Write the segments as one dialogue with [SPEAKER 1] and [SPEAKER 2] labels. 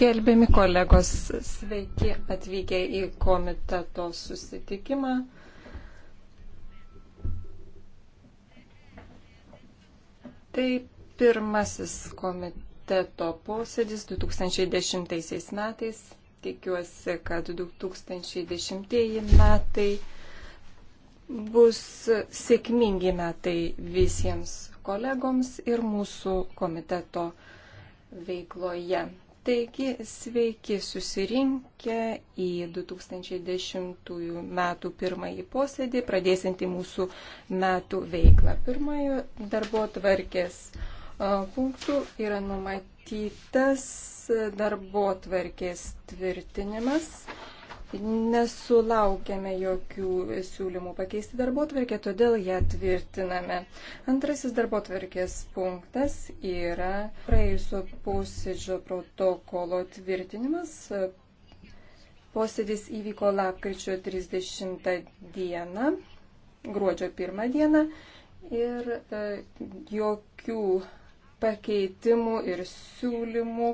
[SPEAKER 1] Gerbiami kolegos, sveiki atvykę į komiteto susitikimą. Tai pirmasis komiteto posėdis 2010 metais. Tikiuosi, kad 2010 metai bus sėkmingi metai visiems kolegoms ir mūsų komiteto kolegoms veikloje. Taigi sveiki susirinkę į 2010 metų pirmąjį posėdį, pradėsinti mūsų metų veiklą. Pirmojo darbo tvarkės punktų yra numatytas darbo tvarkės tvirtinimas nesulaukėme jokių siūlymų pakeisti darbo tvarkę, todėl ją tvirtiname. Antrasis darbo tvarkės punktas yra praėjusio posėdžio protokolo tvirtinimas. Posėdis įvyko lapkričio 30 dieną, gruodžio 1 dieną ir e, jokių pakeitimų ir siūlymų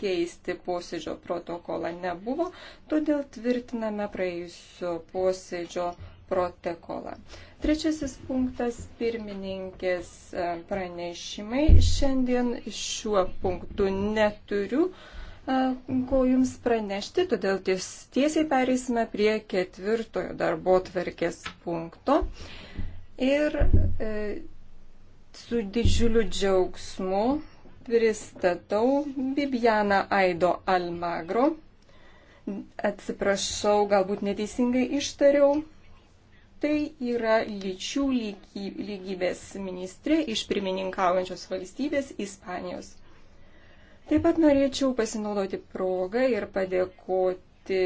[SPEAKER 1] keisti posėdžio protokolą nebuvo, todėl tvirtiname praėjusio posėdžio protokolą. Trečiasis punktas - pirmininkės e, pranešimai. Šiandien šiuo punktu neturiu e, ko jums pranešti, todėl ties, tiesiai pereisime prie ketvirtojo darbo tvarkės punkto. Ir e, su didžiuliu džiaugsmu pristatau Bibianą Aido Almagro. Atsiprašau, galbūt neteisingai ištariau. Tai yra lyčių lygybės ministrė iš pirmininkaujančios valstybės Ispanijos. Taip pat norėčiau pasinaudoti progą ir padėkoti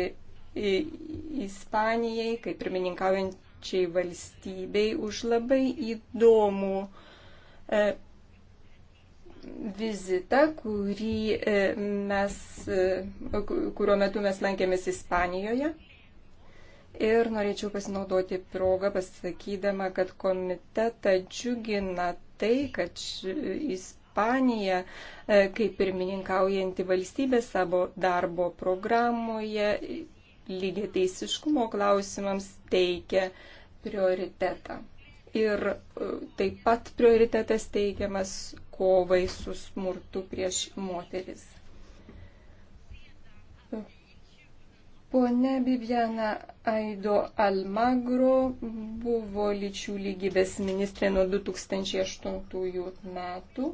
[SPEAKER 1] Ispanijai, kaip pirmininkaujančiai valstybei, už labai įdomų uh, E, vizitą, kurį e, mes, e, kurio metu mes lankėmės Ispanijoje. Ir norėčiau pasinaudoti progą pasakydama, kad komitetą džiugina tai, kad Ispanija, kaip pirmininkaujanti valstybė savo darbo programoje lygiai teisiškumo klausimams teikia prioritetą ir e, taip pat prioritetas teikiamas kovai su smurtu prieš moteris. Pone Bibiana Aido Almagro buvo lyčių lygybės ministrė nuo 2008 metų.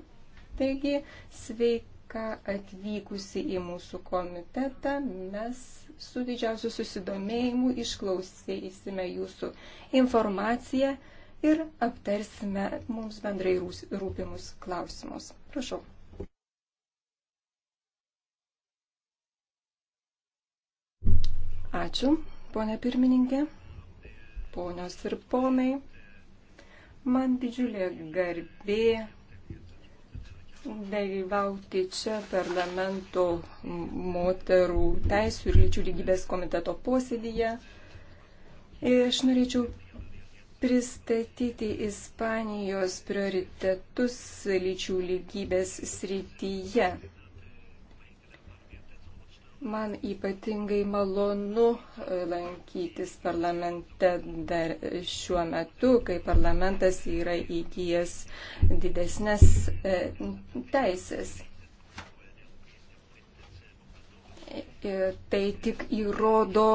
[SPEAKER 1] Taigi, sveika atvykusi į mūsų komitetą. Mes su didžiausiu susidomėjimu išklausysime jūsų informaciją ir aptarsime mums bendrai rūpimus klausimus. Prašau. Ačiū, ponė pirmininkė, ponios ir ponai. Man didžiulė garbė dalyvauti čia parlamento moterų teisų ir lyčių lygybės komiteto posėdyje. Aš norėčiau pristatyti Ispanijos prioritetus lyčių lygybės srityje. Man ypatingai malonu e, lankytis parlamente dar šiuo metu, kai parlamentas yra įgyjęs didesnės e, teisės. Ir e, tai tik įrodo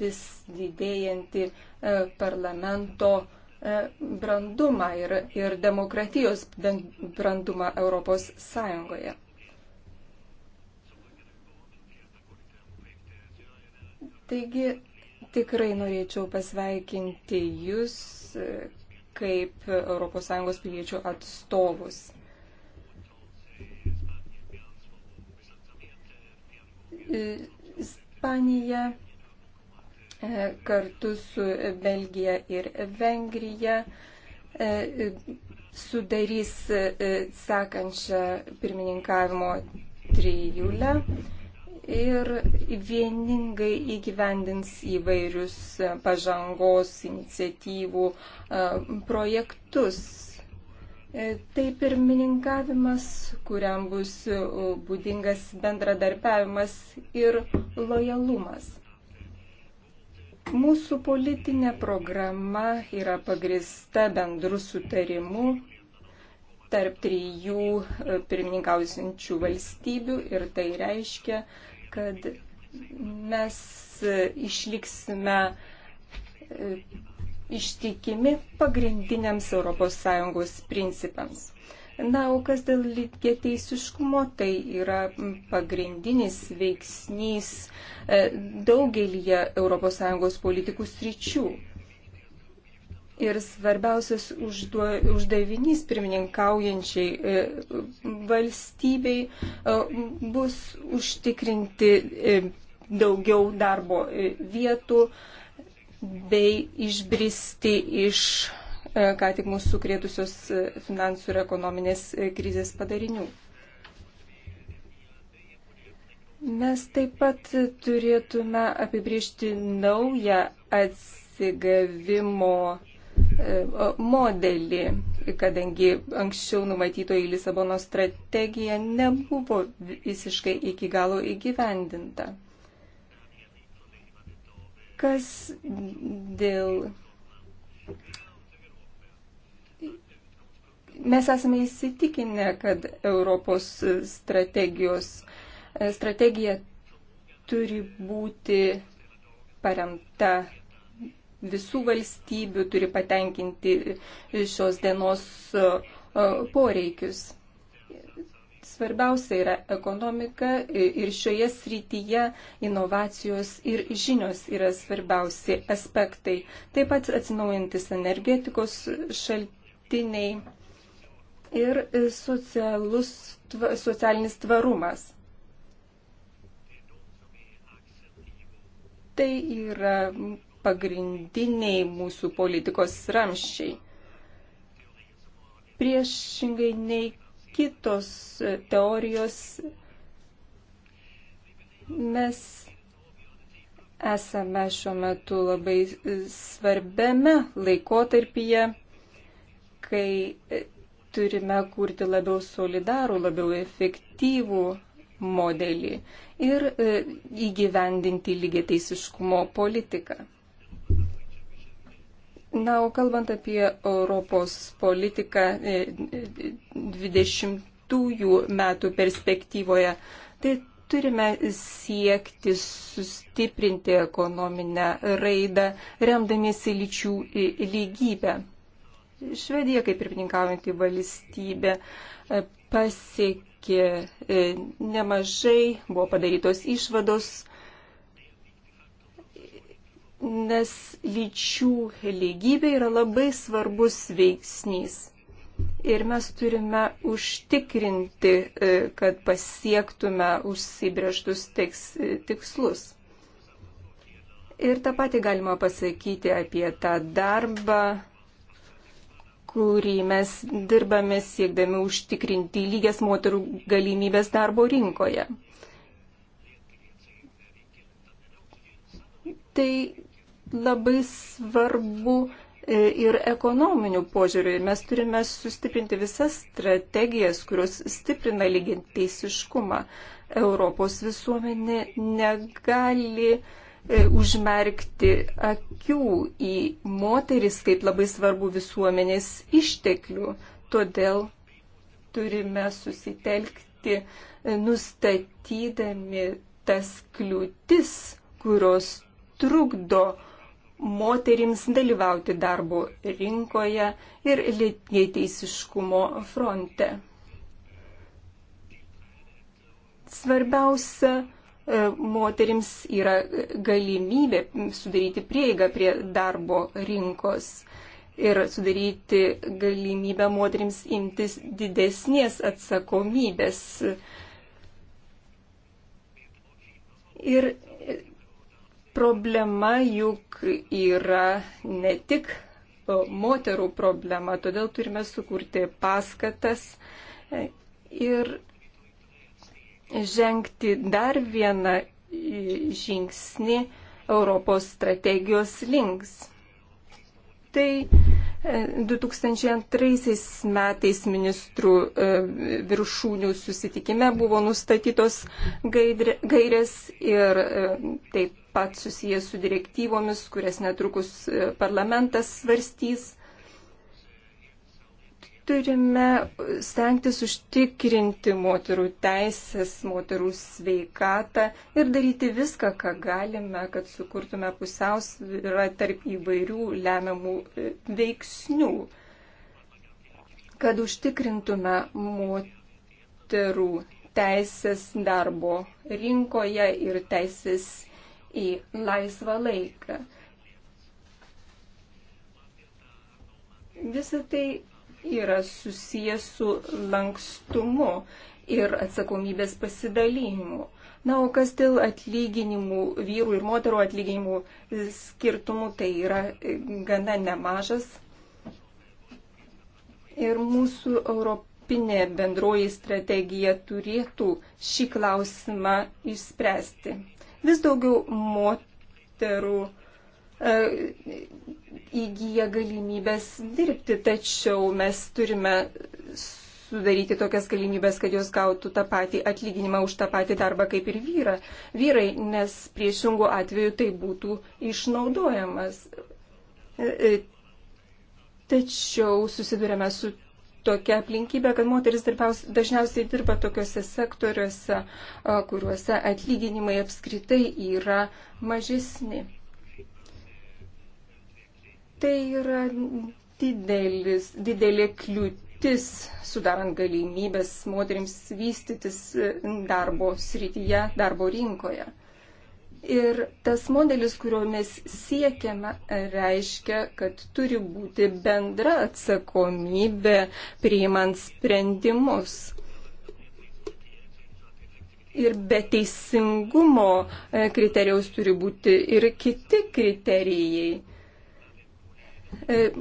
[SPEAKER 1] vis didėjantį e, parlamento e, brandumą ir, ir demokratijos brandumą Europos Sąjungoje. Taigi tikrai norėčiau pasveikinti Jūs e, kaip ES piliečių atstovus. Ispanija E, kartu su Belgija ir Vengrija e, sudarys e, sekančią pirmininkavimo trijulę ir vieningai įgyvendins įvairius pažangos iniciatyvų projektus. Tai pirmininkavimas, kuriam bus būdingas bendradarbiavimas ir lojalumas. Mūsų politinė programa yra pagrista bendru sutarimu tarp trijų e, pirmininkausinčių valstybių ir tai reiškia, kad mes e, išliksime e, ištikimi pagrindiniams ES principams. Na, o kas dėl lygiateisiškumo, tai yra pagrindinis veiksnys e, daugelį ES politikų sričių. Ir svarbiausias užduo, uždavinys pirmininkaujančiai e, valstybei e, bus užtikrinti daugiau darbo vietų bei išbristi iš E, ką tik mūsų sukrėtusios e, finansų ir ekonominės e, krizės padarinių. Mes taip pat turėtume apibriežti naują atsigavimo modelį, kadangi anksčiau numatyto į Lisabono strategiją nebuvo visiškai iki galo įgyvendinta. Kas dėl Mes esame įsitikinę, kad Europos strategijos, strategija turi būti paremta visų valstybių, turi patenkinti šios dienos e, poreikius. Svarbiausia yra ekonomika ir šioje srityje inovacijos ir žinios yra svarbiausi aspektai. Taip pat atsinaujantis energetikos šaltiniai ir socialus, tva, socialinis tvarumas. Tai yra pagrindiniai mūsų politikos ramščiai. Priešingai nei kitos teorijos mes esame šiuo metu labai svarbiame laikotarpyje, kai turime kurti labiau solidarų, labiau efektyvų modelį ir e, įgyvendinti lygiateisiškumo politiką. Na, o kalbant apie Europos politiką 20-ųjų e, metų perspektyvoje, tai turime siekti sustiprinti ekonominę raidą, remdamiesi lyčių e, lygybę. Švedija, kaip ir pininkaujantį valstybę, e, pasiekė e, nemažai, buvo padarytos išvados, nes lyčių lygybė yra labai svarbus veiksnys. Ir mes turime užtikrinti, e, kad pasiektume užsibrieštus tikslus. Ir tą patį galima pasakyti apie tą darbą kurį mes dirbame siekdami užtikrinti lygias moterų galimybės darbo rinkoje. Tai labai svarbu e, ir ekonominių požiūrių. Mes turime sustiprinti visas strategijas, kurios stiprina lyginteisiškumą. Europos visuomenė negali uh, E, užmerkti akių į moteris kaip labai svarbu visuomenės išteklių. Todėl turime susitelkti, e, nustatydami tas kliūtis, kurios trukdo moterims dalyvauti darbo rinkoje ir lygiai teisiškumo fronte. Svarbiausia E, moterims yra galimybė sudaryti prieigą prie darbo rinkos ir sudaryti galimybę moterims imtis didesnės atsakomybės. Ir problema juk yra ne tik moterų problema, todėl turime sukurti paskatas e, ir žengti dar vieną žingsnį Europos strategijos links. Tai 2002 e, metais ministrų e, viršūnių susitikime buvo nustatytos gairės ir e, taip pat susijęs su direktyvomis, kurias netrukus parlamentas svarstys turime stengtis užtikrinti moterų teisės, moterų sveikatą ir daryti viską, ką galime, kad sukurtume pusiausvyrą tarp įvairių lemiamų e, veiksnių, kad užtikrintume moterų teisės darbo rinkoje ir teisės į laisvą laiką. Visą tai yra susijęs su lankstumu ir atsakomybės pasidalymu. Na, o kas dėl atlyginimų, vyrų ir moterų atlyginimų skirtumų, tai yra e, gana nemažas. Ir mūsų europinė bendroji strategija turėtų šį klausimą išspręsti. Vis daugiau moterų E, įgyja galimybės dirbti, tačiau mes turime sudaryti tokias galimybės, kad jos gautų tą patį atlyginimą už tą patį darbą kaip ir vyra. vyrai, nes priešingų atveju tai būtų išnaudojamas. E, e, tačiau susidurėme su tokia aplinkybė, kad moteris dažniausiai dirba tokiuose sektoriuose, kuriuose atlyginimai apskritai yra mažesni. Tai yra didelis, didelė kliūtis, sudarant galimybės moteriams vystytis e, darbo srityje, darbo rinkoje. Ir tas modelis, kuriuo mes siekiame, reiškia, kad turi būti bendra atsakomybė priimant sprendimus. Ir be teisingumo e, kriterijaus turi būti ir kiti kriterijai E,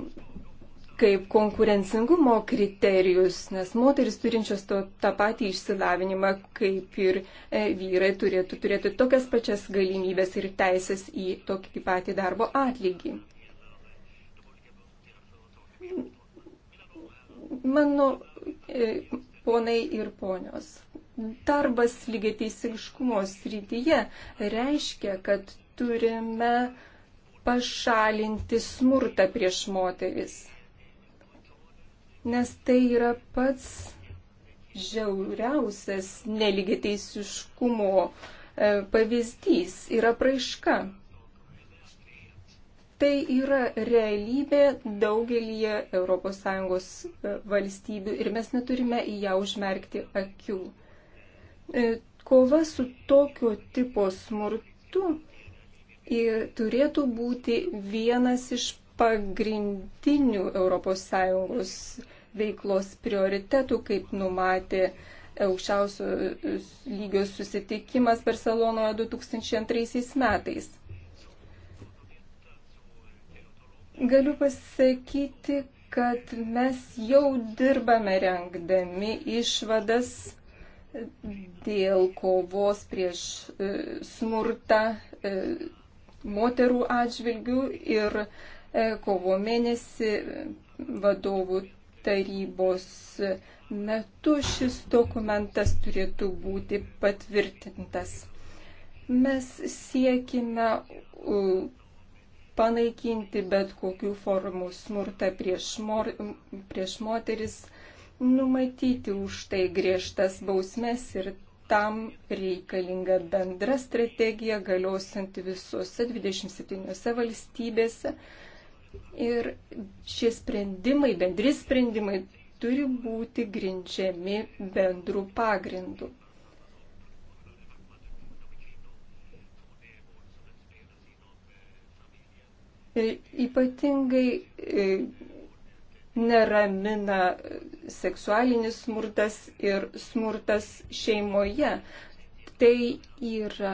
[SPEAKER 1] kaip konkurencingumo kriterijus, nes moteris turinčios to, tą patį išsilavinimą kaip ir e, vyrai turėtų turėti tokias pačias galimybės ir teisės į tokį patį darbo atlygį. Mano e, ponai ir ponios, darbas lygiai teisingumo srityje reiškia, kad turime pašalinti smurtą prieš moteris, nes tai yra pats žiauriausias neligiteisiškumo e, pavyzdys ir apraiška. Tai yra realybė daugelį ES e, valstybių ir mes neturime į ją užmerkti akių. E, kova su tokio tipo smurtu turėtų būti vienas iš pagrindinių ES veiklos prioritetų, kaip numatė aukščiausio lygio susitikimas Barcelonoje 2002 metais. Galiu pasakyti, kad mes jau dirbame rengdami išvadas dėl kovos prieš e, smurtą e, moterų atžvilgių ir e, kovo mėnesį e, vadovų tarybos metu šis dokumentas turėtų būti patvirtintas. Mes siekime panaikinti bet kokių formų smurtą prieš, mor, prieš moteris, numatyti už tai griežtas bausmes ir tam reikalinga bendra strategija galiosanti visose 27 valstybėse. Ir šie sprendimai, bendri sprendimai turi būti grindžiami bendrų pagrindų. E, ypatingai e, neramina seksualinis smurtas ir smurtas šeimoje. Tai yra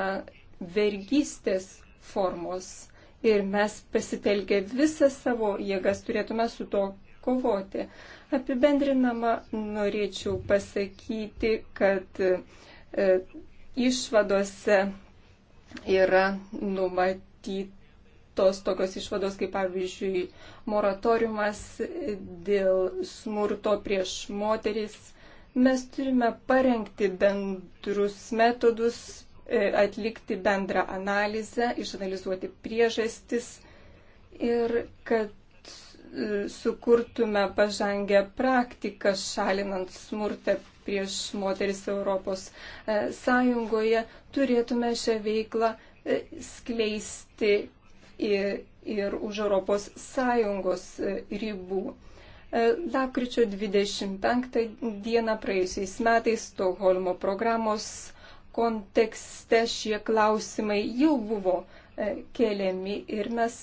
[SPEAKER 1] vergystės formos ir mes pasitelkę visą savo jėgas turėtume su to kovoti. Apibendrinama norėčiau pasakyti, kad e, išvadose yra numatyti tos tokios išvados, kaip pavyzdžiui, moratoriumas dėl smurto prieš moteris. Mes turime parengti bendrus metodus, e, atlikti bendrą analizę, išanalizuoti priežastis ir kad e, sukurtume pažangę praktiką šalinant smurtą prieš moteris Europos e, Sąjungoje, turėtume šią veiklą skleisti ir, ir už ES e, ribų. E, lapkričio 25 dieną praėjusiais metais Stokholmo programos kontekste šie klausimai jau buvo e, keliami ir mes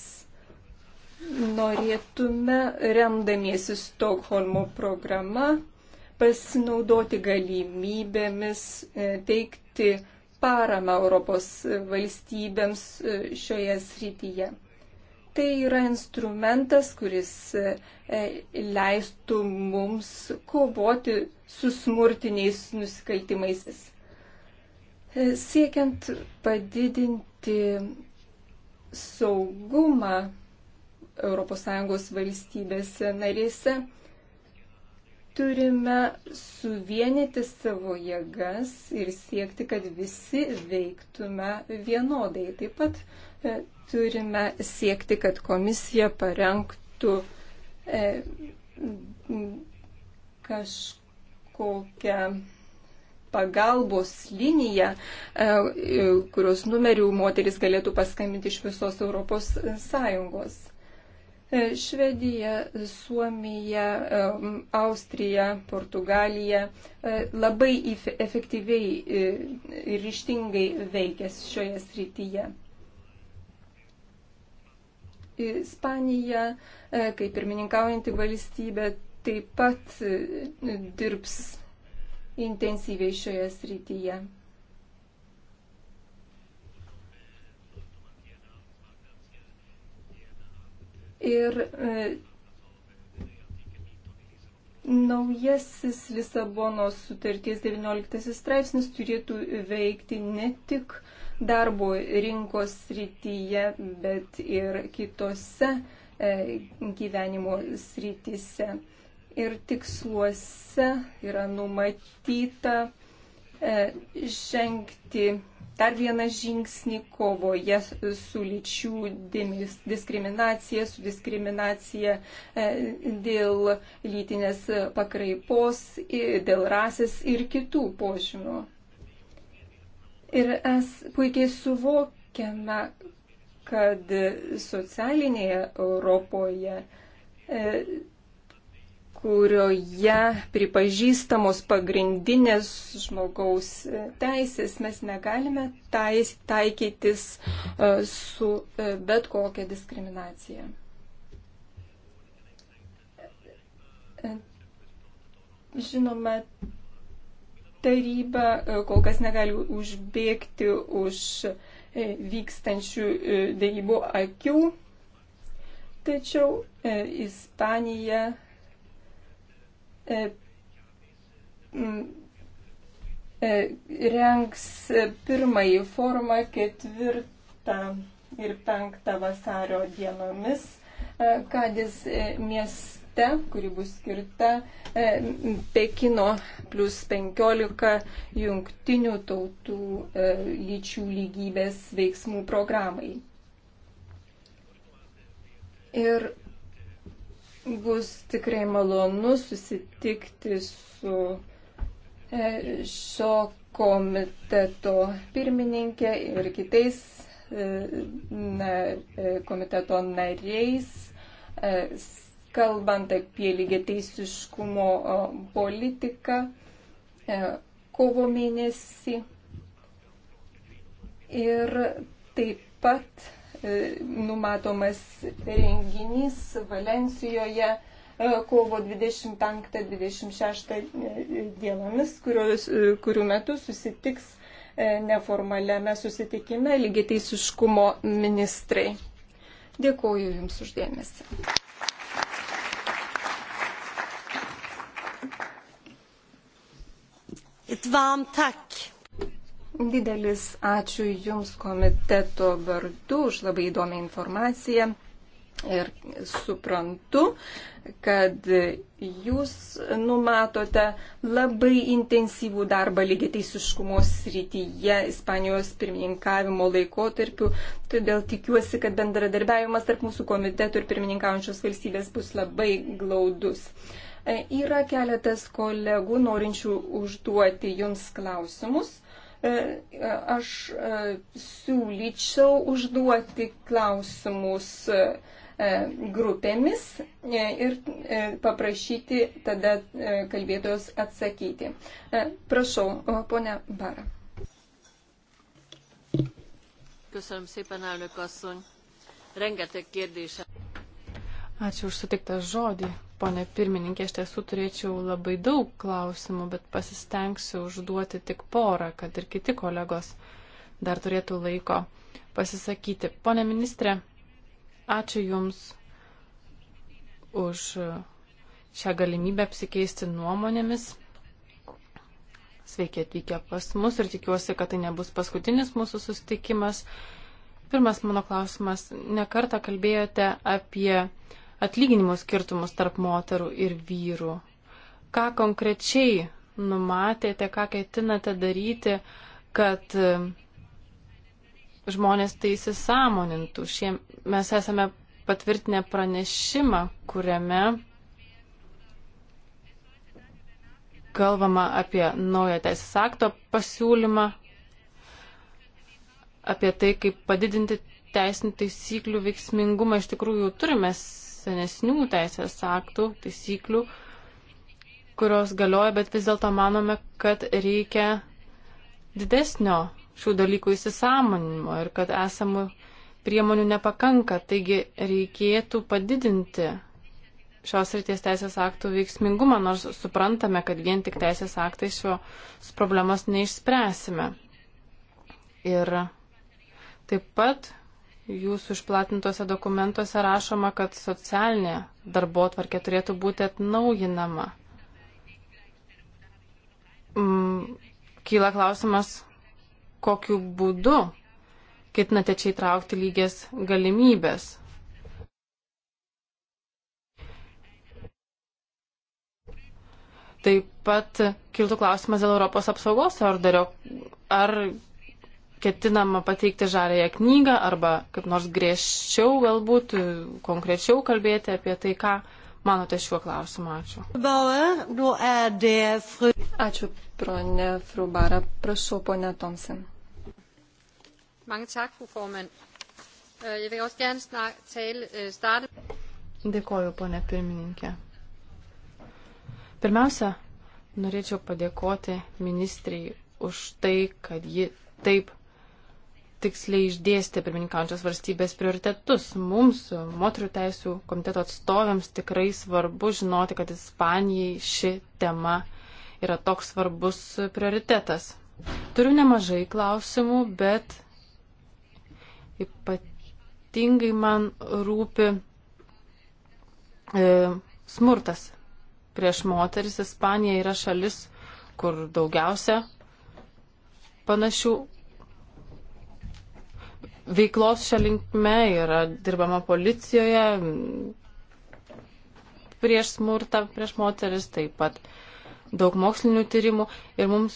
[SPEAKER 1] norėtume, remdamiesi Stokholmo programa, pasinaudoti galimybėmis teikti paramą Europos valstybėms e, šioje srityje. Tai yra instrumentas, kuris e, e, leistų mums kovoti su smurtiniais nusikaltimais. Siekiant padidinti saugumą ES valstybėse narėse, turime suvienyti savo jėgas ir siekti, kad visi veiktume vienodai. Taip pat e, turime siekti, kad komisija parengtų e, kažkokią pagalbos liniją, e, kurios numerių moteris galėtų paskambinti iš visos Europos Sąjungos. E, Švedija, Suomija, e, Austrija, Portugalija e, labai efektyviai ir ryštingai veikės šioje srityje. Ispanija, kaip pirmininkaujanti valstybė, taip pat dirbs intensyviai šioje srityje. Ir e, naujasis Lisabonos sutarties 19 straipsnis turėtų veikti ne tik darbo rinkos srityje, bet ir kitose e, gyvenimo srityse. Ir tiksluose yra numatyta e, žengti dar vieną žingsnį kovoje su lyčių diskriminacija, su diskriminacija e, dėl lytinės pakraipos, dėl rasės ir kitų požymių. Ir mes puikiai suvokiame, kad socialinėje Europoje e, kurioje pripažįstamos pagrindinės žmogaus teisės, mes negalime tais, taikytis e, su e, bet kokia diskriminacija. E, žinoma, taryba kol kas negali užbėgti už vykstančių dėrybų akių, tačiau Ispanija E, e, rengs pirmąjį formą ketvirtą ir penktą vasario dienomis e, Kadis mieste, kuri bus skirta Pekino plus 15 jungtinių tautų lyčių lygybės veiksmų programai. Ir Bus tikrai malonu susitikti su e, šio komiteto pirmininkė ir kitais e, na, e, komiteto nariais, kalbant apie lygiateisiškumo politiką kovo mėnesį. Ir taip pat E, numatomas renginys Valencijoje e, kovo 25-26 e, dienomis, kurios, kurių metu susitiks neformaliame susitikime lygiai teisiškumo ministrai. Dėkuoju Jums uždėmesi. Ett varmt tack Didelis ačiū Jums komiteto vardu už labai įdomią informaciją. Ir suprantu, kad jūs numatote labai intensyvų darbą lygiai teisiškumo srityje Ispanijos pirmininkavimo laikotarpiu. Todėl tikiuosi, kad bendradarbiavimas tarp mūsų komitetų ir pirmininkaujančios valstybės bus labai glaudus. E, yra keletas kolegų norinčių užduoti jums klausimus. E, aš e, siūlyčiau užduoti klausimus e, grupėmis ir paprašyti tada kalbėtojos atsakyti. Prašau, ponia Bara.
[SPEAKER 2] Köszönöm szépen, elnök asszony. Rengeteg kérdése.
[SPEAKER 3] Ačiū už sutiktą žodį. Pone pirmininkė, iš tiesų turėčiau labai daug klausimų, bet pasistengsiu užduoti tik porą, kad ir kiti kolegos dar turėtų laiko pasisakyti. Pone ministrė, ačiū Jums už šią galimybę apsikeisti nuomonėmis. Sveiki atvykę pas mus ir tikiuosi, kad tai nebus paskutinis mūsų sustikimas. Pirmas mano klausimas. Nekartą kalbėjote apie atlyginimo skirtumus tarp moterų ir vyrų. Ką konkrečiai numatėte, ką ketinate daryti, kad e, žmonės tai įsisamonintų. Šie, mes esame patvirtinę pranešimą, kuriame kalbama apie naują teisės akto pasiūlymą, apie tai, kaip padidinti teisinių taisyklių veiksmingumą. Iš tikrųjų, turime senesnių teisės aktų, taisyklių, kurios galioja, bet vis dėlto manome, kad reikia didesnio šių dalykų įsisamonimo ir kad esamų priemonių nepakanka, taigi reikėtų padidinti šios ryties teisės aktų veiksmingumą, nors suprantame, kad vien tik teisės aktai šios problemos neišspręsime. Ir taip pat Jūsų išplatintose dokumentuose rašoma, kad socialinė darbo tvarkė turėtų būti atnaujinama. Mm, kyla klausimas, kokiu būdu ketinate čia įtraukti lygias galimybės. Taip pat kiltų klausimas dėl Europos apsaugos orderio. Ar ketinama pateikti žalėje knygą arba kaip nors griežčiau galbūt konkrečiau kalbėti apie tai, ką manote šiuo klausimu. Ačiū.
[SPEAKER 2] Ačiū, pronė
[SPEAKER 1] Frubara. Prašau, ponė Tomsen.
[SPEAKER 2] Øh, øh,
[SPEAKER 3] Dėkoju, ponė pirmininkė. Pirmiausia, norėčiau padėkoti ministrijai už tai, kad ji taip tiksliai išdėstė pirmininkaujančios valstybės prioritetus. Mums, moterių teisų komiteto atstovėms, tikrai svarbu žinoti, kad Ispanijai ši tema yra toks svarbus prioritetas. Turiu nemažai klausimų, bet ypatingai man rūpi e, smurtas prieš moteris. Ispanija yra šalis, kur daugiausia panašių veiklos šią linkme, yra dirbama policijoje prieš smurtą, prieš moteris, taip pat daug mokslinių tyrimų ir mums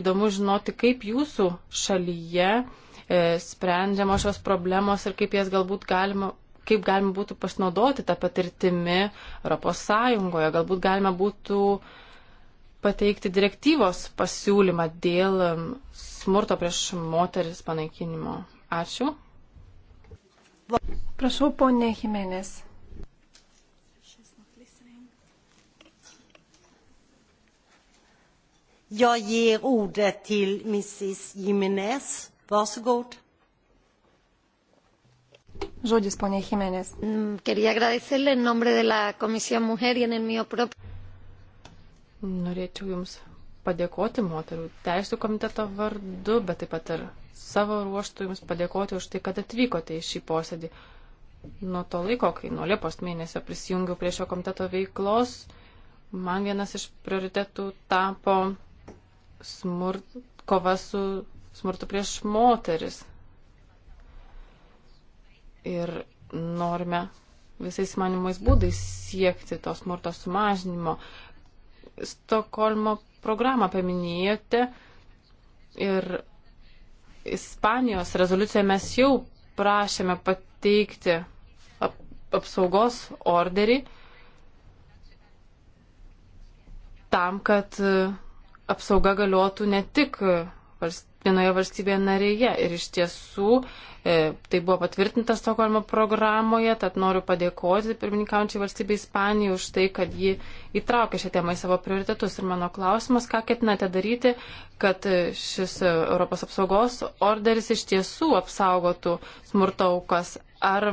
[SPEAKER 3] įdomu žinoti, kaip jūsų šalyje e, sprendžiamos šios problemos ir kaip jas galbūt galima kaip galima būtų pasinaudoti tą patirtimi Europos Sąjungoje. Galbūt galima būtų pateikti direktyvos pasiūlymą dėl smurto prieš moteris panaikinimo. Ačiū. Prašau, ponė
[SPEAKER 1] Jimenez.
[SPEAKER 2] Jag ger ordet till Mrs Jimenez. Varsågod.
[SPEAKER 1] Žodis, ponė Jimenez. Mm, quería agradecerle en nombre de la Comisión Mujer y en el mío propio.
[SPEAKER 3] Norėčiau Jums padėkoti moterų teisų komiteto vardu, bet taip pat ir savo ruoštų Jums padėkoti už tai, kad atvykote į šį posėdį. Nuo to laiko, kai nuo Liepos mėnesio prisijungiau prie šio komiteto veiklos, man vienas iš prioritetų tapo smurt, kova su smurtu prieš moteris. Ir norime visais manimais būdais siekti to smurto sumažinimo. Stokholmo programą paminėjote ir Ispanijos rezoliucijoje mes jau prašėme pateikti ap apsaugos orderį tam, kad e, apsauga galiotų ne tik valst vienoje valstybėje narėje. Ir iš tiesų e, tai buvo patvirtinta Stokholmo programoje, tad noriu padėkoti pirmininkaujančiai valstybei Ispanijai už tai, kad ji įtraukė šią temą į savo prioritetus. Ir mano klausimas, ką ketinate daryti, kad e, šis Europos apsaugos orderis iš tiesų apsaugotų smurto aukas. Ar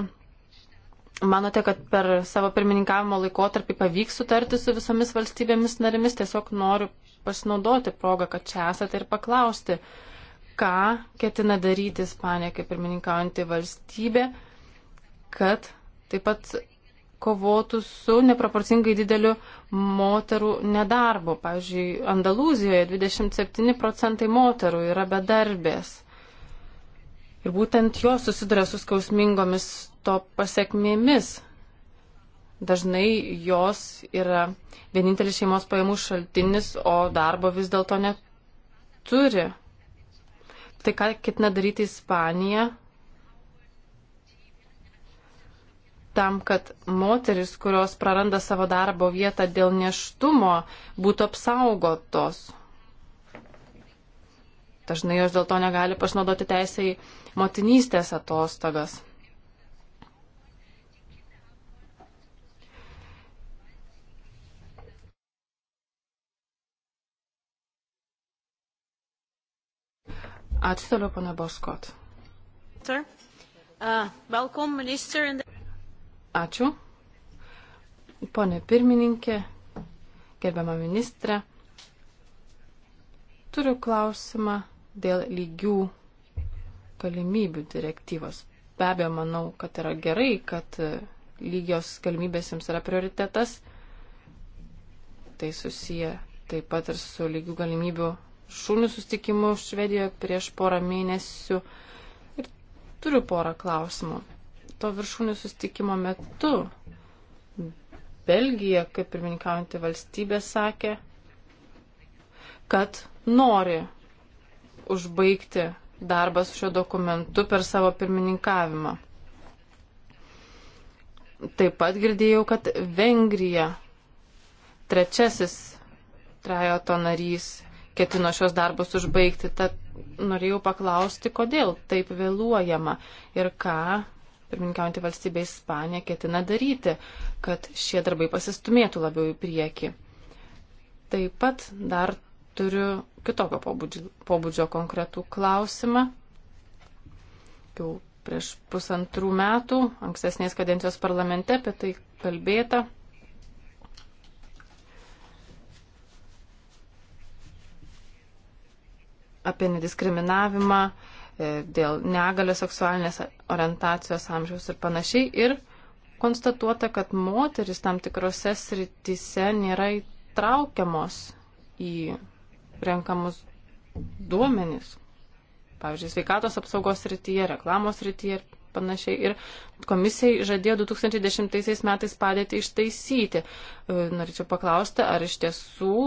[SPEAKER 3] Manote, kad per savo pirmininkavimo laikotarpį pavyks sutarti su visomis valstybėmis narimis? Tiesiog noriu pasinaudoti progą, kad čia esate ir paklausti, uh, ką ketina daryti Ispanija kaip pirmininkaujanti valstybė, kad taip pat kovotų su neproporcingai dideliu moterų nedarbu. Pavyzdžiui, Andalūzijoje 27 procentai moterų yra bedarbės. Ir būtent jos susiduria su skausmingomis to pasiekmėmis. Dažnai jos yra vienintelis šeimos pajamų šaltinis, o darbo vis dėlto neturi. Tai ką ketina daryti Ispanija tam, kad moteris, kurios praranda savo darbo vietą dėl neštumo, būtų apsaugotos. Dažnai jos dėl to negali pasinaudoti teisę į motinystės atostogas. Ačiū toliau, pana Boskot. Uh, Ačiū. Pone pirmininkė, gerbiama ministrė, turiu klausimą dėl lygių galimybių direktyvos. Be abejo, manau, kad yra gerai, kad lygios galimybės jums yra prioritetas. Tai susiję taip pat ir su lygių galimybių viršūnių sustikimu Švedijoje prieš porą mėnesių. Ir turiu porą klausimų. To viršūnių sustikimo metu Belgija, kaip pirmininkaujantį valstybę, sakė, kad nori užbaigti darbą su šiuo dokumentu per savo pirmininkavimą. Taip pat girdėjau, kad Vengrija, trečiasis trejoto narys, ketino šios darbus užbaigti. Tad norėjau paklausti, kodėl taip vėluojama ir ką pirmininkiaujantį valstybę Ispaniją ketina daryti, kad šie darbai pasistumėtų labiau į priekį. Taip pat dar turiu kitokio pobūdžio, pobūdžio konkretų klausimą. Jau prieš pusantrų metų ankstesnės kadencijos parlamente apie tai kalbėta. apie nediskriminavimą e, dėl negalio seksualinės orientacijos amžiaus ir panašiai. Ir konstatuota, kad moteris tam tikrose srityse nėra įtraukiamos į renkamus duomenys. Pavyzdžiui, sveikatos apsaugos srityje, reklamos srityje ir panašiai. Ir komisijai žadėjo 2010 metais padėti ištaisyti. E, norėčiau paklausti, ar iš tiesų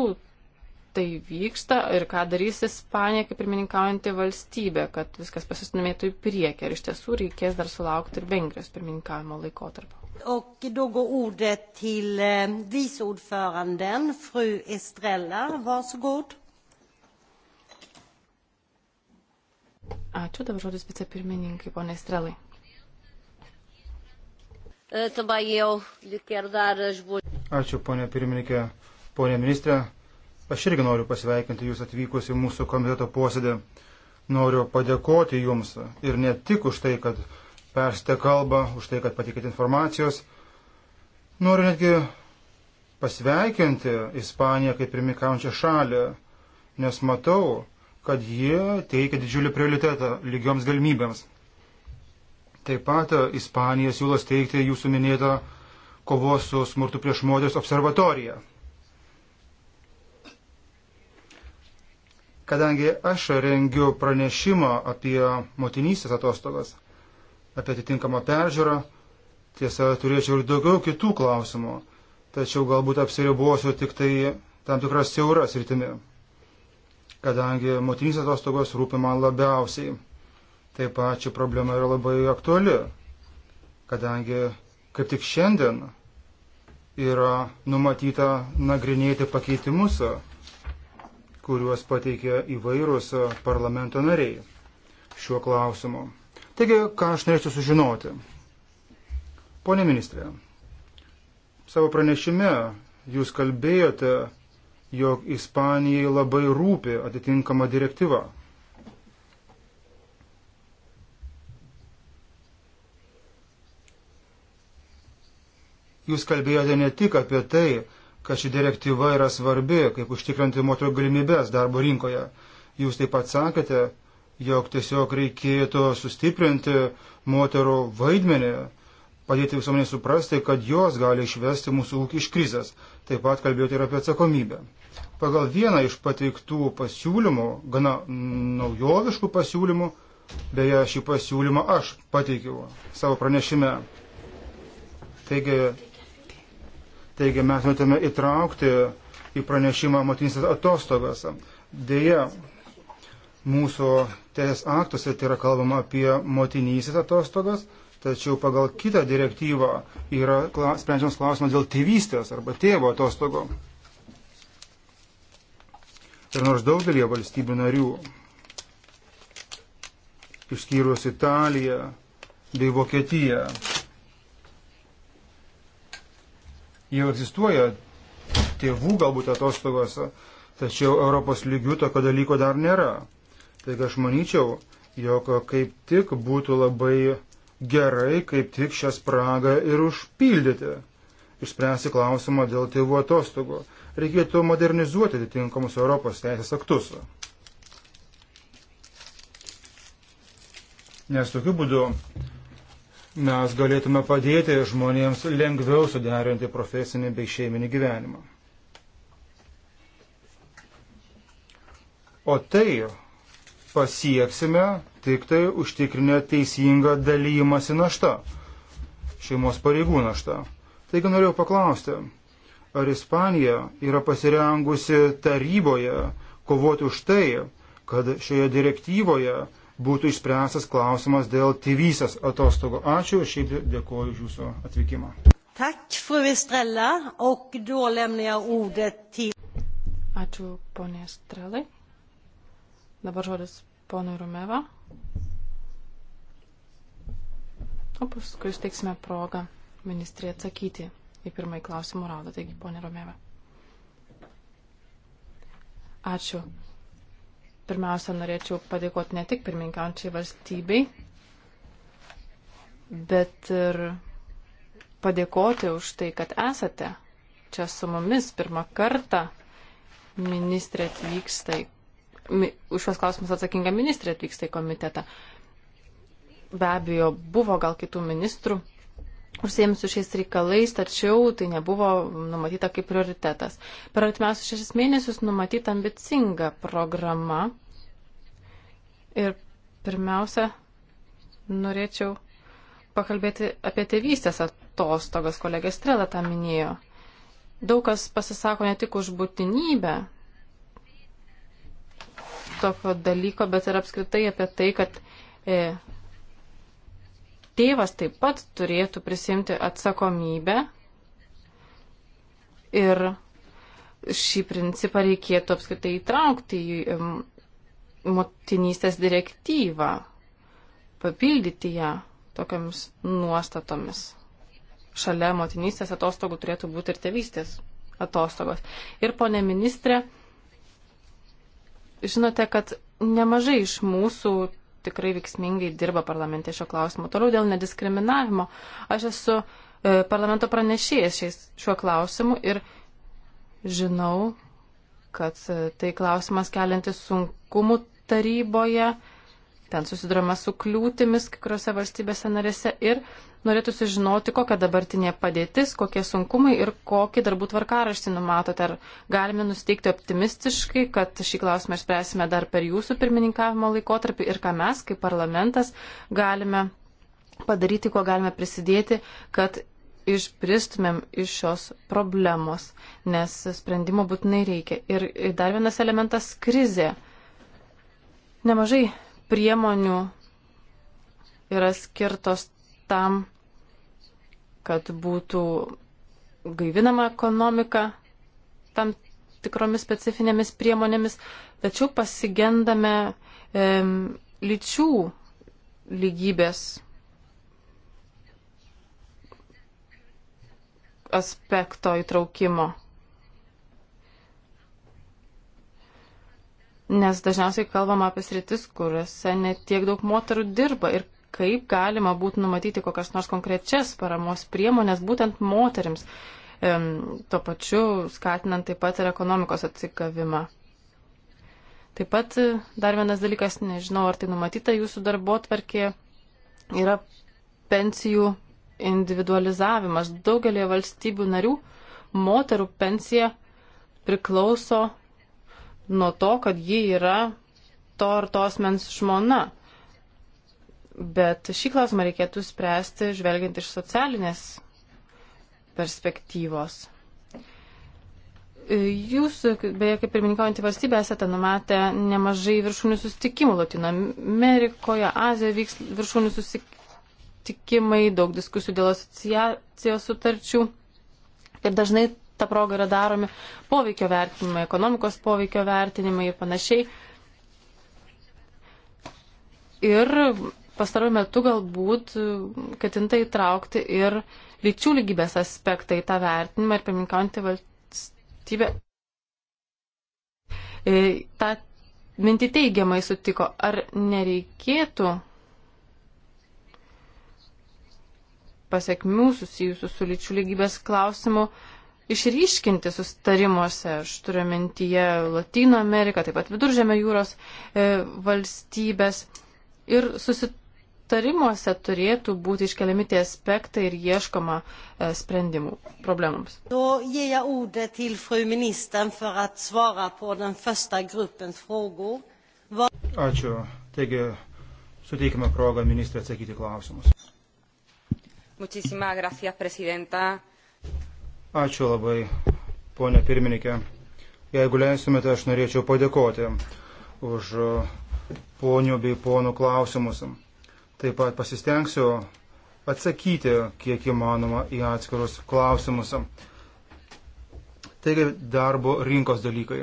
[SPEAKER 3] tai vyksta ir ką darys Ispanija kaip pirmininkaujanti valstybė, kad viskas pasistumėtų į priekį. Ir iš tiesų reikės dar sulaukti ir Vengrijos pirmininkavimo laikotarpio.
[SPEAKER 2] Och då går ordet till eh, vice ordföranden, fru Estrella. Varsågod.
[SPEAKER 3] Ačiū, dabar žodis vicepirmininkai, ponė Estrelai.
[SPEAKER 2] Eh,
[SPEAKER 4] Ačiū, ponė pirmininkė, ponė ministrė. Aš irgi noriu pasveikinti Jūs atvykus į mūsų komiteto posėdį. Noriu padėkoti Jums ir ne tik už tai, kad persite kalbą, už tai, kad patikėt informacijos. Noriu netgi pasveikinti Ispaniją kaip pirmikaujančią šalį, nes matau, kad jie teikia didžiulį prioritetą lygioms galimybėms. Taip pat Ispanija siūlo steigti jūsų minėtą kovos su smurtu prieš moteris observatoriją. kadangi aš rengiu pranešimą apie motinystės atostogas, apie atitinkamą peržiūrą, tiesa, turėčiau ir daugiau kitų klausimų, tačiau galbūt apsiribuosiu tik tai tam tikras siauras rytimi, kadangi motinystės atostogos rūpi man labiausiai. Taip pat ši problema yra labai aktuali, kadangi kaip tik šiandien yra numatyta nagrinėti pakeitimus kuriuos pateikė įvairūs parlamento nariai šiuo klausimu. Taigi, ką aš norėčiau sužinoti? Pone ministrė, savo pranešime jūs kalbėjote, jog Ispanijai labai rūpi atitinkama direktyva. Jūs kalbėjote ne tik apie tai, kad ši direktyva yra svarbi, kaip užtikrinti moterų galimybės darbo rinkoje. Jūs taip pat sakėte, jog tiesiog reikėtų sustiprinti moterų vaidmenį, padėti visuomenė suprasti, kad jos gali išvesti mūsų ūkį iš krizės. Taip pat kalbėjote ir apie atsakomybę. Pagal vieną iš pateiktų pasiūlymų, gana naujoviškų pasiūlymų, beje, šį pasiūlymą aš pateikiau savo pranešime. Taigi Taigi mes norėtume įtraukti į pranešimą motinystės atostogas. Deja, mūsų teisės aktuose tai yra kalbama apie motinystės atostogas, tačiau pagal kitą direktyvą yra sprendžiamas klausimas dėl tėvystės arba tėvo atostogo. Ir nors daugelį valstybių narių, išskyrus Italiją bei Vokietiją, jau egzistuoja tėvų galbūt atostogos, tačiau Europos lygių tokio dalyko dar nėra. Taigi aš manyčiau, jog kaip tik būtų labai gerai, kaip tik šią spragą ir užpildyti, išspręsti klausimą dėl tėvų atostogų. Reikėtų modernizuoti atitinkamus Europos teisės aktus. Nes tokiu būdu mes galėtume padėti žmonėms lengviau suderinti profesinį bei šeiminį gyvenimą. O tai pasieksime tik tai užtikrinę teisingą dalymasi naštą, šeimos pareigų naštą. Taigi norėjau paklausti, ar Ispanija yra pasirengusi taryboje kovoti už tai, kad šioje direktyvoje būtų išspręstas klausimas dėl tėvysės atostogų. Ačiū ir šiaip dėkoju už jūsų atvykimą.
[SPEAKER 3] Ačiū, ponė Strelai. Dabar žodis ponui Rumeva. O paskui steiksime progą ministrė atsakyti į pirmąjį klausimų raudą. Taigi, ponė Rumeva. Ačiū. Pirmiausia, norėčiau padėkoti ne tik pirmininkiančiai valstybei, bet ir padėkoti už tai, kad esate čia su mumis pirmą kartą. Ministrė atvyksta į, mi, už šios klausimus atsakinga ministrė atvyksta į komitetą. Be abejo, buvo gal kitų ministrų, užsiemsiu šiais reikalais, tačiau tai nebuvo numatyta kaip prioritetas. Per artimiausius šešis mėnesius numatyta ambicinga programa. Ir pirmiausia, norėčiau pakalbėti apie tėvystės atostogas, kolegė Strela tą minėjo. Daug kas pasisako ne tik už būtinybę tokio dalyko, bet ir apskritai apie tai, kad e, tėvas taip pat turėtų prisimti atsakomybę ir šį principą reikėtų apskritai įtraukti į motinystės direktyvą, papildyti ją tokiamis nuostatomis. Šalia motinystės atostogų turėtų būti ir tėvystės atostogos. Ir ponė ministrė, žinote, kad nemažai iš mūsų tikrai veiksmingai dirba parlamente šio klausimu. Toliau dėl nediskriminavimo. Aš esu e, parlamento pranešėjas šiais, šiuo klausimu ir žinau, kad e, tai klausimas keliantis sunkumų taryboje. Ten susidurima su kliūtimis kai kuriuose valstybėse narėse ir norėtųsi žinoti, kokia dabartinė padėtis, kokie sunkumai ir kokį darbų tvarkaraštį numatote. Ar galime nusteikti optimistiškai, kad šį klausimą spręsime dar per jūsų pirmininkavimo laikotarpį ir ką mes, kaip parlamentas, galime padaryti, ko galime prisidėti, kad išpristumėm iš šios problemos, nes sprendimo būtinai reikia. Ir dar vienas elementas - krizė. Nemažai priemonių yra skirtos tam, kad būtų gaivinama ekonomika tam tikromis specifinėmis priemonėmis, tačiau pasigendame e, lyčių lygybės aspekto įtraukimo. nes dažniausiai kalbama apie sritis, kuriuose netiek daug moterų dirba ir kaip galima būtų numatyti kokias nors konkrečias paramos priemonės būtent moteriams, e, tuo pačiu skatinant taip pat ir ekonomikos atsigavimą. Taip pat e, dar vienas dalykas, nežinau, ar tai numatyta jūsų darbo tvarkė, yra pensijų individualizavimas. Daugelį valstybių narių moterų pensija priklauso nuo to, kad ji yra to ar tos mens žmona. Bet šį klausimą reikėtų spręsti žvelgiant iš socialinės perspektyvos. Jūs, beje, kaip pirmininkaujantį valstybę, esate numatę nemažai viršūnių sustikimų Latino Amerikoje, Azijoje vyks viršūnių sustikimai, daug diskusijų dėl asociacijos sutarčių. Ir dažnai ta proga yra daromi poveikio vertinimai, ekonomikos poveikio vertinimai ir panašiai. Ir pastaruoju metu galbūt ketinta įtraukti ir lyčių lygybės aspektą į tą vertinimą ir pirmininkaujantį valstybę. E, ta minti teigiamai sutiko, ar nereikėtų pasiekmių susijusių su lyčių lygybės klausimu išryškinti sustarimuose. Aš turiu mintyje Latino Ameriką, taip pat Viduržėmio jūros e, valstybės. Ir susitarimuose turėtų būti iškeliami tie aspektai ir ieškoma e, sprendimų problemams.
[SPEAKER 4] Ačiū. Taigi, suteikime progą ministrė atsakyti klausimus.
[SPEAKER 1] Muchísimas gracias, presidenta.
[SPEAKER 4] Ačiū labai, ponė pirmininkė. Jeigu leistumėte, aš norėčiau padėkoti už e, ponių bei ponų klausimus. Taip pat pasistengsiu atsakyti, kiek įmanoma, į atskirus klausimus. Taigi darbo rinkos dalykai.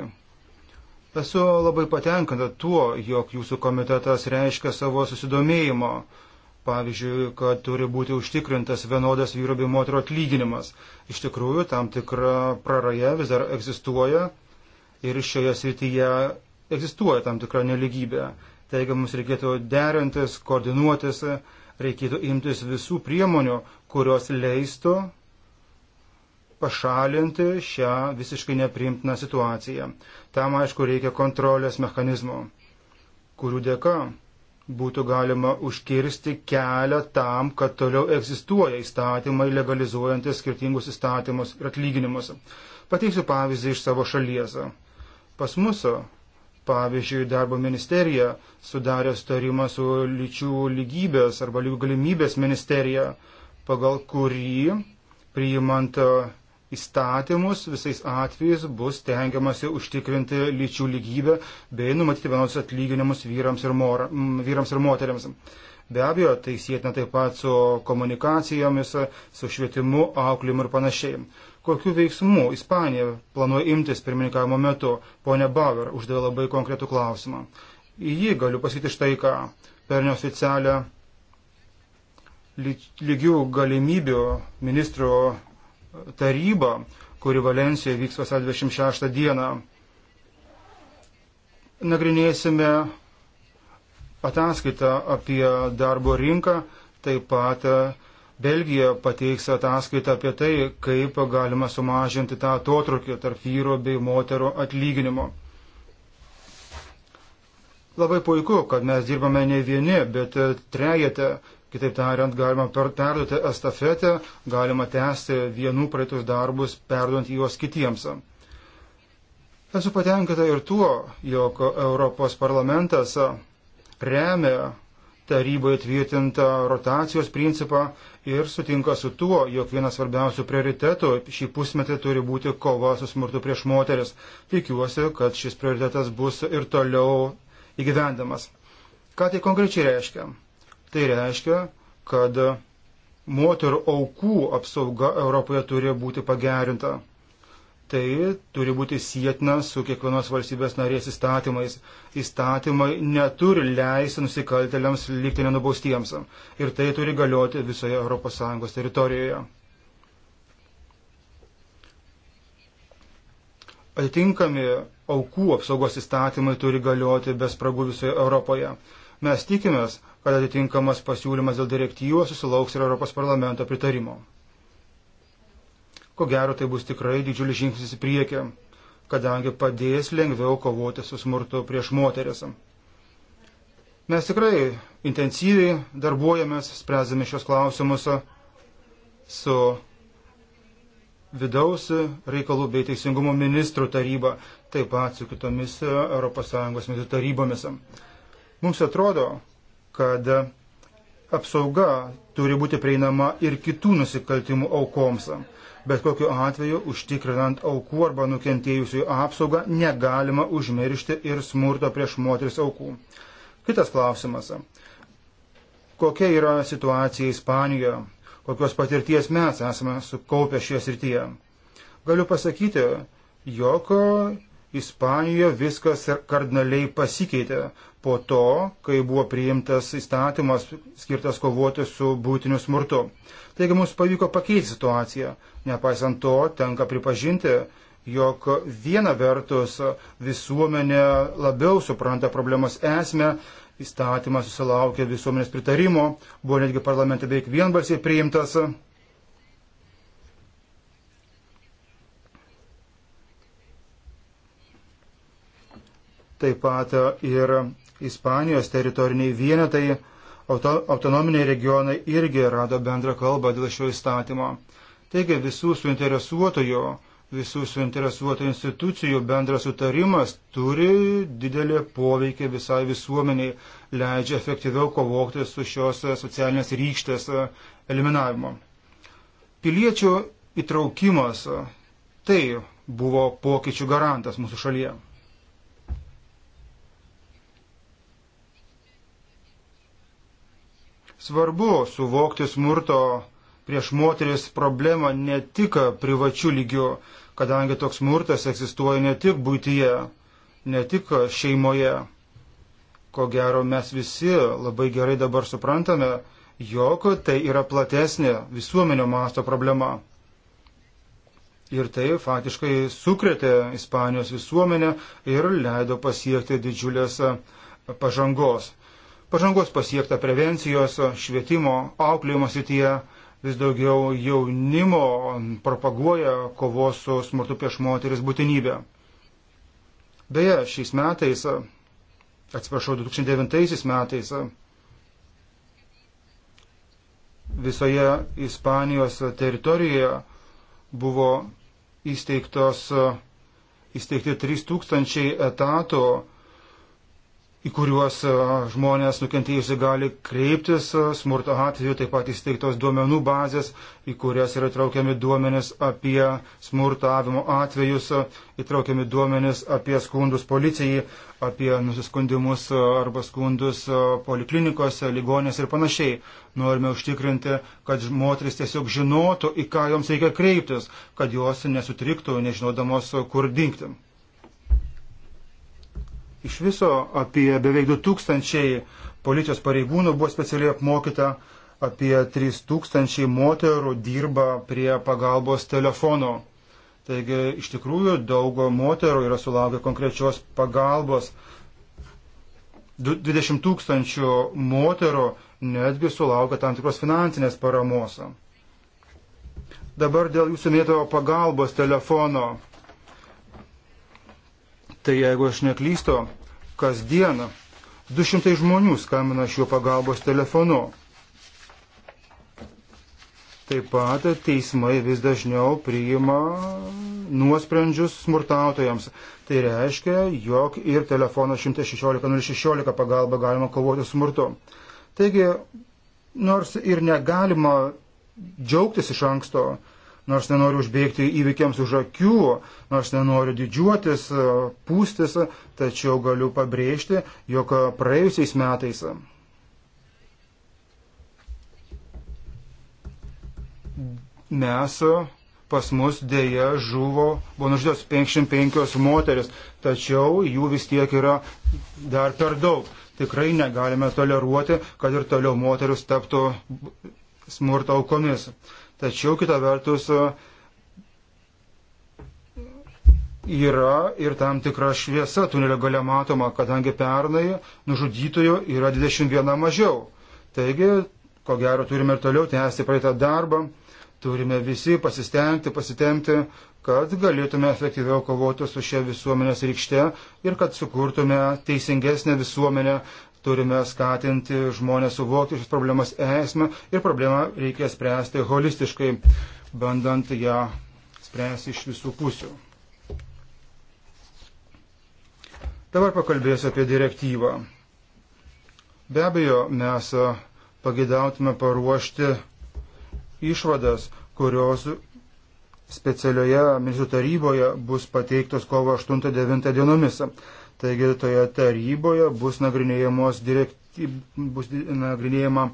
[SPEAKER 4] Esu labai patenkinta tuo, jog jūsų komitetas reiškia savo susidomėjimo Pavyzdžiui, kad turi būti užtikrintas vienodas vyro bei moterų atlyginimas. Iš tikrųjų, tam tikra praraja vis dar egzistuoja ir šioje srityje egzistuoja tam tikra neligybė. Taigi mums reikėtų derintis, koordinuotis, reikėtų imtis visų priemonių, kurios leistų pašalinti šią visiškai nepriimtiną situaciją. Tam, aišku, reikia kontrolės mechanizmų, kurių dėka būtų galima užkirsti kelią tam, kad toliau egzistuoja įstatymai legalizuojantis skirtingus įstatymus ir atlyginimus. Pateiksiu pavyzdį iš savo šalies. Pas mus, pavyzdžiui, darbo ministerija sudarė sutarimą su lyčių lygybės arba lygių galimybės ministerija, pagal kurį priimant įstatymus visais atvejais bus tengiamasi užtikrinti lyčių lygybę bei numatyti vienodus atlyginimus vyrams ir, mor, vyrams ir moteriams. Be abejo, tai sėtina taip pat su komunikacijomis, su švietimu, auklimu ir panašiai. Kokiu veiksmu Ispanija planuoja imtis pirmininkavimo metu? Pone Bauer uždavė labai konkretų klausimą. Į jį galiu pasakyti štai ką. Per neoficialią lygių galimybių ministro taryba, kuri Valencijoje vyks vasario 26 dieną. Nagrinėsime ataskaitą apie darbo rinką, taip pat Belgija pateiks ataskaitą apie tai, kaip galima sumažinti tą atotrukį tarp vyro bei moterų atlyginimo. Labai puiku, kad mes dirbame ne vieni, bet trejate Kitaip tariant, galima perduoti estafetę, galima tęsti vienų praeitus darbus, perduant juos kitiems. Esu patenkinta ir tuo, jog Europos parlamentas remia taryboje tvirtintą rotacijos principą ir sutinka su tuo, jog vienas svarbiausių prioritetų šį pusmetį turi būti kova su smurtu prieš moteris. Tikiuosi, kad šis prioritetas bus ir toliau įgyvendamas. Ką tai konkrečiai reiškia? Tai reiškia, kad moterų aukų apsauga Europoje turi būti pagerinta. Tai turi būti sėtina su kiekvienos valstybės narės įstatymais. Įstatymai neturi leisti nusikaltėliams likti nenubaustiems. Ir tai turi galioti visoje ES teritorijoje. Atitinkami aukų apsaugos įstatymai turi galioti be spragų visoje Europoje. Mes tikimės, kad atitinkamas pasiūlymas dėl direktyvos susilauks ir Europos parlamento pritarimo. Ko gero, tai bus tikrai didžiulis žingsnis į priekį, kadangi padės lengviau kovoti su smurtu prieš moteris. Mes tikrai intensyviai darbuojamės, spręsdami šios klausimus su vidaus reikalų bei teisingumo ministrų taryba, taip pat su kitomis ES tarybomis. Mums atrodo, kad apsauga turi būti prieinama ir kitų nusikaltimų aukoms. Bet kokiu atveju, užtikrinant aukų arba nukentėjusių apsaugą, negalima užmiršti ir smurto prieš moteris aukų. Kitas klausimas. Kokia yra situacija Ispanijoje? Kokios patirties mes esame sukaupę šioje srityje? Galiu pasakyti, jog Ispanijoje viskas kardinaliai pasikeitė po to, kai buvo priimtas įstatymas skirtas kovoti su būtiniu smurtu. Taigi mums pavyko pakeisti situaciją. Nepaisant to, tenka pripažinti, jog viena vertus visuomenė labiau supranta problemos esmę, įstatymas susilaukė visuomenės pritarimo, buvo netgi parlamente beveik vienbalsiai priimtas. Taip pat ir Ispanijos teritoriniai vienetai, auto, autonominiai regionai irgi rado bendrą kalbą dėl šio įstatymo. Taigi visų suinteresuotojų, visų suinteresuotojų institucijų bendras sutarimas turi didelį poveikį visai visuomeniai, leidžia efektyviau kovokti su šios socialinės rykštės eliminavimu. Piliečių įtraukimas tai buvo pokyčių garantas mūsų šalyje. Svarbu suvokti smurto prieš moteris problemą ne tik privačių lygių, kadangi toks smurtas egzistuoja ne tik būtyje, ne tik šeimoje. Ko gero mes visi labai gerai dabar suprantame, jog tai yra platesnė visuomenio masto problema. Ir tai faktiškai sukretė Ispanijos visuomenę ir leido pasiekti didžiulės pažangos. Pažangos pasiekta prevencijos, švietimo, auklėjimo sityje vis daugiau jaunimo propaguoja kovos su smurtu prieš moteris būtinybę. Beje, šiais metais, atsiprašau, 2009 metais visoje Ispanijos teritorijoje buvo įsteigtos, įsteigti 3000 etatų į kuriuos e, žmonės nukentėjusi gali kreiptis e, smurto atveju, taip pat įsteigtos duomenų bazės, į kurias yra traukiami duomenys apie smurtavimo atvejus, e, įtraukiami duomenys apie skundus policijai, apie nusiskundimus arba skundus poliklinikose, ligonės ir panašiai. Norime užtikrinti, kad moteris tiesiog žinotų, į ką joms reikia kreiptis, kad jos nesutriktų, nežinodamos, kur dinkti. Iš viso apie beveik 2000 policijos pareigūnų buvo specialiai apmokyta, apie 3000 moterų dirba prie pagalbos telefono. Taigi iš tikrųjų daug moterų yra sulaukę konkrečios pagalbos. 20 tūkstančių moterų netgi sulaukia tam tikros finansinės paramos. Dabar dėl jūsų mėtojo pagalbos telefono tai jeigu aš neklystu, kasdien 200 žmonių skambina šiuo pagalbos telefonu. Taip pat teismai vis dažniau priima nuosprendžius smurtautojams. Tai reiškia, jog ir telefonas 116.016 pagalba galima kovoti su smurtu. Taigi, nors ir negalima džiaugtis iš anksto, nors nenoriu užbėgti įvykiams už akių, nors nenoriu didžiuotis, e, pūstis, tačiau galiu pabrėžti, jog praėjusiais metais mes pas mus dėja žuvo, buvo nužudytos 55 moteris, tačiau jų vis tiek yra dar per daug. Tikrai negalime toleruoti, kad ir toliau moteris taptų smurto aukomis. Tačiau kita vertus yra ir tam tikra šviesa tunelio gale matoma, kadangi pernai nužudytojų yra 21 mažiau. Taigi, ko gero, turime ir toliau tęsti praeitą darbą, turime visi pasistengti, pasitemti, kad galėtume efektyviau kovoti su šia visuomenės rykšte ir kad sukurtume teisingesnę visuomenę, turime skatinti žmonės suvokti šias problemas esmę ir problemą reikia spręsti holistiškai, bandant ją spręsti iš visų pusių. Dabar pakalbėsiu apie direktyvą. Be abejo, mes pagidautume paruošti išvadas, kurios specialioje ministrų taryboje bus pateiktos kovo 8-9 dienomis. Taigi toje taryboje bus, direkty... bus nagrinėjama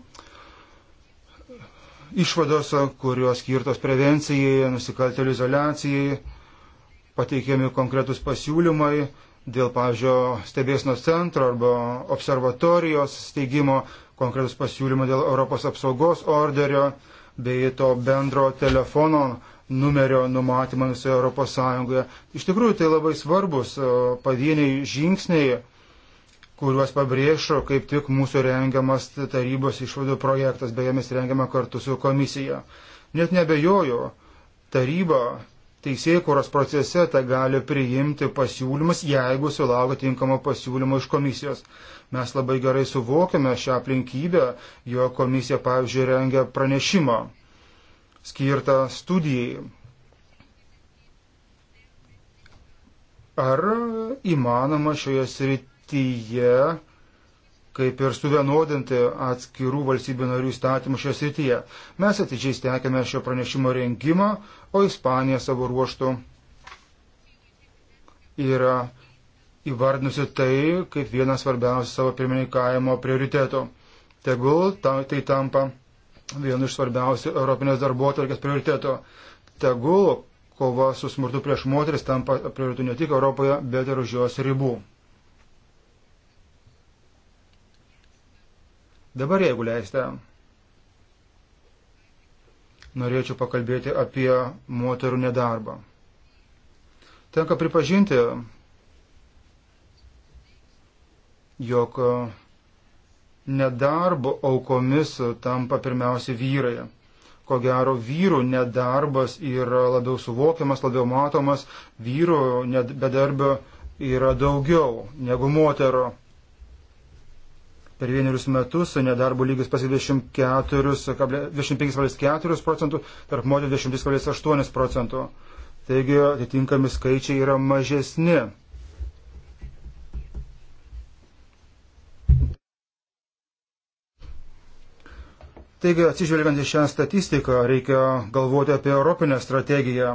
[SPEAKER 4] išvados, kurios skirtos prevencijai, nusikaltelių izolacijai, pateikiami konkretus pasiūlymai dėl, pavyzdžiui, stebėsnos centro arba observatorijos steigimo, konkretus pasiūlymai dėl Europos apsaugos orderio bei to bendro telefono numerio numatymą visoje Europos Sąjungoje. Iš tikrųjų tai labai svarbus e, pavieniai žingsniai, kuriuos pabrėžo kaip tik mūsų rengiamas tarybos išvadų projektas, beje mes rengiame kartu su komisija. Net nebejoju, taryba teisėkuros procese tą gali priimti pasiūlymus, jeigu sulaukia tinkamo pasiūlymo iš komisijos. Mes labai gerai suvokiame šią aplinkybę, jo komisija, pavyzdžiui, rengia pranešimą skirtą studijai. Ar įmanoma šioje srityje, kaip ir suvienodinti atskirų valstybių narių įstatymų šioje srityje? Mes atidžiai stekėme šio pranešimo rengimą, o Ispanija savo ruoštų yra įvardinusi tai kaip vieną svarbiausių savo pirmininkavimo prioritetų. Tegul tai, tai tampa vienu iš svarbiausių Europinės darbuotojų prioriteto. Tegul kova su smurtu prieš moteris tampa prioritetu ne tik Europoje, bet ir už jos ribų. Dabar, jeigu leiste, norėčiau pakalbėti apie moterų nedarbą. Tenka pripažinti, jog nedarbo aukomis tampa pirmiausia vyrai. Ko gero, vyrų nedarbas yra labiau suvokiamas, labiau matomas, vyrų bedarbio yra daugiau negu moterų. Per vienerius metus nedarbo lygis pasidėšimtketurius,25,4 procentų, tarp moterų 10,8 procentų. Taigi atitinkami skaičiai yra mažesni. Taigi, atsižvelgiant į šią statistiką, reikia galvoti apie europinę strategiją,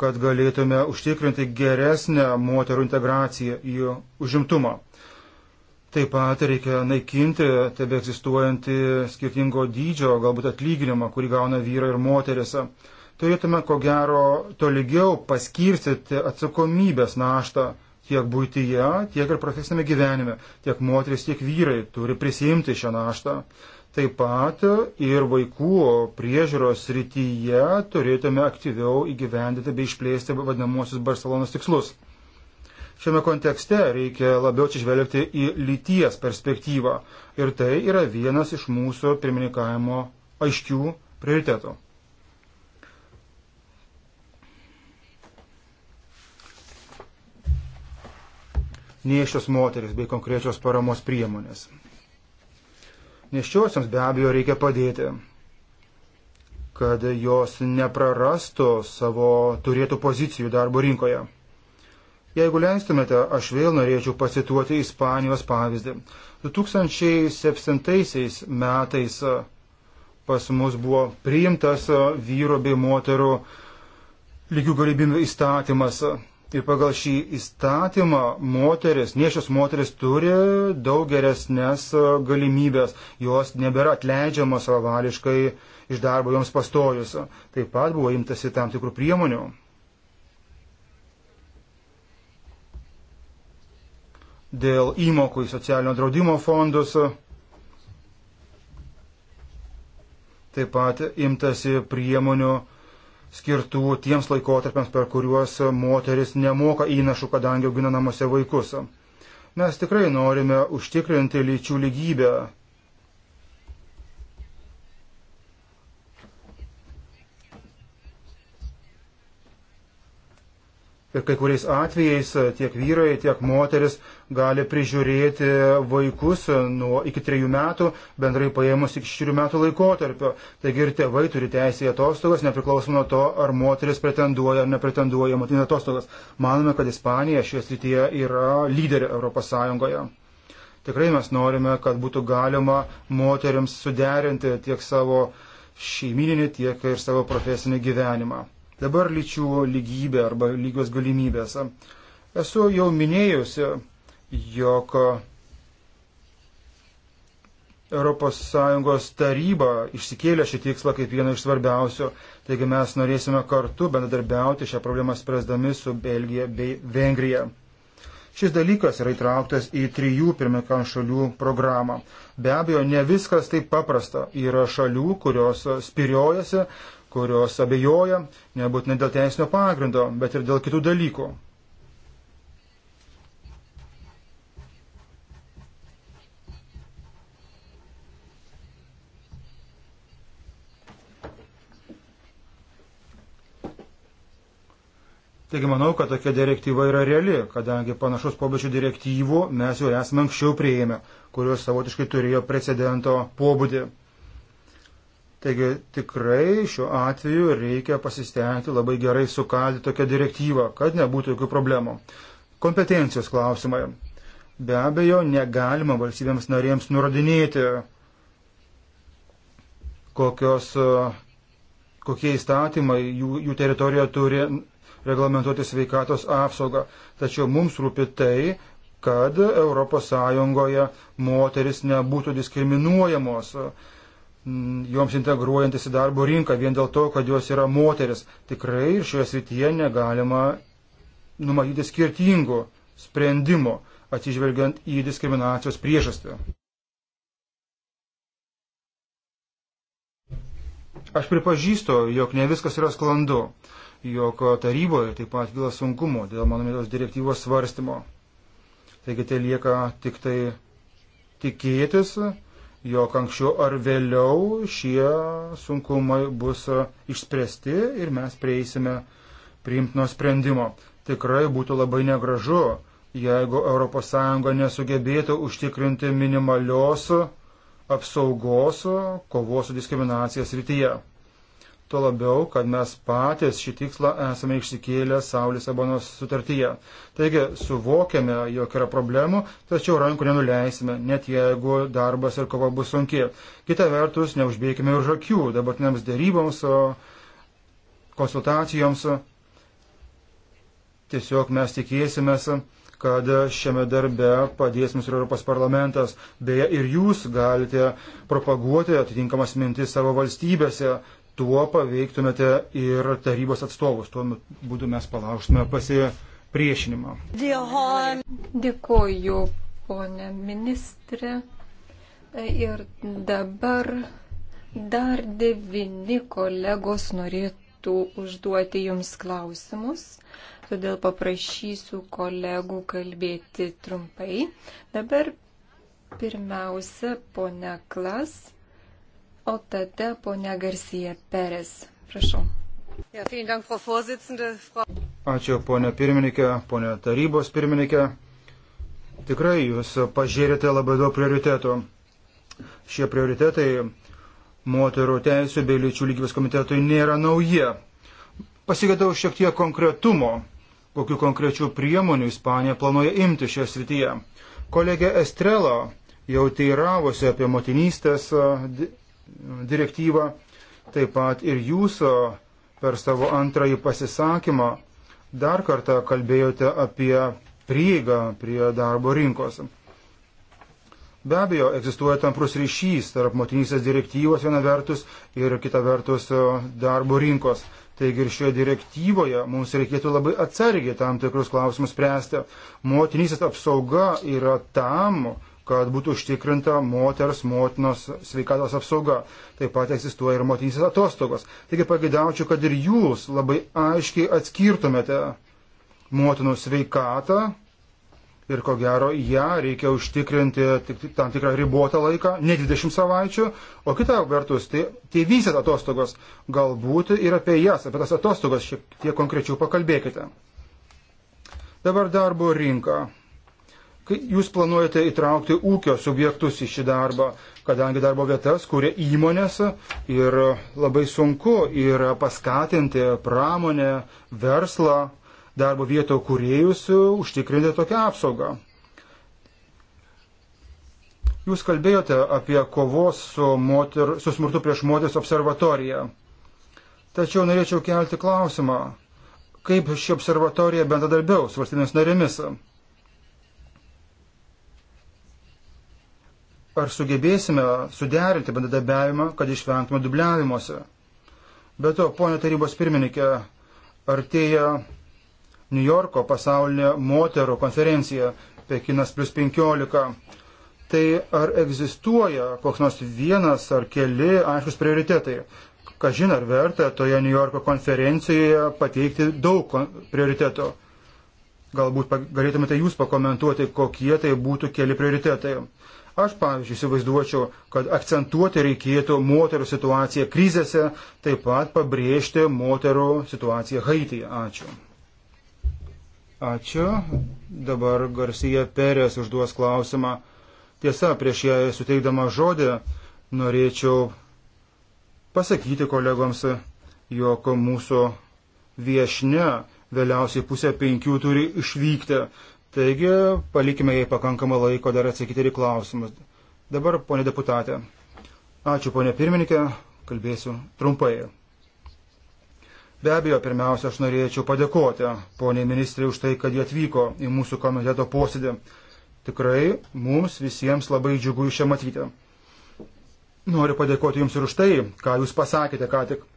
[SPEAKER 4] kad galėtume užtikrinti geresnę moterų integraciją į užimtumą. Taip pat reikia naikinti tebe egzistuojantį skirtingo dydžio, galbūt atlyginimą, kurį gauna vyrai ir moteris. Turėtume, ko gero, tolygiau paskirstyti atsakomybės naštą tiek būtyje, tiek ir profesinėme gyvenime. Tiek moteris, tiek vyrai turi prisimti šią naštą. Taip pat ir vaikų priežiūros srityje turėtume aktyviau įgyvendinti bei išplėsti vadinamosius Barcelonos tikslus. Šiame kontekste reikia labiau atsižvelgti į lyties perspektyvą ir tai yra vienas iš mūsų pirmininkavimo aiškių prioritetų. Nieščios moteris bei konkrečios paramos priemonės. Neščiosiams be abejo reikia padėti, kad jos neprarastų savo turėtų pozicijų darbo rinkoje. Jeigu leistumėte, aš vėl norėčiau pasituoti Ispanijos pavyzdį. 2007 metais pas mus buvo priimtas vyro bei moterų lygių galimybių įstatymas. Ir pagal šį įstatymą moteris, niešios moteris turi daug geresnės e, galimybės, jos nebėra atleidžiamos savališkai iš darbo joms pastojus. Taip pat buvo imtasi tam tikrų priemonių. Dėl įmokų į socialinio draudimo fondus taip pat imtasi priemonių skirtų tiems laikotarpiams, per kuriuos moteris nemoka įnašų, kadangi augina namuose vaikus. Mes tikrai norime užtikrinti lyčių lygybę Ir kai kuriais atvejais e, tiek vyrai, tiek moteris gali prižiūrėti vaikus e, nuo iki trejų metų, bendrai paėmus iki šešių metų laikotarpio. Taigi ir tėvai turi teisę į atostogas, nepriklausomai nuo to, ar moteris pretenduoja ar nepretenduoja motinį atostogas. Manome, kad Ispanija šioje srityje yra lyderė ES. Tikrai mes norime, kad būtų galima moteriams suderinti tiek savo šeimininį, tiek ir savo profesinį gyvenimą dabar lyčių lygybė arba lygios galimybės. Esu jau minėjusi, jog ES taryba išsikėlė šį tikslą kaip vieną iš svarbiausių, taigi mes norėsime kartu bendradarbiauti šią problemą spręsdami su Belgija bei Vengrija. Šis dalykas yra įtrauktas į trijų pirmikan šalių programą. Be abejo, ne viskas taip paprasta. Yra šalių, kurios spiriojasi kurios abejoja, nebūtinai dėl teisinio pagrindo, bet ir dėl kitų dalykų. Taigi manau, kad tokia direktyva yra reali, kadangi panašus pobūdžių direktyvų mes jau esame anksčiau prieėmę, kurios savotiškai turėjo precedento pobūdį. Taigi tikrai šiuo atveju reikia pasistengti labai gerai sukalti tokią direktyvą, kad nebūtų jokių problemų. Kompetencijos klausimai. Be abejo, negalima valstybėms narėms nurodinėti, kokios, e, kokie įstatymai jų, jų teritorijoje turi reglamentuoti sveikatos apsaugą. Tačiau mums rūpi tai, kad ES moteris nebūtų diskriminuojamos Mm, joms integruojantis į darbo rinką vien dėl to, kad jos yra moteris. Tikrai ir šioje srityje negalima numatyti skirtingo sprendimo atsižvelgiant į diskriminacijos priežastį. Aš pripažįstu, jog ne viskas yra sklandu, jog taryboje taip pat kyla sunkumų dėl mano minėtos direktyvos svarstymo. Taigi tai lieka tik tai tikėtis, jog anksčiau ar vėliau šie sunkumai bus išspręsti ir mes prieisime priimtino sprendimo. Tikrai būtų labai negražu, jeigu ES nesugebėtų užtikrinti minimalios apsaugos kovos su diskriminacija srityje. Tuo labiau, kad mes patys šį tikslą esame išsikėlę Saulės Ebonos sutartyje. Taigi suvokiame, jog yra problemų, tačiau rankų nenuleisime, net jeigu darbas ir kova bus sunki. Kita vertus, neužbėgime už akių dabartiniams dėryboms, konsultacijoms. Tiesiog mes tikėsimės, kad šiame darbe padės mums ir Europos parlamentas. Beje, ir jūs galite propaguoti atitinkamas mintis savo valstybėse, tuo paveiktumėte ir tarybos atstovus. Tuo būdu mes palauštume pasipriešinimą.
[SPEAKER 1] Dėkoju, ponė ministrė. Ir dabar dar devyni kolegos norėtų užduoti jums klausimus, todėl paprašysiu kolegų kalbėti trumpai. Dabar pirmiausia, ponia Klas o tada ponia Garcija Peres. Prašau.
[SPEAKER 4] Ačiū, ponia pirmininkė, ponia tarybos pirmininkė. Tikrai jūs pažiūrėte labai daug prioritetų. Šie prioritetai moterų teisų bei lyčių lygybės komitetui nėra nauji. Pasigėdau šiek tiek konkretumo, kokiu konkrečiu priemonių Ispanija planuoja imti šioje srityje. Kolegė Estrela jau teiravosi apie motinystės direktyvą, taip pat ir jūs per savo antrąjį pasisakymą dar kartą kalbėjote apie prieigą prie darbo rinkos. Be abejo, egzistuoja tamprus ryšys tarp motinysės direktyvos viena vertus ir kita vertus e, darbo rinkos. Taigi ir šioje direktyvoje mums reikėtų labai atsargiai tam tikrus klausimus spręsti. Motinysės apsauga yra tam kad būtų užtikrinta moters motinos sveikatos apsauga. Taip pat egzistuoja ir motinysės atostogos. Taigi pagidaučiau, kad ir jūs labai aiškiai atskirtumėte motinų sveikatą ir ko gero ją reikia užtikrinti tik tam tikrą ribotą laiką, ne 20 savaičių, o kita vertus, tai tėvysės atostogos, galbūt ir apie jas, apie tas atostogas šiek tiek konkrečiau pakalbėkite. Dabar darbo rinka. Jūs planuojate įtraukti ūkio subjektus į šį darbą, kadangi darbo vietas kuria įmonės ir labai sunku yra paskatinti pramonę, verslą, darbo vieto kuriejus užtikrinti tokią apsaugą. Jūs kalbėjote apie kovos su, moter, su smurtu prieš moteris observatoriją. Tačiau norėčiau kelti klausimą, kaip ši observatorija bendradarbiaus valstybės narėmis. ar sugebėsime suderinti bendradarbiavimą, kad išvengtume dubliavimuose. Be to, ponio tarybos pirmininkė, artėja New Yorko pasaulinė moterų konferencija Pekinas plus 15. Tai ar egzistuoja koks nors vienas ar keli aiškus prioritetai? Kažin ar verta toje New Yorko konferencijoje pateikti daug prioritetų? Galbūt galėtumėte jūs pakomentuoti, kokie tai būtų keli prioritetai. Aš, pavyzdžiui, įsivaizduočiau, kad akcentuoti reikėtų moterų situaciją krizėse, taip pat pabrėžti moterų situaciją Haityje. Ačiū. Ačiū. Dabar Garcija Perės užduos klausimą. Tiesa, prieš ją suteikdama žodį norėčiau pasakyti kolegoms, jog mūsų viešne vėliausiai pusę penkių turi išvykti, Taigi, palikime jai pakankamą laiko dar atsakyti ir į klausimus. Dabar, ponė deputatė. Ačiū, ponė pirmininkė, kalbėsiu trumpai. Be abejo, pirmiausia, aš norėčiau padėkoti poniai ministrė už tai, kad jie atvyko į mūsų komiteto posėdį. Tikrai mums visiems labai džiugu iš čia matyti. Noriu padėkoti Jums ir už tai, ką Jūs pasakėte ką tik.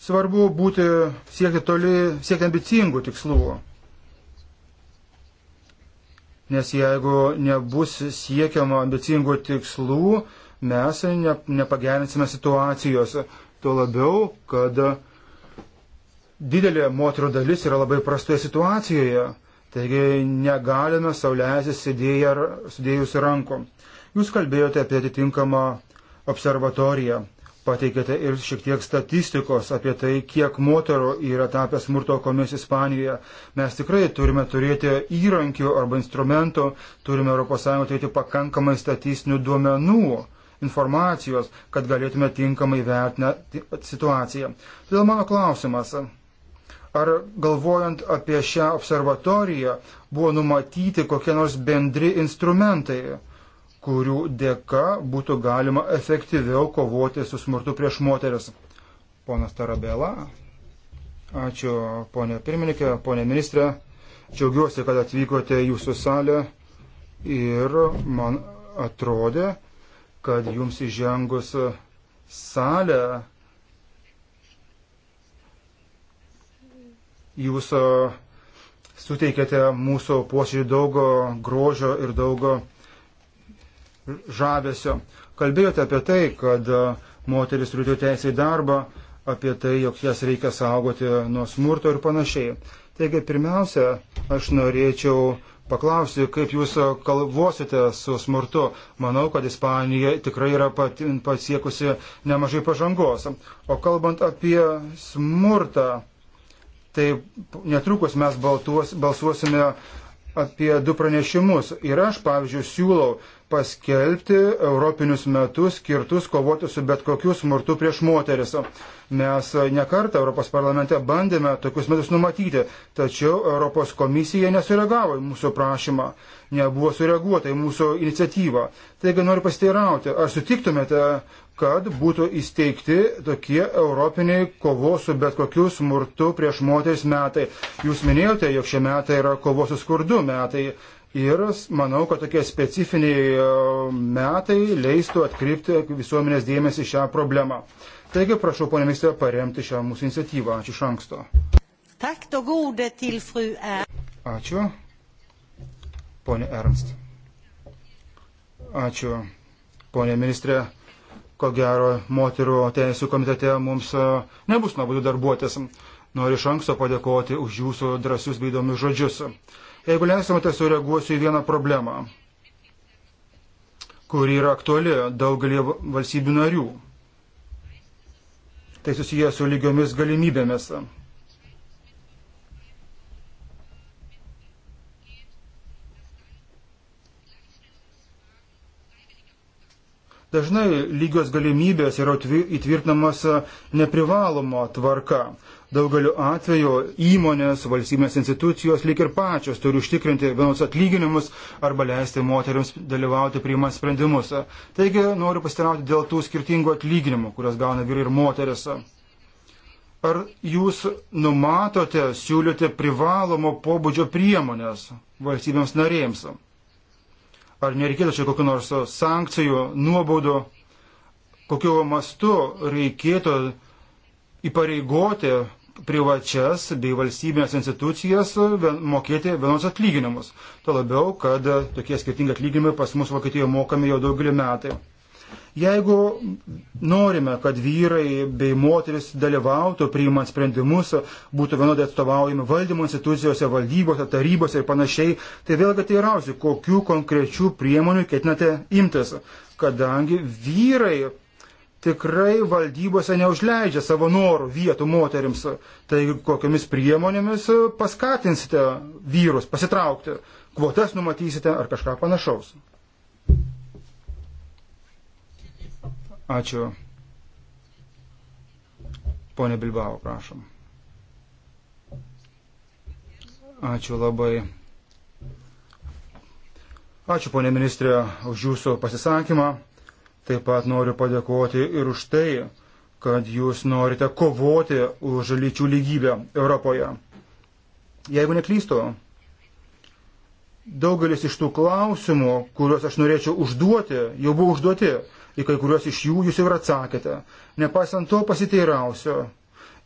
[SPEAKER 4] Svarbu būti siekti toli, siekti ambicingų tikslų. Nes jeigu nebus siekiama ambicingų tikslų, mes ne, nepagerinsime situacijos. Tuo labiau, kad didelė moterų dalis yra labai prastoje situacijoje. Taigi negalime sauliaisis sudėjus rankom. Jūs kalbėjote apie atitinkamą observatoriją pateikėte ir šiek tiek statistikos apie tai, kiek moterų yra tapę smurto aukomis Ispanijoje. Mes tikrai turime turėti įrankių arba instrumentų, turime ES turėti pakankamai statistinių duomenų informacijos, kad galėtume tinkamai vertinę situaciją. Todėl mano klausimas, ar galvojant apie šią observatoriją buvo numatyti kokie nors bendri instrumentai? kurių dėka būtų galima efektyviau kovoti su smurtu prieš moteris. Ponas Tarabela. Ačiū, ponė pirmininkė, ponė ministrė. Džiaugiuosi, kad atvykote į jūsų salę ir man atrodė, kad jums įžengus salę jūs uh, suteikėte mūsų posėdžiui daug uh, grožio ir daug uh, žavesio. Kalbėjote apie tai, kad e, moteris turi teisę į darbą, apie tai, jog jas reikia saugoti nuo smurto ir panašiai. Taigi, pirmiausia, aš norėčiau paklausti, kaip jūs kalvosite su smurtu. Manau, kad Ispanija tikrai yra pasiekusi nemažai pažangos. O kalbant apie smurtą, tai netrukus mes baltuos, balsuosime apie du pranešimus. Ir aš, pavyzdžiui, siūlau paskelbti Europinius metus skirtus kovoti su bet kokiu smurtu prieš moteris. Mes nekartą Europos parlamente bandėme tokius metus numatyti, tačiau Europos komisija nesureagavo į mūsų prašymą, nebuvo sureaguota į mūsų iniciatyvą. Taigi noriu pasiteirauti, ar sutiktumėte, kad būtų įsteigti tokie Europiniai kovos su bet kokiu smurtu prieš moteris metai. Jūs minėjote, jog šie metai yra kovos su skurdu metai. Ir manau, kad tokie specifiniai e, metai leistų atkreipti visuomenės dėmesį šią problemą. Taigi prašau, ponė ministrė, paremti šią mūsų iniciatyvą. Ačiū iš anksto. Ačiū. Pone Ernst. Ačiū. Pone ministrė, ko gero, moterų teisų komitete mums e, nebus nuobodu darbuotis. Noriu iš anksto padėkoti už jūsų drąsius bei įdomius žodžius. Jeigu leisimate, sureaguosiu į vieną problemą, kuri yra aktuali daugelį valstybių narių. Tai susiję su lygiomis galimybėmis. Dažnai lygios galimybės yra įtvirtinamos neprivaloma tvarka. Daugeliu atveju įmonės, valstybės institucijos lik ir pačios turi užtikrinti vienus atlyginimus arba leisti moteriams dalyvauti priimant sprendimus. Taigi noriu pasitarauti dėl tų skirtingų atlyginimų, kurias gauna vyrai ir moteris. Ar jūs numatote siūlyti privalomo pobūdžio priemonės valstybėms narėms? Ar nereikėtų čia kokiu nors sankcijų, nuobaudų, kokiu mastu reikėtų įpareigoti privačias bei valstybinės institucijas mokėti vienos atlyginimus. Tuo labiau, kad tokie skirtingi atlyginimai pas mus Vokietijoje mokami jau daugelį metų. Jeigu norime, kad vyrai bei moteris dalyvautų priimant sprendimus, būtų vienodai atstovaujami valdymo institucijose, valdybose, tarybose ir panašiai, tai vėlgi tai rausiu, kokiu konkrečiu priemoniu ketinate imtis, kadangi vyrai tikrai valdybose neužleidžia savo norų vietų moteriams. Tai kokiamis priemonėmis paskatinsite vyrus pasitraukti, kvotas numatysite ar kažką panašaus. Ačiū. Pone Bilbao, prašom. Ačiū labai. Ačiū, ponė ministrė, už jūsų pasisakymą. Taip pat noriu padėkoti ir už tai, kad jūs norite kovoti už lyčių lygybę Europoje. Jeigu neklystu, daugelis iš tų klausimų, kuriuos aš norėčiau užduoti, jau buvo užduoti, į kai kuriuos iš jų jūs jau ir atsakėte. Nepaisant to pasiteirausiu.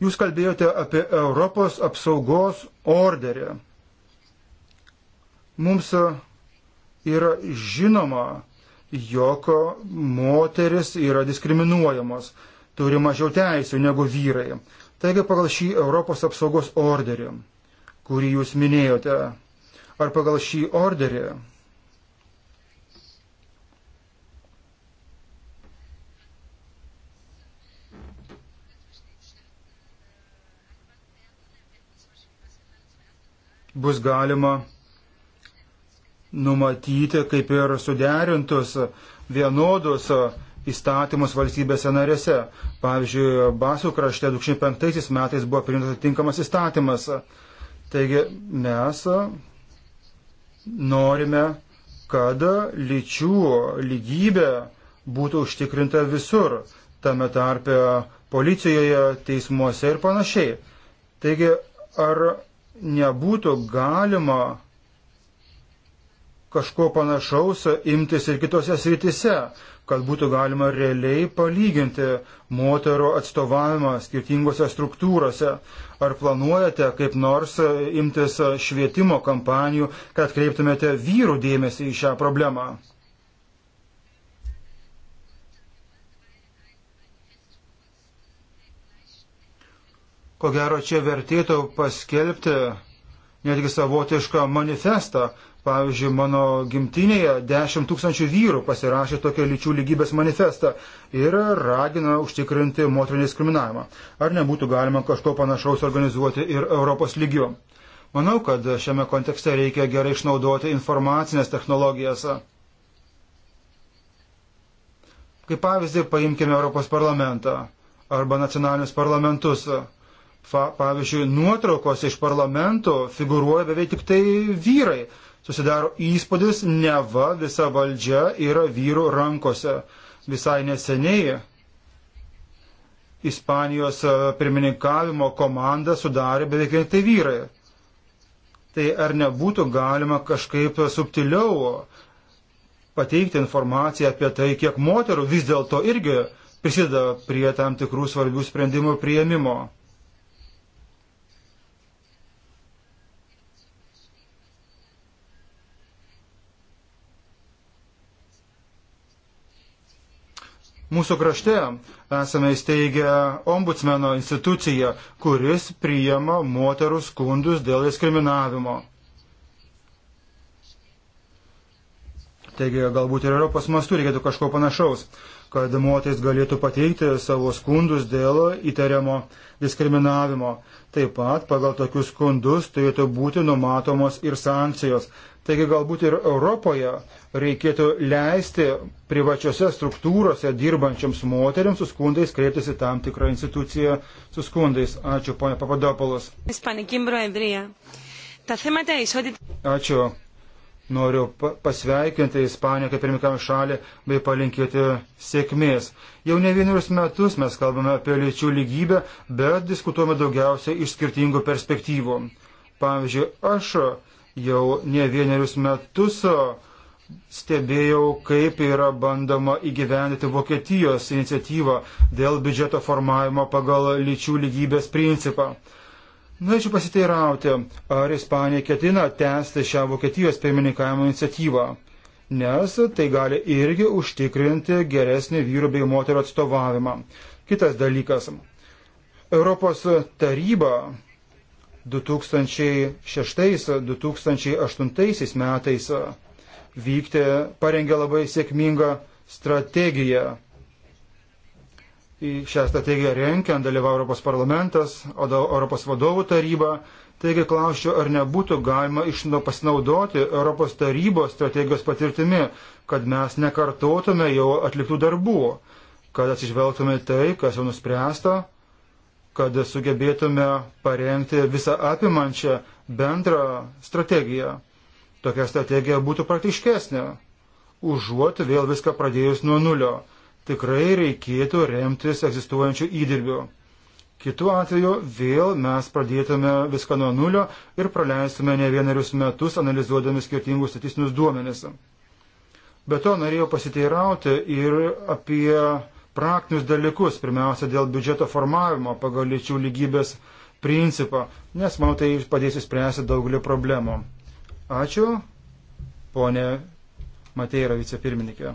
[SPEAKER 4] Jūs kalbėjote apie Europos apsaugos orderį. Mums yra žinoma, jog moteris yra diskriminuojamos, turi mažiau teisų negu vyrai. Taigi pagal šį Europos apsaugos orderį, kurį jūs minėjote, ar pagal šį orderį bus galima numatyti kaip ir suderintus vienodus įstatymus valstybėse narėse. Pavyzdžiui, Basų krašte 2005 metais buvo priimtas atitinkamas įstatymas. Taigi mes norime, kad lyčių lygybė būtų užtikrinta visur, tame tarpe policijoje, teismuose ir panašiai. Taigi, ar nebūtų galima kažko panašaus imtis ir kitose sritise, kad būtų galima realiai palyginti moterų atstovavimą skirtingose struktūrose. Ar planuojate kaip nors imtis švietimo kampanijų, kad kreiptumėte vyrų dėmesį į šią problemą? Ko gero čia vertėtų paskelbti netgi savotišką manifestą, Pavyzdžiui, mano gimtinėje 10 tūkstančių vyrų pasirašė tokią lyčių lygybės manifestą ir ragina užtikrinti moterį diskriminavimą. Ar nebūtų galima kažko panašaus organizuoti ir Europos lygiu? Manau, kad šiame kontekste reikia gerai išnaudoti informacinės technologijas. Kaip pavyzdį paimkime Europos parlamentą arba nacionalinius parlamentus. Fa, pavyzdžiui, nuotraukose iš parlamento figuruoja beveik tik tai vyrai susidaro įspūdis, neva visa valdžia yra vyrų rankose. Visai neseniai Ispanijos e, pirmininkavimo komandą sudarė beveik vien tai vyrai. Tai ar nebūtų galima kažkaip subtiliau pateikti informaciją apie tai, kiek moterų vis dėlto irgi prisideda prie tam tikrų svarbių sprendimų prieimimo? Mūsų krašte esame įsteigę ombudsmeno instituciją, kuris priima moterų skundus dėl diskriminavimo. Taigi galbūt ir Europos mastu reikėtų kažko panašaus, kad moteris galėtų pateikti savo skundus dėl įtariamo diskriminavimo. Taip pat pagal tokius skundus turėtų būti numatomos ir sankcijos. Taigi galbūt ir Europoje reikėtų leisti privačiose struktūrose dirbančiams moteriams su skundais kreiptis į tam tikrą instituciją su skundais. Ačiū, ponia Papadopolos. Ačiū. Noriu pasveikinti Ispaniją kaip pirmikam šalį bei palinkėti sėkmės. Jau ne vienerius metus mes kalbame apie lyčių lygybę, bet diskutuojame daugiausiai iš skirtingų perspektyvų. Pavyzdžiui, aš jau ne vienerius metus stebėjau, kaip yra bandoma įgyvendyti Vokietijos iniciatyvą dėl biudžeto formavimo pagal lyčių lygybės principą. Norėčiau pasiteirauti, ar Ispanija ketina tęsti šią Vokietijos pirmininkavimo iniciatyvą, nes tai gali irgi užtikrinti geresnį vyrų bei moterų atstovavimą. Kitas dalykas. Europos taryba 2006-2008 metais vykti parengė labai sėkmingą strategiją į šią strategiją renkiant dalyvavo Europos parlamentas, o Europos vadovų taryba. Taigi klausiu, ar nebūtų galima išnau pasinaudoti Europos tarybos strategijos patirtimi, kad mes nekartotume jau atliktų darbų, kad atsižvelgtume tai, kas jau nuspręsta, kad sugebėtume parengti visą apimančią bendrą strategiją. Tokia strategija būtų praktiškesnė, užuot vėl viską pradėjus nuo nulio tikrai reikėtų remtis egzistuojančių įdirbių. Kitu atveju vėl mes pradėtume viską nuo nulio ir praleistume ne vienerius metus analizuodami skirtingus statistinius duomenis. Be to norėjau pasiteirauti ir apie praktinius dalykus, pirmiausia dėl biudžeto formavimo pagal lyčių lygybės principą, nes manau tai padės įspręsti daugelį problemų. Ačiū, ponė Mateira vicepirmininkė.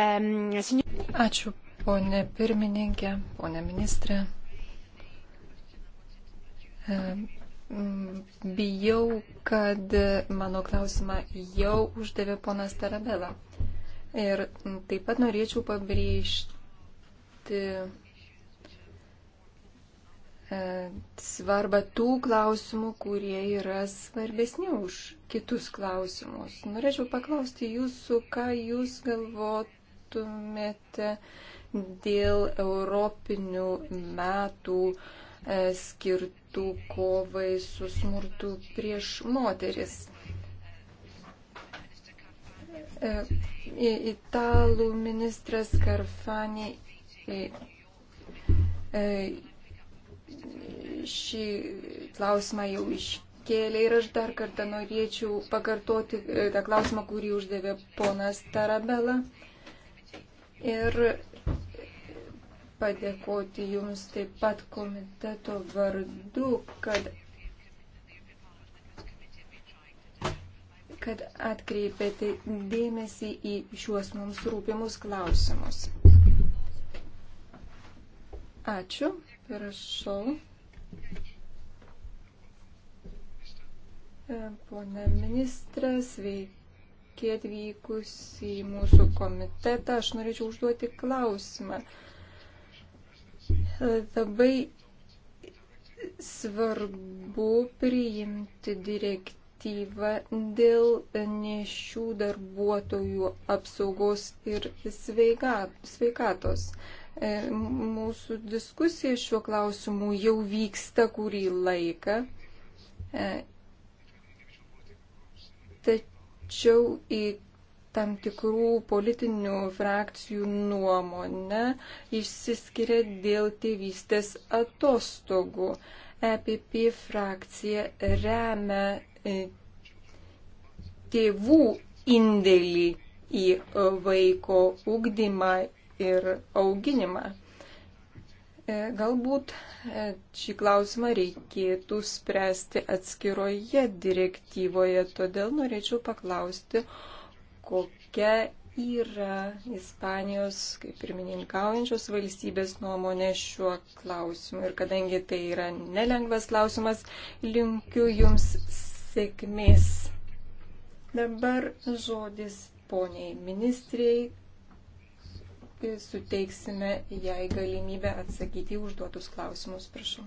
[SPEAKER 1] Ehm, Ačiū, ponė pirmininkė, ponė ministrė. Ehm, bijau, kad mano klausimą jau uždavė ponas Tarabela. Ir taip pat norėčiau pabrėžti E, svarbą tų klausimų, kurie yra svarbesni už kitus klausimus. Norėčiau paklausti jūsų, ką jūs galvotumėte dėl europinių metų e, skirtų kovai su smurtu prieš moteris. E, italų ministras Karfani šį klausimą jau iškėlė ir aš dar kartą norėčiau pakartoti e, tą klausimą, kurį uždavė ponas Tarabela. Ir padėkoti Jums taip pat komiteto vardu, kad, kad atkreipėte dėmesį į šiuos mums rūpimus klausimus. Ačiū. Rašau. E, pone ministrė, sveiki atvykus į mūsų komitetą. Aš norėčiau užduoti klausimą. E, labai svarbu priimti direktyvą direktyva dėl nešių darbuotojų apsaugos ir sveikatos. E, mūsų diskusija šiuo klausimu jau vyksta kurį laiką. E, tačiau į tam tikrų politinių frakcijų nuomonę išsiskiria dėl tėvystės atostogų. EPP frakcija remia e, tėvų indėlį į vaiko ugdymą ir auginimą. E, galbūt e, šį klausimą reikėtų spręsti atskiroje direktyvoje, todėl norėčiau paklausti, kokia yra Ispanijos, kaip ir mininkaujančios valstybės nuomonė šiuo klausimu. Ir kadangi tai yra nelengvas klausimas, linkiu Jums sėkmės. Dabar žodis poniai ministrei, suteiksime jai galimybę atsakyti į užduotus klausimus. Prašau.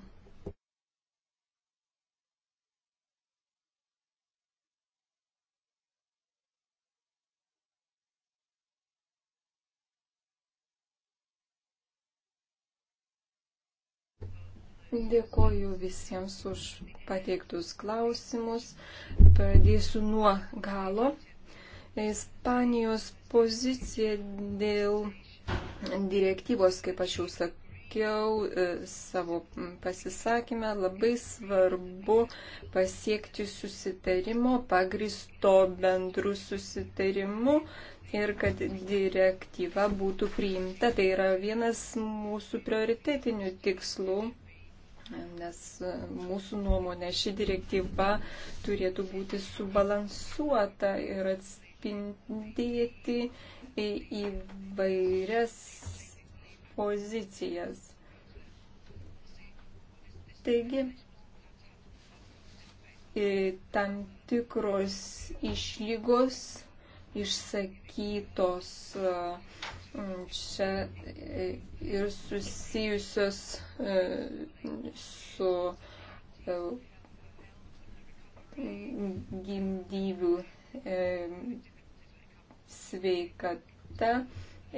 [SPEAKER 1] Dėkoju visiems už pateiktus klausimus. Pradėsiu nuo galo. Ispanijos pozicija dėl direktyvos, kaip aš jau sakiau e, savo pasisakymę, labai svarbu pasiekti susitarimo, pagristo bendrų susitarimų ir kad direktyva būtų priimta. Tai yra vienas mūsų prioritetinių tikslų. Nes mūsų nuomonė ši direktyva turėtų būti subalansuota ir atspindėti į įvairias pozicijas. Taigi, tam tikros išlygos išsakytos čia e, ir susijusios e, su e, gimdyvių sveikata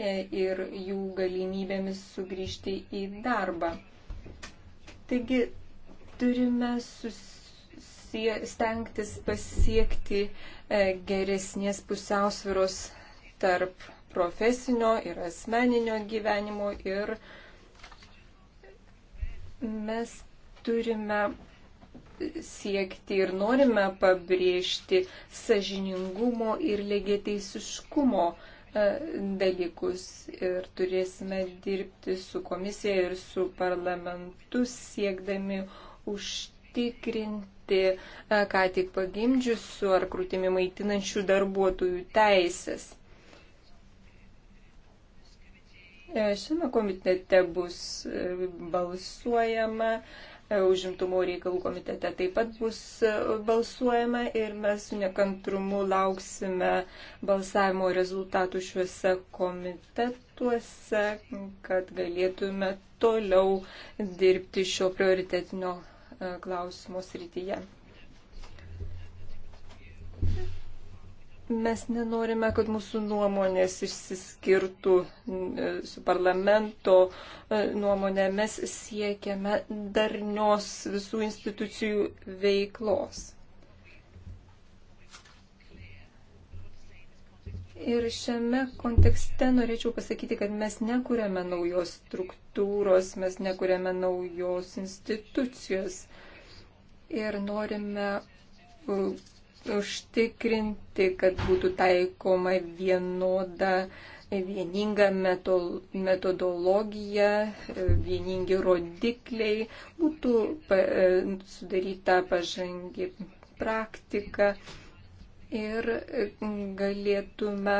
[SPEAKER 1] e, ir jų galimybėmis sugrįžti į darbą. Taigi turime stengtis pasiekti e, geresnės pusiausviros tarp profesinio ir asmeninio gyvenimo ir mes turime siekti ir norime pabrėžti sažiningumo ir lygiateisiškumo e, dalykus ir turėsime dirbti su komisija ir su parlamentu siekdami užtikrinti e, ką tik pagimdžiusių ar krūtimi maitinančių darbuotojų teisės. E, šiame komitete bus balsuojama uh, E, užimtumo reikalų komitete taip pat bus e, balsuojama ir mes su nekantrumu lauksime balsavimo rezultatų šiuose komitetuose, kad galėtume toliau dirbti šio prioritetinio e, klausimo srityje. Mes nenorime, kad mūsų nuomonės išsiskirtų e, su parlamento e, nuomonė. Mes siekiame darnios visų institucijų veiklos. Ir šiame kontekste norėčiau pasakyti, kad mes nekuriame naujos struktūros, mes nekuriame naujos institucijos ir norime užtikrinti, kad būtų taikoma vienoda, vieninga metodologija, vieningi rodikliai, būtų sudaryta pažangi praktika ir galėtume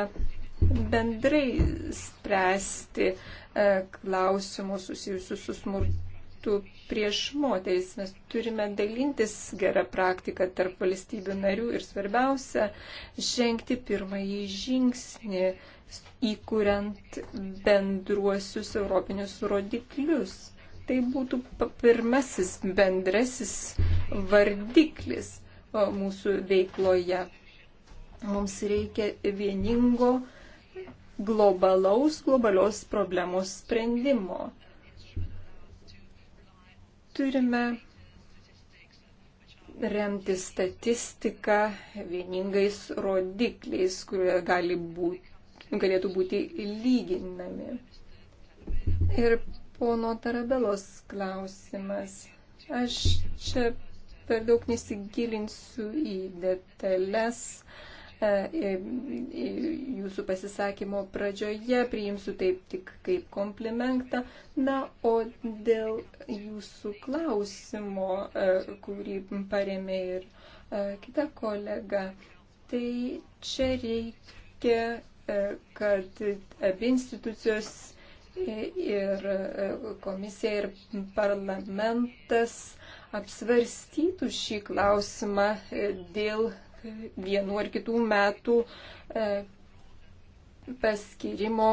[SPEAKER 1] bendrai spręsti e, klausimus susijusius su smurtu smurtų prieš moteris. Mes turime dalintis gerą praktiką tarp valstybių narių ir svarbiausia žengti pirmąjį žingsnį įkuriant bendruosius europinius rodiklius. Tai būtų pirmasis bendrasis vardiklis mūsų veikloje. Mums reikia vieningo globalaus globalios problemos sprendimo. Turime remti statistiką vieningais rodikliais, kurie gali būti, galėtų būti lyginami. Ir pono Tarabelos klausimas. Aš čia per daug nesigilinsiu į detalės. Uh, E, e, e, jūsų pasisakymo pradžioje, priimsiu taip tik kaip komplimentą. Na, o dėl jūsų klausimo, kurį paremė ir kita kolega, tai čia reikia, kad abi institucijos ir komisija ir parlamentas apsvarstytų šį klausimą dėl vienu ar kitų metų e, paskirimo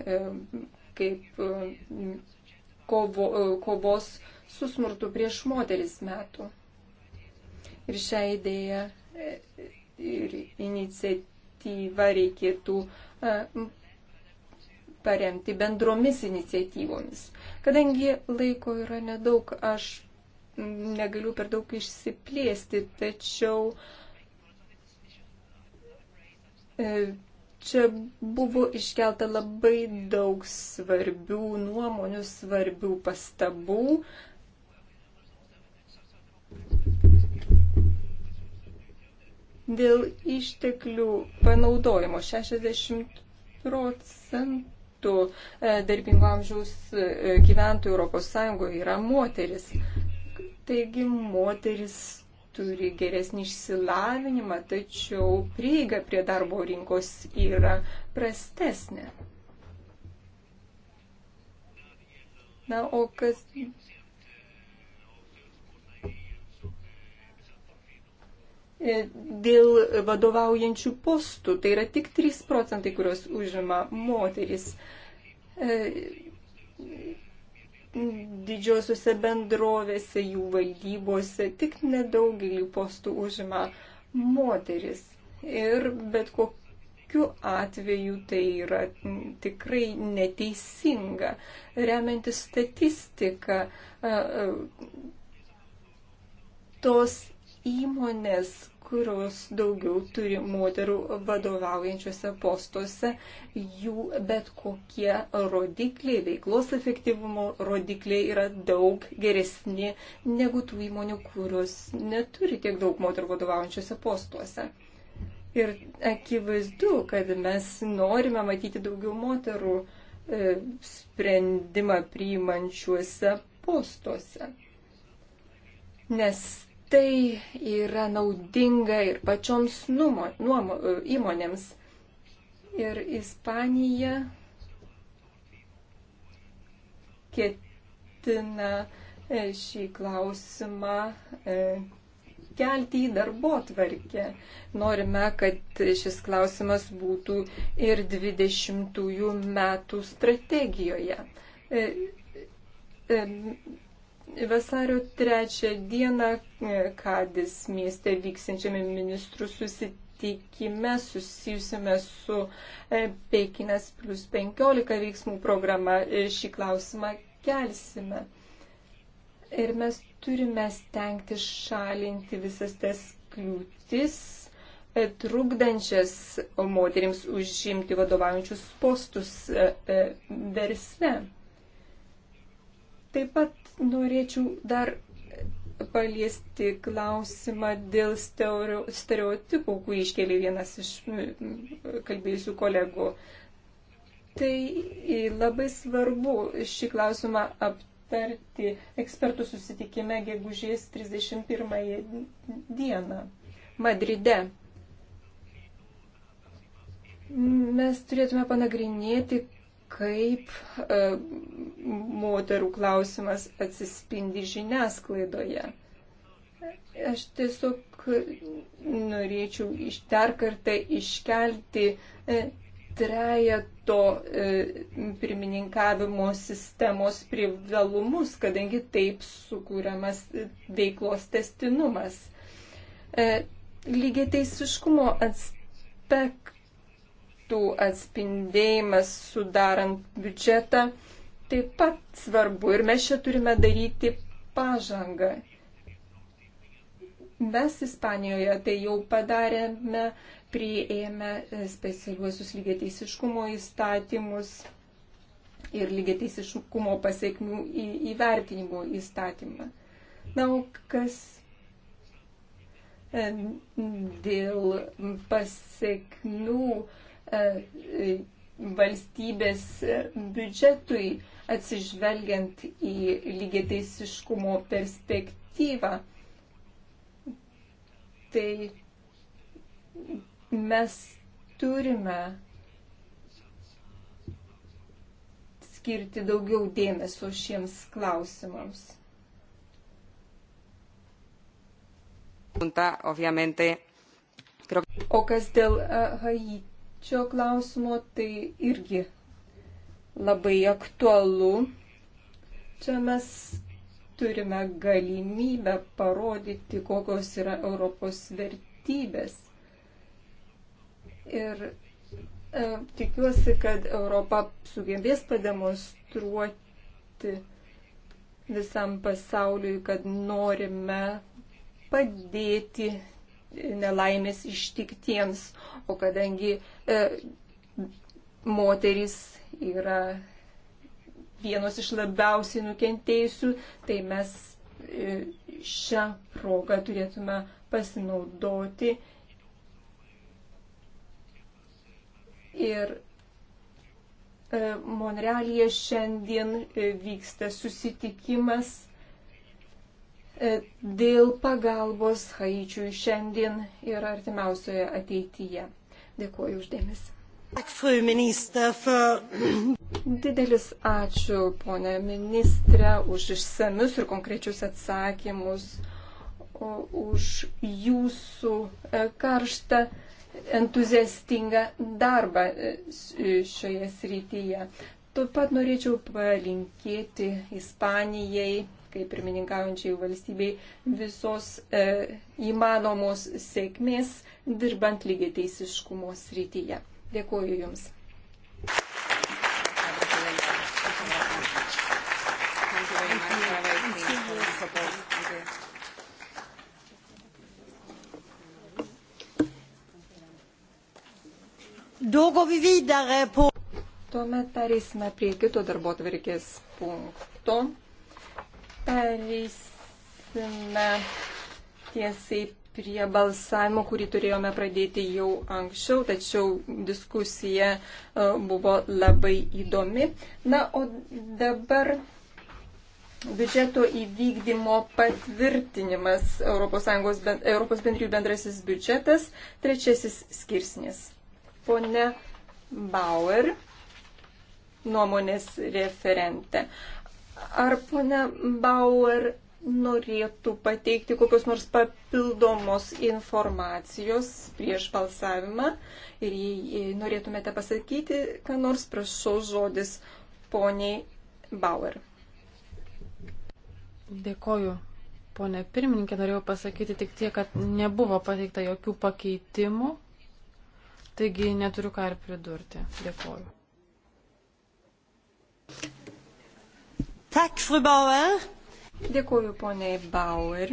[SPEAKER 1] e, kaip e, kovo, kovos su smurtu prieš moteris metų. Ir šią idėją ir iniciatyvą reikėtų paremti bendromis iniciatyvomis. Kadangi laiko yra nedaug, aš negaliu per daug išsiplėsti, tačiau uh, E, čia buvo iškelta labai daug svarbių nuomonių, svarbių pastabų. Dėl išteklių panaudojimo 60 procentų e, darbingo amžiaus e, gyventojų ES yra moteris. Taigi moteris turi geresnį išsilavinimą, tačiau prieiga prie darbo rinkos yra prastesnė. Na, o kas. E, dėl vadovaujančių postų, tai yra tik 3 procentai, kurios užima moteris e, didžiosiuose bendrovėse, jų valdybose, tik nedaugelį postų užima moteris. Ir bet kokiu atveju tai yra tikrai neteisinga. Remiantis statistiką, tos įmonės, kurios daugiau turi moterų vadovaujančiose postuose, jų bet kokie rodikliai, veiklos efektyvumo rodikliai yra daug geresni negu tų įmonių, kurios neturi tiek daug moterų vadovaujančiose postuose. Ir akivaizdu, kad mes norime matyti daugiau moterų e, sprendimą priimančiuose postuose nes tai yra naudinga ir pačioms numo, nuomo, e, įmonėms. Ir Ispanija ketina e, šį klausimą e, kelti į darbo tvarkę. Norime, kad šis klausimas būtų ir 20 metų strategijoje vasario trečią dieną Kadis mieste vyksinčiame ministrų susitikime susijusime su e, Pekinas plus 15 veiksmų programa e, šį klausimą kelsime. Ir mes turime stengti šalinti visas tas kliūtis e, trukdančias moterims užimti vadovaujančius postus versle Taip pat norėčiau dar paliesti klausimą dėl stereotipų, kurį iškėlė vienas iš mm, kalbėjusių kolegų. Tai labai svarbu šį klausimą aptarti ekspertų susitikime gegužės 31 dieną Madride. Mes turėtume panagrinėti, kaip e, moterų klausimas atsispindi žiniasklaidoje. Aš tiesiog norėčiau iš dar kartą iškelti e, trejato e, pirmininkavimo sistemos privalumus, kadangi taip sukūriamas e, veiklos testinumas. E, lygiai teisiškumo aspektas aspektų atspindėjimas sudarant biudžetą taip pat svarbu ir mes čia turime daryti pažangą. Mes Ispanijoje tai jau padarėme, priėmė specialiuosius lygiateisiškumo įstatymus ir lygiateisiškumo pasiekmių įvertinimo įstatymą. Na, o kas dėl pasiekmių E, valstybės biudžetui atsižvelgiant į lygiateisiškumo perspektyvą. Tai mes turime skirti daugiau dėmesio šiems klausimams. O kas dėl e, Haiti? šio klausimo, tai irgi labai aktualu. Čia mes turime galimybę parodyti, kokios yra Europos vertybės. Ir e, tikiuosi, kad Europa sugebės pademonstruoti visam pasauliui, kad norime padėti nelaimės ištiktiems, o kadangi e, moteris yra vienos iš labiausiai nukentėjusių, tai mes e, šią progą turėtume pasinaudoti ir e, Monrealyje šiandien e, vyksta susitikimas E, dėl pagalbos Haičiui šiandien ir artimiausioje ateityje. Dėkuoju uždėmesi. Didelis ačiū, ponė ministrė, už išsamius ir konkrečius atsakymus, už jūsų e, karštą entuziastingą darbą e, šioje srityje. Taip pat norėčiau palinkėti Ispanijai kaip pirmininkaujančiai valstybei, visos e, įmanomos sėkmės dirbant lygiai teisiškumo srityje. Dėkuoju Jums. Tuomet pereisime prie kito darbo tvarkės punkto. Pereisime tiesiai prie balsavimo, kurį turėjome pradėti jau anksčiau, tačiau diskusija e, buvo labai įdomi. Na, o dabar biudžeto įvykdymo patvirtinimas ES, Europos bendrijų bendrasis biudžetas, trečiasis skirsnis. Pone Bauer, nuomonės referente. Ar ponia Bauer norėtų pateikti kokios nors papildomos informacijos prieš balsavimą? Ir jei norėtumėte pasakyti, ką nors prašau žodis poniai Bauer.
[SPEAKER 3] Dėkoju, ponė pirmininkė. Norėjau pasakyti tik tiek, kad nebuvo pateikta jokių pakeitimų, taigi neturiu ką ir pridurti. Dėkoju.
[SPEAKER 1] Tak, fru Bauer. Dėkuoju, poniai Bauer.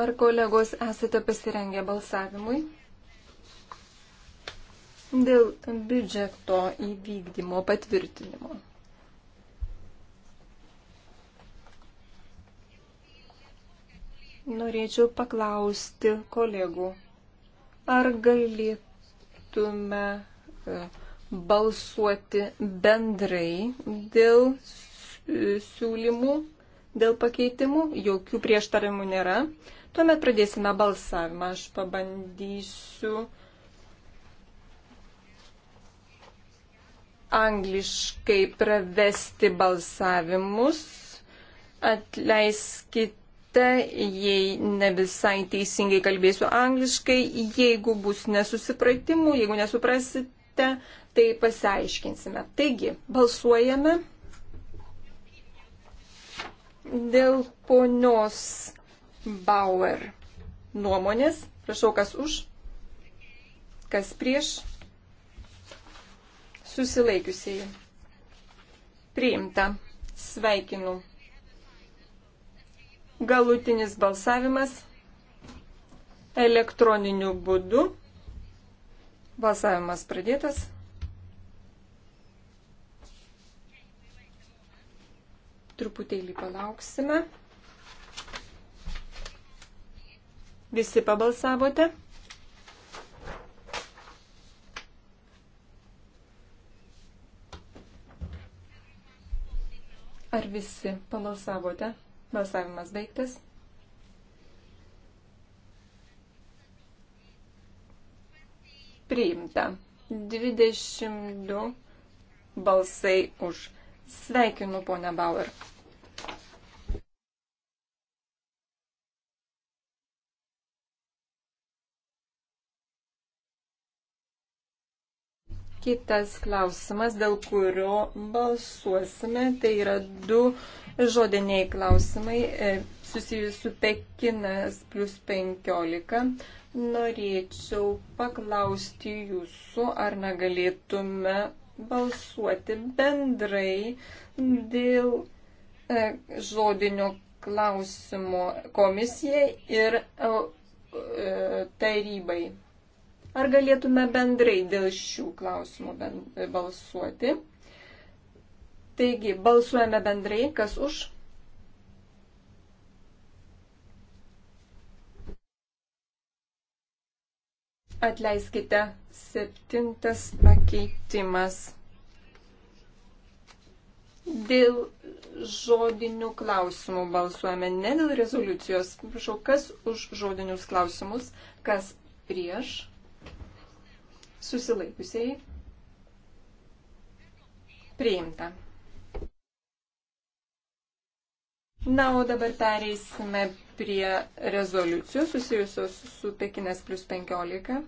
[SPEAKER 1] Ar kolegos esate pasirengę balsavimui? Dėl biudžeto įvykdymo patvirtinimo. Norėčiau paklausti kolegų, ar galėtume. Uh, balsuoti bendrai dėl siūlymų, dėl pakeitimų. Jokių prieštarimų nėra. Tuomet pradėsime balsavimą. Aš pabandysiu angliškai pravesti balsavimus. Atleiskite galite, jei ne visai teisingai kalbėsiu angliškai, jeigu bus nesusipratimų, jeigu nesuprasite, tai pasiaiškinsime. Taigi, balsuojame dėl ponios Bauer nuomonės. Prašau, kas už, kas prieš susilaikiusieji. Priimta. Sveikinu. Galutinis balsavimas elektroniniu būdu. Balsavimas pradėtas. Truputėlį palauksime. Visi pabalsavote? Ar visi pabalsavote? Balsavimas baigtas. Priimta. 22 balsai už. Sveikinu, ponia Bauer. Kitas klausimas, dėl kurio balsuosime, tai yra du žodiniai klausimai e, susijus su Pekinas plus 15. Norėčiau paklausti jūsų, ar negalėtume balsuoti bendrai dėl e, žodinio klausimo komisijai ir e, e, tarybai. Ar galėtume bendrai dėl šių klausimų ben, balsuoti? Taigi, balsuojame bendrai, kas už Atleiskite, septintas pakeitimas. Dėl žodinių klausimų balsuojame, ne dėl rezoliucijos. Prašau, kas už žodinius klausimus, kas prieš susilaikiusiai priimta. Na, o dabar pereisime prie rezoliucijos susijusios su Pekinas plus 15.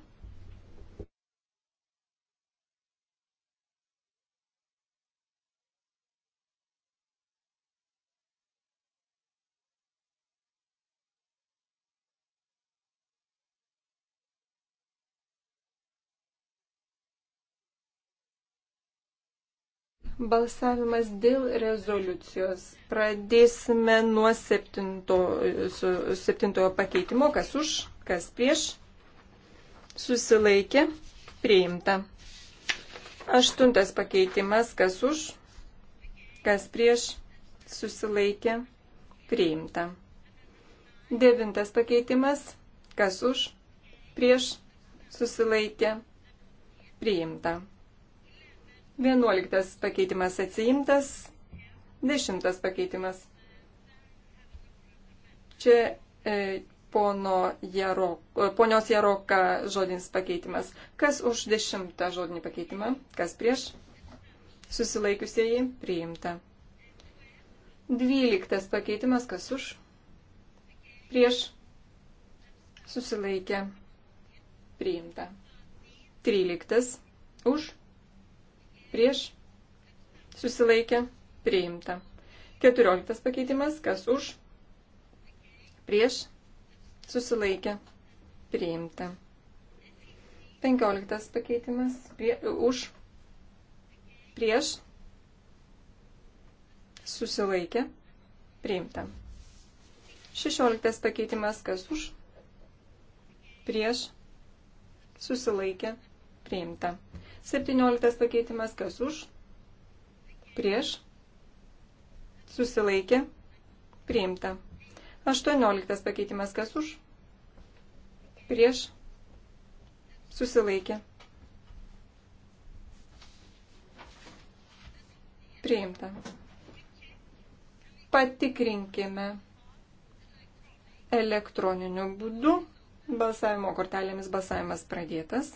[SPEAKER 1] Balsavimas dėl rezoliucijos. Pradėsime nuo septinto, su, septintojo pakeitimo. Kas už, kas prieš. Susilaikė. Priimta. Aštuntas pakeitimas. Kas už, kas prieš. Susilaikė. Priimta. Devintas pakeitimas. Kas už, prieš. Susilaikė. Priimta. Vienuoliktas pakeitimas atsiimtas. Dešimtas pakeitimas. Čia e, pono Jaro, e, ponios Jaroka žodinis pakeitimas. Kas už dešimtą žodinį pakeitimą? Kas prieš? Susilaikiusieji priimta. Dvyliktas pakeitimas. Kas už? Prieš? Susilaikę. Priimta. Tryliktas. Už? prieš, susilaikė, priimta. 14 pakeitimas, kas už, prieš, susilaikė, priimta. 15 pakeitimas, prie, už, prieš, susilaikė, priimta. 16 pakeitimas, kas už, prieš, susilaikė, priimta. 17 pakeitimas, kas už, prieš, susilaikė, priimta. 18 pakeitimas, kas už, prieš, susilaikė, priimta. Patikrinkime elektroniniu būdu. Balsavimo kortelėmis balsavimas pradėtas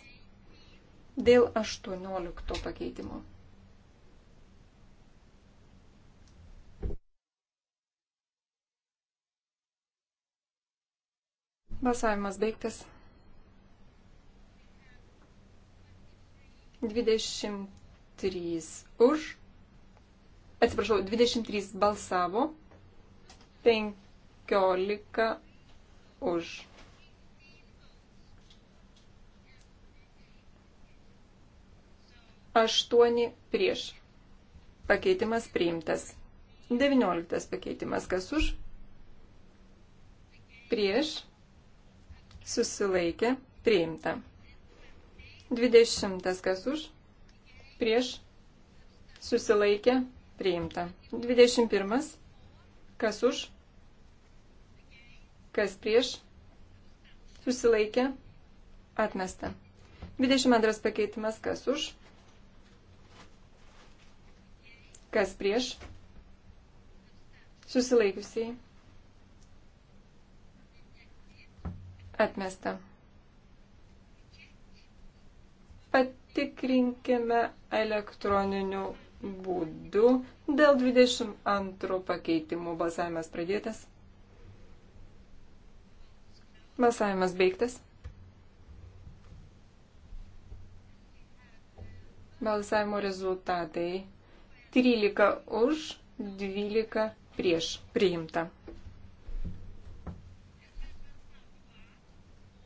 [SPEAKER 1] dėl 18 pakeitimo. Balsavimas baigtas. 23 už. Atsiprašau, 23 balsavo, 15 už. 8 prieš. Pakeitimas priimtas. 19 pakeitimas kas už? Prieš. Susilaikė. Priimta. 20 kas už? Prieš. Susilaikė. Priimta. 21 kas už? Kas prieš? Susilaikė. Atmesta. 22 pakeitimas kas už? Kas prieš? Susilaikiusiai. Atmesta. Patikrinkime elektroniniu būdu. Dėl 22 pakeitimų balsavimas pradėtas. Balsavimas baigtas. Balsavimo rezultatai 13 už, 12 prieš priimta.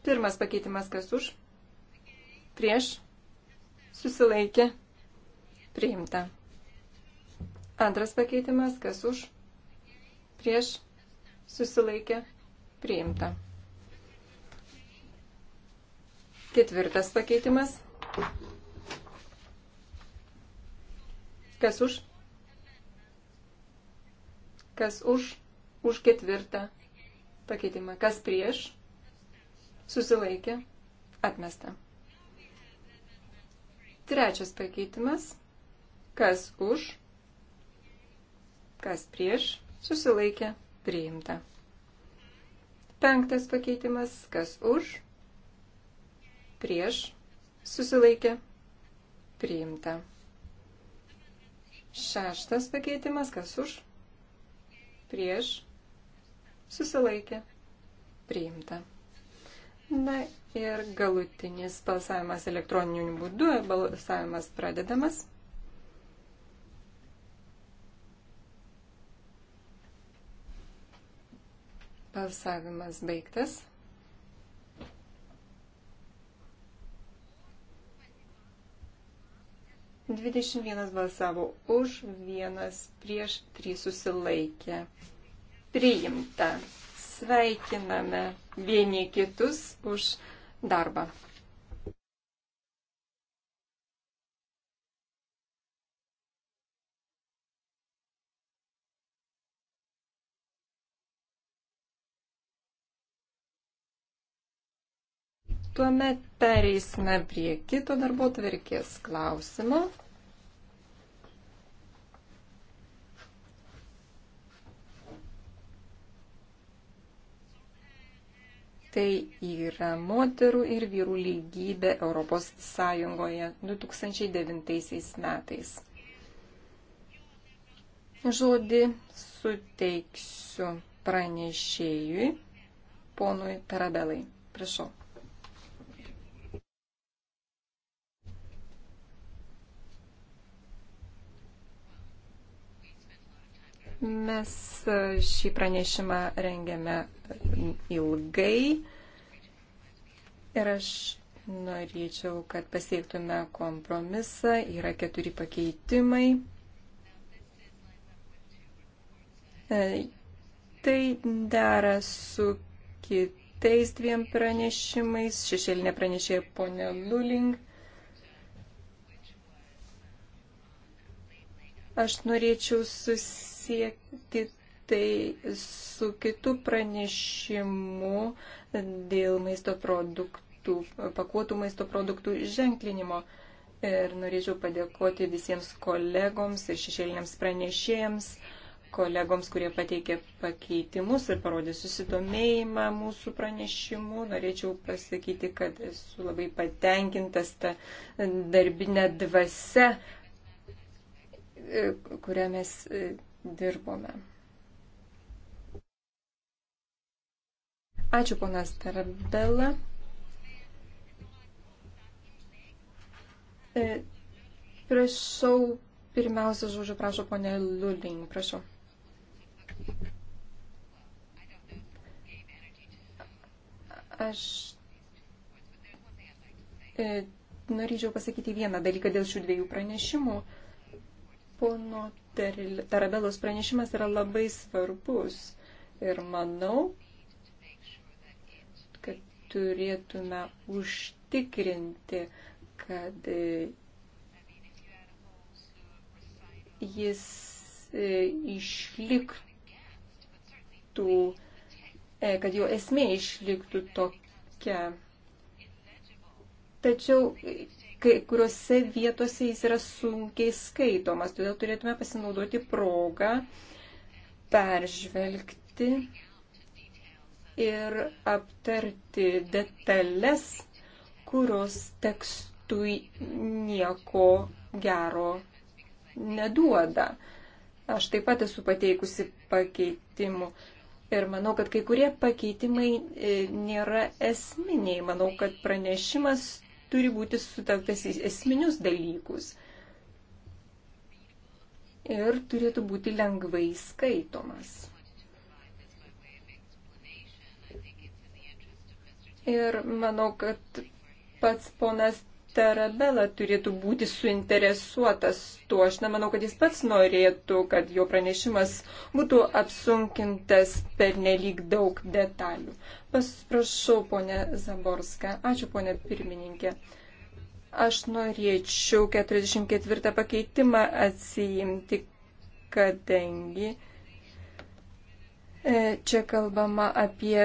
[SPEAKER 1] Pirmas pakeitimas kas už, prieš susilaikė priimta. Antras pakeitimas kas už, prieš susilaikė priimta. Ketvirtas pakeitimas Kas už? Kas už? Už ketvirtą pakeitimą. Kas prieš? Susilaikė. Atmesta. Trečias pakeitimas. Kas už? Kas prieš? Susilaikė. Priimta. Penktas pakeitimas. Kas už? Prieš? Susilaikė. Priimta. Šeštas pakeitimas, kas už, prieš, susilaikė, priimta. Na ir galutinis balsavimas elektroniniu būdu, balsavimas pradedamas. Balsavimas baigtas. 21 balsavo už, 1 prieš, 3 susilaikė. Priimta. Sveikiname vieni kitus už darbą. Tuomet pereisime prie kito darbo tvarkės klausimo. Tai yra moterų ir vyrų lygybė Europos Sąjungoje 2009 metais. Žodį suteiksiu pranešėjui, ponui Tarabelai. Prašau. Mes e, šį pranešimą rengiame ilgai ir aš norėčiau, kad pasiektume kompromisą. Yra keturi pakeitimai. E, tai dera su kitais dviem pranešimais. Šešėlinė pranešėja ponė Luling. Aš norėčiau susitikti susisiekti tai su kitu pranešimu dėl maisto produktų, pakuotų maisto produktų ženklinimo. Ir norėčiau padėkoti visiems kolegoms ir šešėliniams pranešėjams, kolegoms, kurie pateikė pakeitimus ir parodė susidomėjimą mūsų pranešimu. Norėčiau pasakyti, kad esu labai patenkintas tą darbinę dvasę, e, kurią mes e, dirbome. Ačiū, ponas Tarabela. E, prašau, pirmiausia žodžiu, prašau, ponė Luling, prašau. Aš e, norėčiau pasakyti vieną dalyką dėl šių dviejų pranešimų. E, Pono Tarabelos pranešimas yra labai svarbus ir manau, kad turėtume užtikrinti, kad e, jis e, išliktų, e, kad jo esmė išliktų tokia. Tačiau kai kuriuose vietose jis yra sunkiai skaitomas. Todėl turėtume pasinaudoti progą peržvelgti ir aptarti detalės, kurios tekstui nieko gero neduoda. Aš taip pat esu pateikusi pakeitimų. Ir manau, kad kai kurie pakeitimai e, nėra esminiai. Manau, kad pranešimas turi būti sutelktas į esminius dalykus ir turėtų būti lengvai skaitomas. Ir manau, kad pats ponas Tarabela turėtų būti suinteresuotas tuo. Aš nemanau, kad jis pats norėtų, kad jo pranešimas būtų apsunkintas per nelik daug detalių. Pasprašau, ponė Zaborska. Ačiū, ponė pirmininkė. Aš norėčiau 44 pakeitimą atsiimti, kadangi e, čia kalbama apie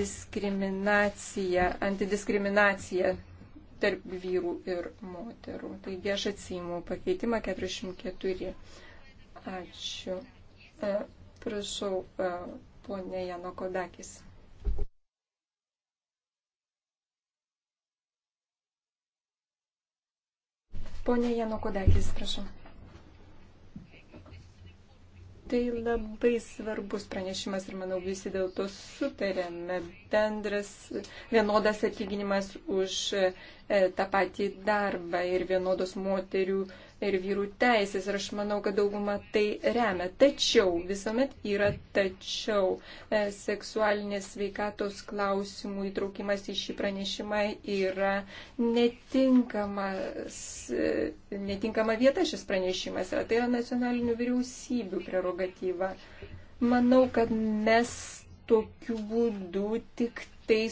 [SPEAKER 1] diskriminaciją, antidiskriminaciją tarp vyrų ir moterų. Taigi aš atsijimu pakeitimą 404. Ačiū. E, prašau, e, ponė Jano Kodakis. Ponė Jano Kodakis, prašau. Tai labai svarbus pranešimas ir manau visi dėl to sutarėme. Bendras vienodas atlyginimas už e, tą patį darbą ir vienodos moterių e, ir vyrų teisės ir aš manau, kad dauguma tai remia. Tačiau, visuomet yra tačiau e, seksualinės sveikatos klausimų įtraukimas į šį pranešimą yra e, netinkama vieta šis pranešimas. Yra. Tai yra nacionalinių vyriausybių prerogatyva. Manau, kad mes tokiu būdu tik tai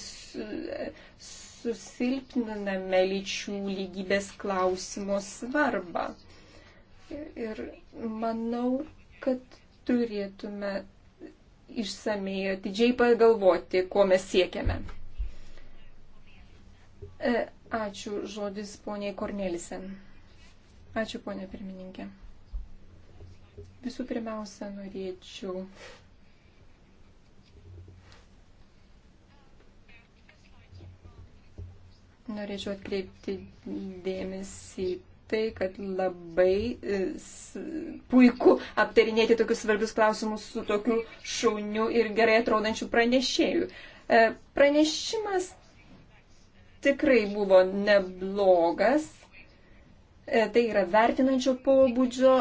[SPEAKER 1] susilpniname lyčių lygybės klausimo svarbą. Ir manau, kad turėtume išsamei atidžiai pagalvoti, ko mes siekiame. E, ačiū žodis poniai Kornelisen. Ačiū ponia pirmininkė. Visų pirmiausia, norėčiau Norėčiau atkreipti dėmesį tai, kad labai e, puiku aptarinėti tokius svarbius klausimus su tokiu šauniu ir gerai atrodančiu pranešėju. E, pranešimas tikrai buvo neblogas. E, tai yra vertinančio pobūdžio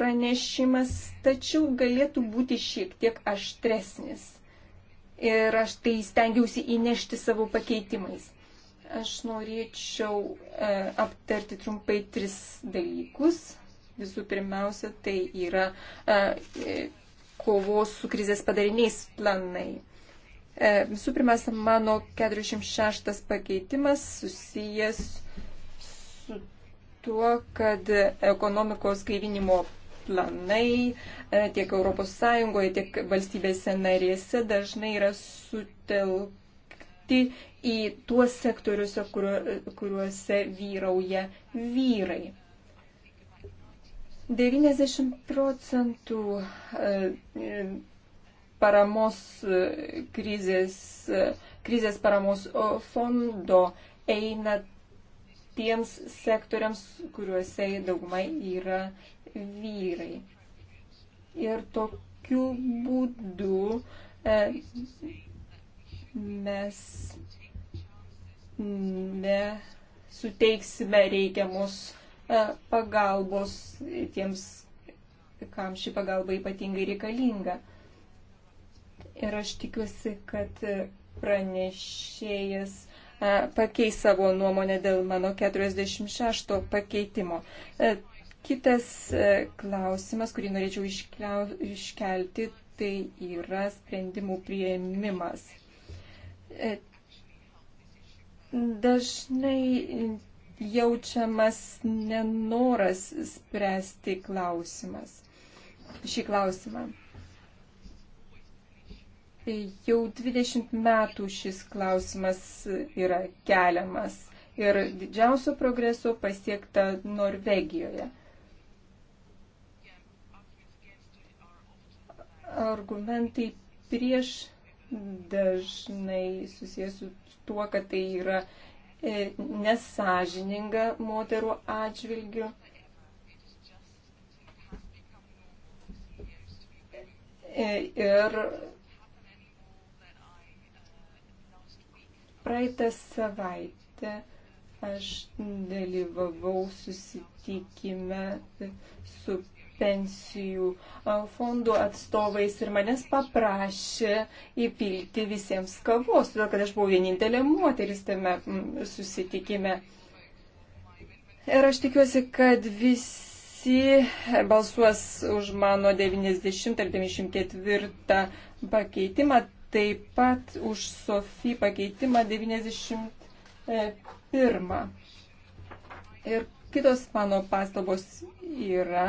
[SPEAKER 1] pranešimas, tačiau galėtų būti šiek tiek aštresnis. Ir aš tai stengiausi įnešti savo pakeitimais. Aš norėčiau e, aptarti trumpai tris dalykus. Visų pirmiausia, tai yra e, e, kovos su krizės padariniais planai. Visų pirmiausia, mano 46 pakeitimas susijęs su tuo, kad ekonomikos gaivinimo planai tiek ES, tiek valstybėse narėse dažnai yra sutelkti dirbti į tuos sektoriuose, kuriuose vyrauja vyrai. 90 procentų e, paramos e, krizės, e, krizės paramos fondo eina tiems sektoriams, kuriuose daugumai yra vyrai. Ir tokiu būdu e, mes nesuteiksime reikiamus e, pagalbos tiems, kam ši pagalba ypatingai reikalinga. Ir aš tikiuosi, kad pranešėjas e, pakeis savo nuomonę dėl mano 46 pakeitimo. E, kitas klausimas, kurį norėčiau iškelti, tai yra sprendimų prieimimas dažnai jaučiamas nenoras spręsti klausimas. Šį klausimą. Jau 20 metų šis klausimas yra keliamas ir didžiausio progreso pasiekta Norvegijoje. Argumentai prieš dažnai susijęs su tuo, kad tai yra e, nesažininga moterų atžvilgių. E, ir praeitą savaitę aš dalyvavau susitikime su pensijų fondų atstovais ir manęs paprašė įpilti visiems kavos, todėl kad aš buvau vienintelė moteris tame susitikime. Ir aš tikiuosi, kad visi balsuos už mano 90 ar 94 pakeitimą, taip pat už Sofį pakeitimą 91. Ir kitos mano pastabos yra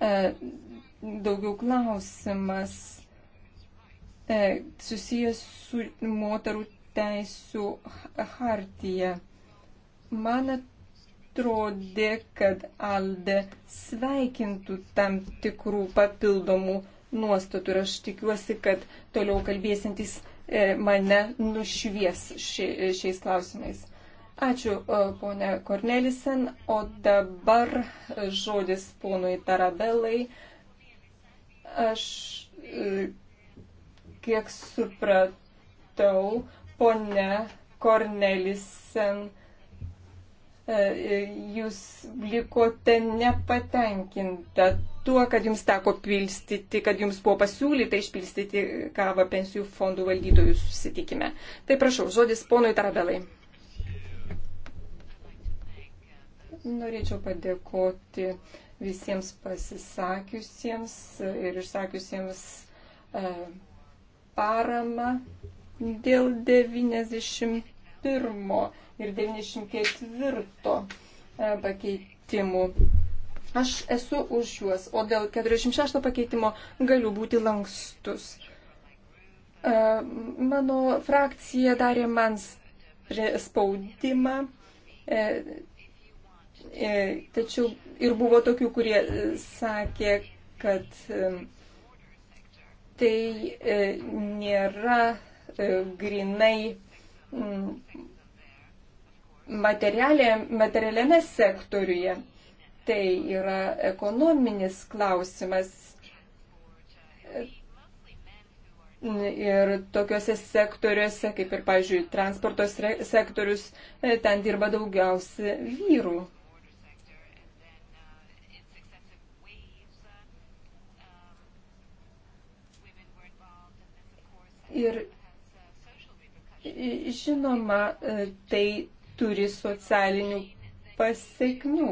[SPEAKER 1] E, daugiau klausimas e, susijęs su moterų teisų hartija. Man atrodė, kad Alde sveikintų tam tikrų papildomų nuostatų ir aš tikiuosi, kad toliau kalbėsintys e, mane nušvies ši, šiais klausimais. Ačiū, e, ponė Kornelisen. O dabar žodis ponui Tarabelai. Aš e, kiek supratau, ponė Kornelisen, e, jūs likote nepatenkinta tuo, kad jums teko pilstyti, kad jums buvo pasiūlyta išpilstyti kavą pensijų fondų valdytojų susitikime. Tai prašau, žodis ponui Tarabelai. Norėčiau padėkoti visiems pasisakiusiems ir išsakiusiems e, paramą dėl 91 ir 94 e, pakeitimų. Aš esu už juos, o dėl 46 pakeitimo galiu būti lankstus. E, mano frakcija darė man spaudimą E, tačiau ir buvo tokių, kurie e, sakė, kad e, tai nėra grinai materialiame sektoriuje. Tai yra ekonominis klausimas. Ir tokiuose sektoriuose, kaip ir, pavyzdžiui, transporto sektorius, ten dirba daugiausia vyrų. Ir žinoma, e, tai turi socialinių pasiekmių.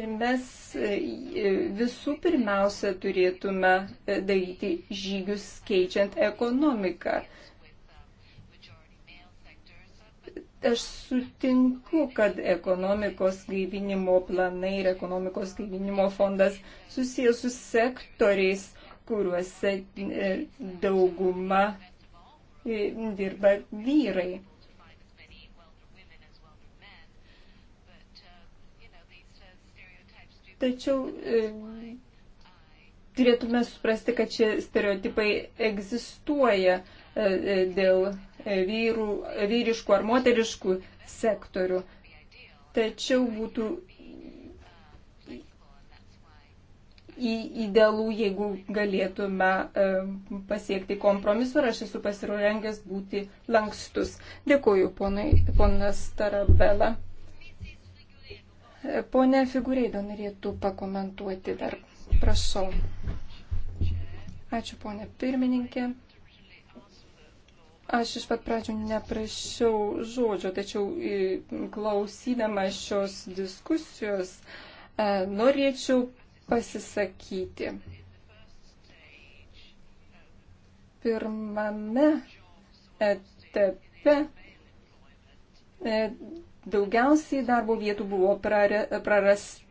[SPEAKER 1] Ir mes e, e, visų pirmiausia turėtume daryti žygius keičiant ekonomiką. Aš sutinku, kad ekonomikos gaivinimo planai ir ekonomikos gaivinimo fondas susijęs su sektoriais, kuriuose e, dauguma e, dirba vyrai. Tačiau e, turėtume suprasti, kad šie stereotipai egzistuoja dėl vyrų, vyriškų ar moteriškų sektorių. Tačiau būtų idealų, jeigu galėtume e, pasiekti kompromisu ir aš esu pasirengęs būti lankstus. Dėkuoju, ponai, ponas Tarabela. E, pone Figureido norėtų pakomentuoti dar. Prašau. Ačiū, ponė pirmininkė. Aš iš pat pradžių neprašiau žodžio, tačiau e, klausydama šios diskusijos norėčiau pasisakyti. Pirmame etape e, daugiausiai darbo vietų buvo prarasta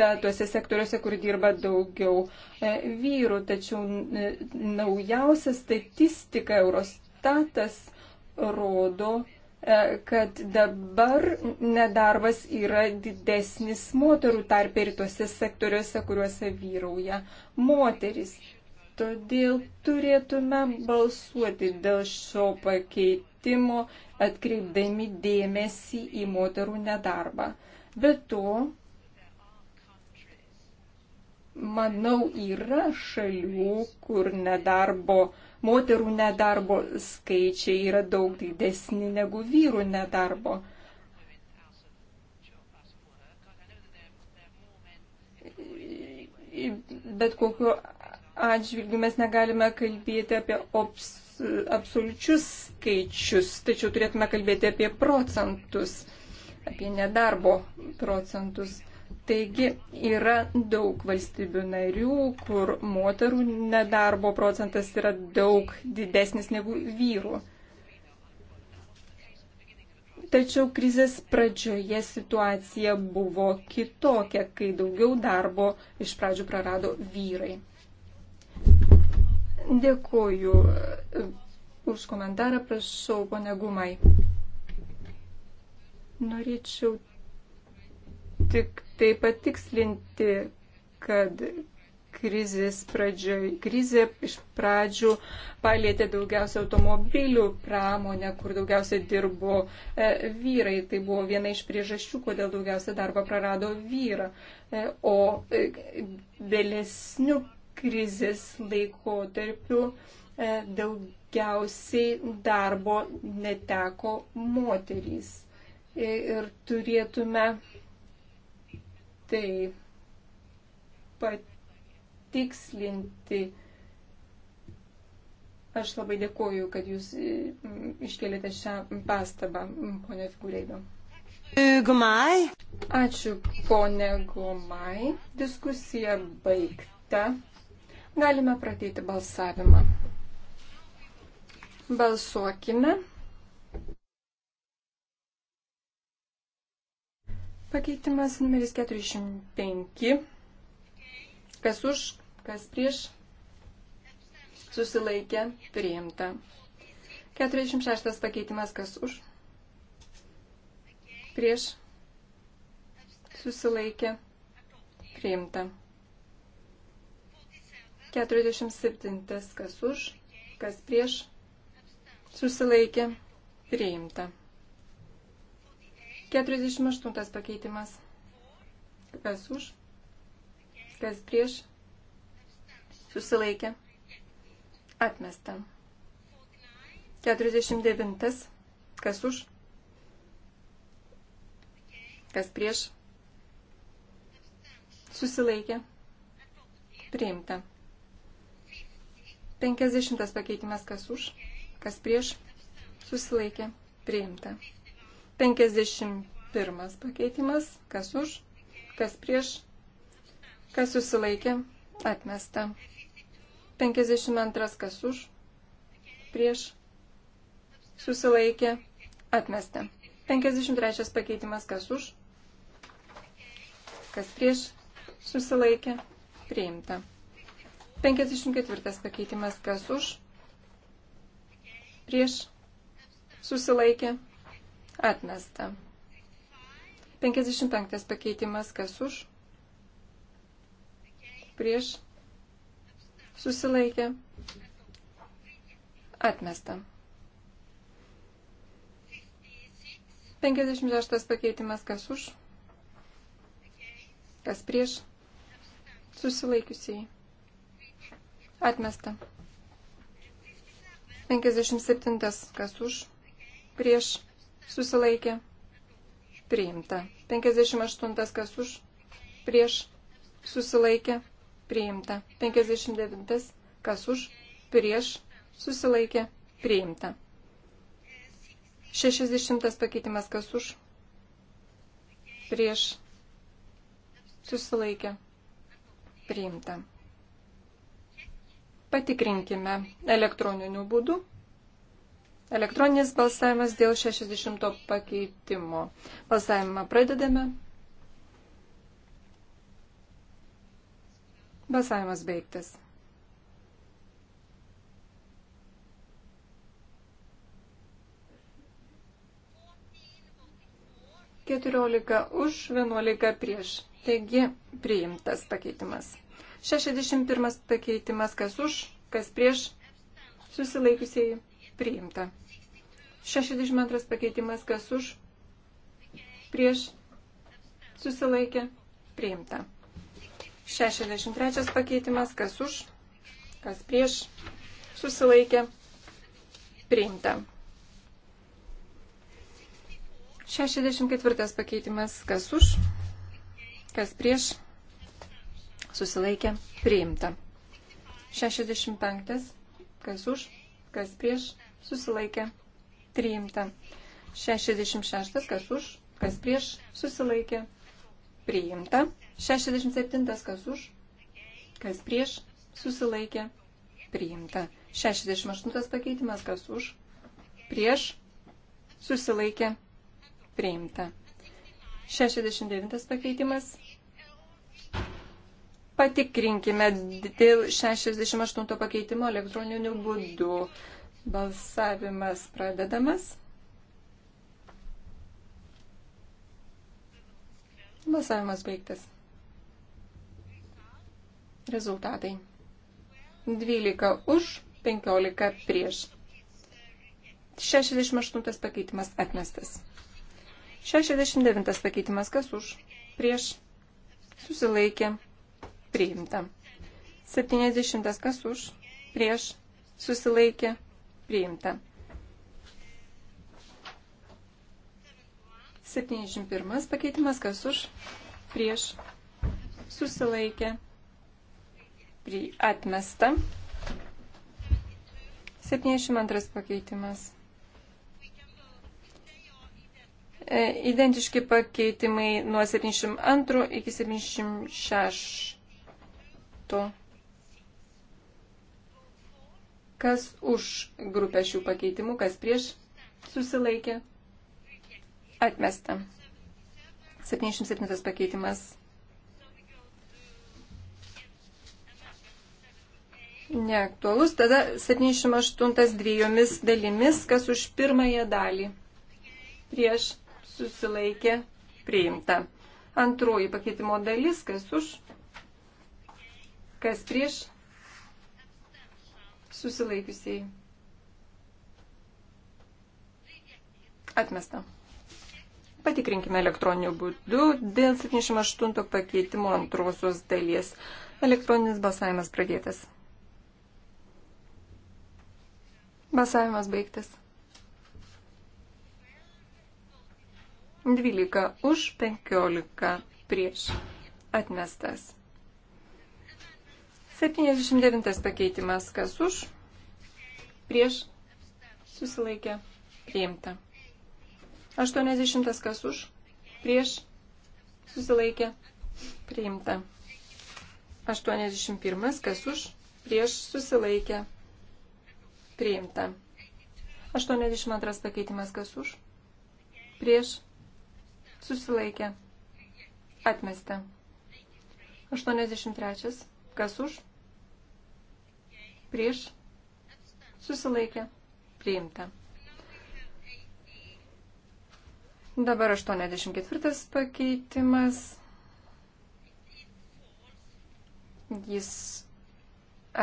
[SPEAKER 1] ta, tuose sektoriuose, kur dirba daugiau e, vyrų. Tačiau e, naujausia statistika Eurostatas rodo, E, kad dabar nedarbas yra didesnis moterų tarpe ir tuose sektoriuose, kuriuose vyrauja moteris. Todėl turėtume balsuoti dėl šio pakeitimo, atkreipdami dėmesį į moterų nedarbą. Be to, manau, yra šalių, kur nedarbo uh, moterų nedarbo skaičiai yra daug didesni negu vyrų nedarbo. Bet kokiu atžvilgiu mes negalime kalbėti apie obs, absoliučius skaičius, tačiau turėtume kalbėti apie procentus, apie nedarbo procentus. Taigi yra daug valstybių narių, kur moterų nedarbo procentas yra daug didesnis negu vyrų. Tačiau krizės pradžioje situacija buvo kitokia, kai daugiau darbo iš pradžių prarado vyrai. Dėkuoju e, už komentarą, prašau, pone Gumai. Norėčiau tik tai patikslinti, kad krizės pradžioj, krizė iš pradžių palėtė daugiausia automobilių pramonę, kur daugiausia dirbo e, vyrai. Tai buvo viena iš priežasčių, kodėl daugiausia darbą prarado vyra. E, o e, vėlesnių krizės laikotarpių e, daugiausiai darbo neteko moterys. E, ir turėtume tai patikslinti. Aš labai dėkuoju, kad jūs e, iškėlėte šią pastabą, ponė Figureido. Gumai. Ačiū, ponė Gumai. Diskusija baigta. Galime pradėti balsavimą. Balsuokime. Pakeitimas numeris 45. Kas už, kas prieš, susilaikė, priimta. 46 pakeitimas, kas už, prieš, susilaikė, priimta. 47 kas už, kas prieš, susilaikė, priimta. 48 pakeitimas. Kas už? Kas prieš? Susilaikė. Atmesta. 49. Kas už? Kas prieš? Susilaikė. Priimta. 50 pakeitimas. Kas už? Kas prieš? Susilaikė. Priimta. 51 pakeitimas, kas už, kas prieš, kas susilaikė, atmesta. 52 kas už, prieš, susilaikė, atmesta. 53 pakeitimas kas už, kas prieš, susilaikė, priimta. 54 pakeitimas kas už, prieš, susilaikė, Atmesta. 55 pakeitimas kas už? Prieš? Susilaikė? Atmesta. 56 pakeitimas kas už? Kas prieš? Susilaikiusiai. Atmesta. 57 kas už? Prieš? susilaikė, priimta. 58 kas už, prieš, susilaikė, priimta. 59 kas už, prieš, susilaikė, priimta. 60 pakeitimas kas už, prieš, susilaikė, priimta. Patikrinkime elektroniniu būdu. Elektroninis balsavimas dėl 60 pakeitimo. Balsavimą pradedame. Balsavimas baigtas. Keturiolika už, vienuolika prieš. Taigi priimtas pakeitimas. 61 pakeitimas, kas už, kas prieš, susilaikusieji priimta. 62 pakeitimas kas už, prieš, susilaikė, priimta. 63 pakeitimas kas už, kas prieš, susilaikė, priimta. 64 pakeitimas kas už, kas prieš, susilaikė, priimta. 65 kas už, kas prieš, susilaikė, priimta. 66 kas už, kas prieš, susilaikė, priimta. 67 kas už, kas prieš, susilaikė, priimta. 68 pakeitimas kas už, prieš, susilaikė, priimta. 69 pakeitimas. Patikrinkime dėl 68 pakeitimo elektroniniu būdu. Balsavimas pradedamas. Balsavimas baigtas. Rezultatai. 12 už, 15 prieš. 68 pakeitimas atmestas. 69 pakeitimas kas už, prieš, susilaikė, priimta. 70 kas už, prieš, susilaikė, priimta. 71 pakeitimas, kas už, prieš, susilaikė, pri, atmesta. 72 pakeitimas. E, identiški pakeitimai nuo 72 iki 76. Kas už grupę šių pakeitimų, kas prieš susilaikė, atmesta. 77 pakeitimas. Neaktualus. Tada 78 dviejomis dalimis, kas už pirmąją dalį. Prieš susilaikė priimta. Antroji pakeitimo dalis, kas už, kas prieš susilaikiusiai. Atmesta. Patikrinkime elektroniniu būdu dėl 78 pakeitimo antrosios dalies. Elektroninis balsavimas pradėtas. Balsavimas baigtas. 12 už 15 prieš. Atmestas. 79 pakeitimas kas už, prieš susilaikė priimta. 80 kas už, prieš susilaikė priimta. 81 kas už, prieš susilaikė priimta. 82 pakeitimas kas už, prieš susilaikė atmesta. 83 kas už, prieš susilaikė, priimta. Dabar 84 pakeitimas. Jis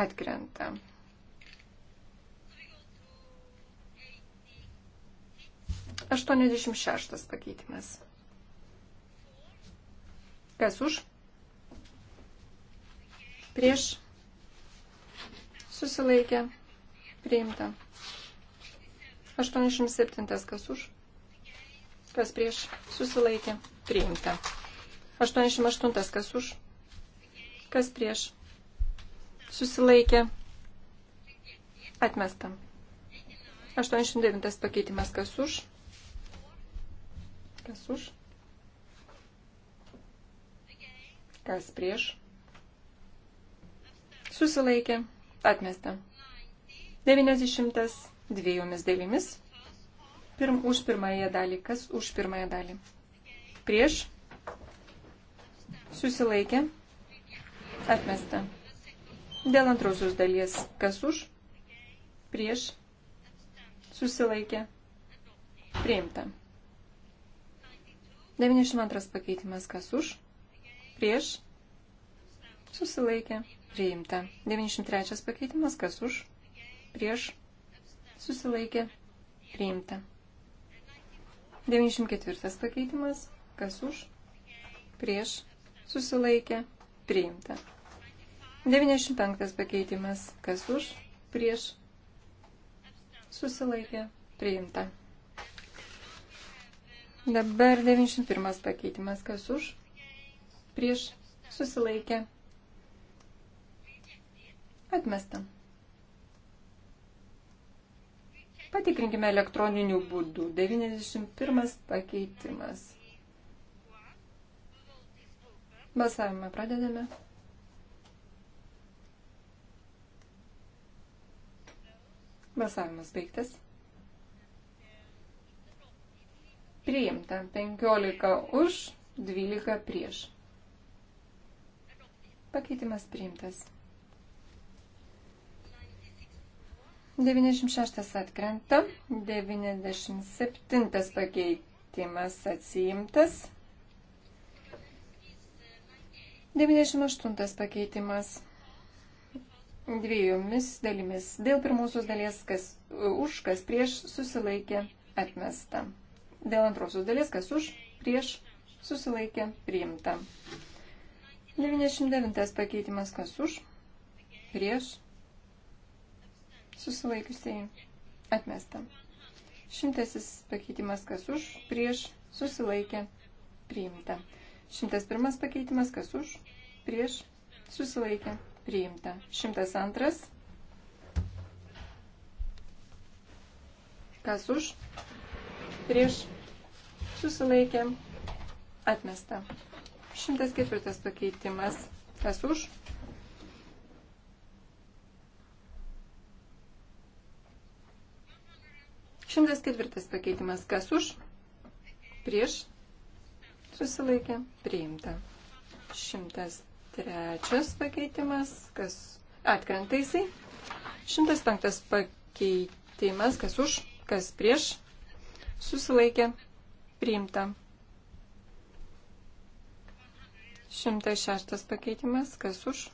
[SPEAKER 1] atkrenta. Aštuoniasdešimt šeštas pakeitimas. Kas už? Prieš susilaikė. Priimta. 87. Kas už? Kas prieš? Susilaikė. Priimta. 88. Kas už? Kas prieš? Susilaikė. Atmesta. 89. Pakeitimas. Kas už? Kas už? Kas prieš? Susilaikė. Atmesta. 90 dviejomis dalimis. Pirm, už pirmąją dalį. Kas už pirmąją dalį? Prieš. Susilaikė. Atmesta. Dėl antrosios dalies. Kas už? Prieš. Susilaikė. Priimta. 92 pakeitimas. Kas už? Prieš. Susilaikė. Priimta. 93 pakeitimas. Kas už? prieš susilaikė priimta. 94 pakeitimas, kas už, prieš susilaikė priimta. 95 pakeitimas, kas už, prieš susilaikė priimta. Dabar 91 pakeitimas, kas už, prieš, susilaikė, atmesta. Patikrinkime elektroniniu būdu. 91 pakeitimas. Balsavimą pradedame. Balsavimas baigtas. Priimta 15 už, 12 prieš. Pakeitimas priimtas. 96 atkrenta, 97 pakeitimas atsiimtas, 98 pakeitimas dviejomis dalimis. Dėl pirmosios dalies, kas už, kas prieš, susilaikė, atmesta. Dėl antrosios dalies, kas už, prieš, susilaikė, priimta. 99 pakeitimas, kas už, prieš, susilaikiusiai atmesta. Šimtasis pakeitimas kas už, prieš, susilaikė, priimta. Šimtas pirmas pakeitimas kas už, prieš, susilaikė, priimta. Šimtas antras, kas už, prieš, susilaikė, atmesta. Šimtas ketvirtas pakeitimas kas už, prieš, 104 pakeitimas. Kas už? Prieš? Susilaikė? Priimta. 103 pakeitimas. Kas? Atkrentaisai. 105 pakeitimas. Kas už? Kas prieš? Susilaikė? Priimta. 106 pakeitimas. Kas už?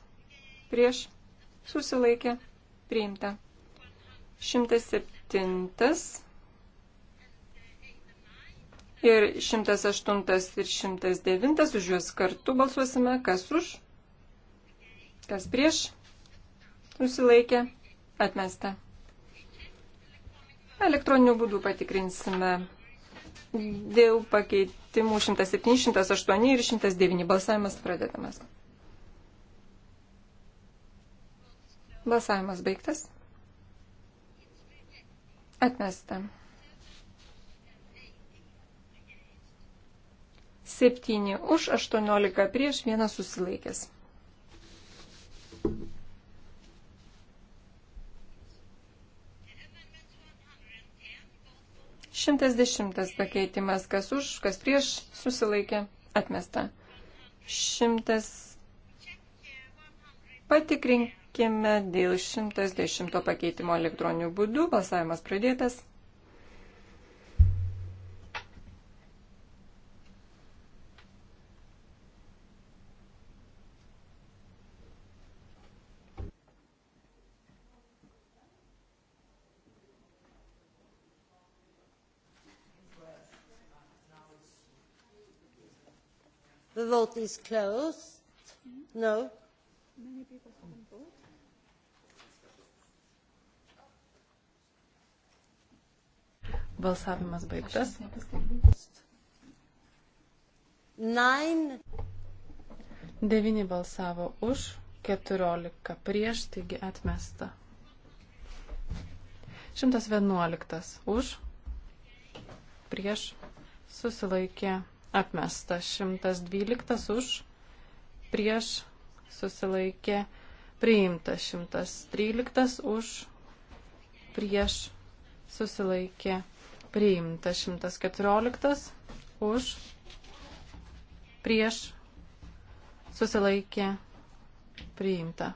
[SPEAKER 1] Prieš? Susilaikė? Priimta. 107 ir 108 ir 109, už juos kartu balsuosime, kas už, kas prieš, susilaikė, atmesta. Elektroniniu būdu patikrinsime dėl pakeitimų 107, 108 ir 109. Balsavimas pradedamas. Balsavimas baigtas. Atmesta. 7 už 18 prieš 1 susilaikęs. Šimtas dešimtas pakeitimas, kas už, kas prieš, susilaikė, atmesta. Šimtas. Patikrinkime dėl šimtas dešimto pakeitimo elektroninių būdų, balsavimas pradėtas.
[SPEAKER 2] vote is closed.
[SPEAKER 1] No. Many people haven't voted.
[SPEAKER 3] Balsavimas baigtas. Nine. Devini balsavo už, keturiolika prieš, taigi atmesta. Šimtas vienuoliktas už, prieš, susilaikė atmesta. 112 už, prieš susilaikė priimta. 113 už, prieš susilaikė priimta. 114 už, prieš susilaikė priimta.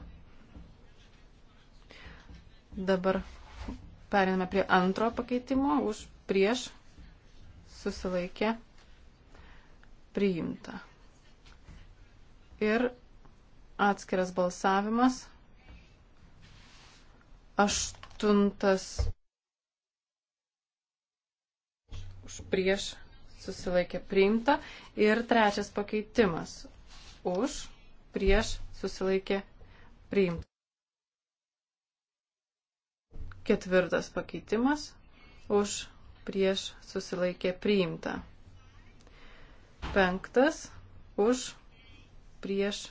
[SPEAKER 3] Dabar periname prie antro pakeitimo už prieš susilaikė priimta priimta. Ir atskiras balsavimas. Aštuntas už prieš susilaikė priimta. Ir trečias pakeitimas už prieš susilaikė priimta. Ketvirtas pakeitimas už prieš susilaikė priimta. Penktas už prieš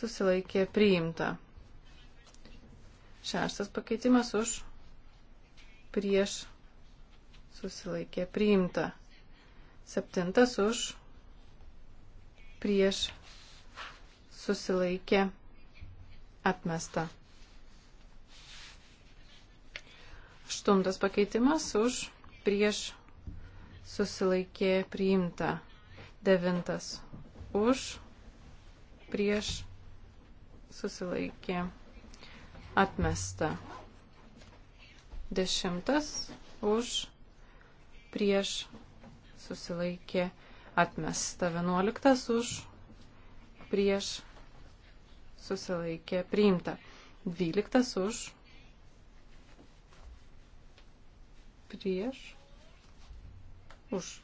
[SPEAKER 3] susilaikė priimta. Šeštas pakeitimas už prieš susilaikė priimta. Septintas už prieš susilaikė atmesta. Aštuntas pakeitimas už prieš susilaikė priimta. Devintas už, prieš susilaikė atmesta. Dešimtas už, prieš susilaikė atmesta. Vienuoliktas už, prieš susilaikė priimta. Dvyliktas už, prieš Už.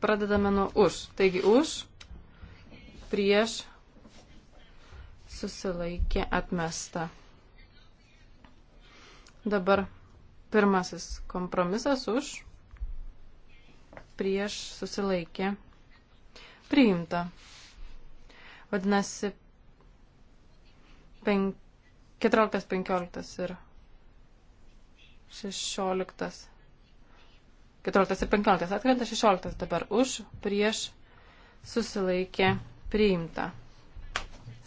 [SPEAKER 3] Pradedame nuo už. Taigi už, prieš, susilaikė atmesta. Dabar pirmasis kompromisas už, prieš, susilaikė, priimta. Vadinasi, 14, 15 ir 16 14 ir 15 atkrenta, 16 dabar už, prieš, susilaikė, priimta.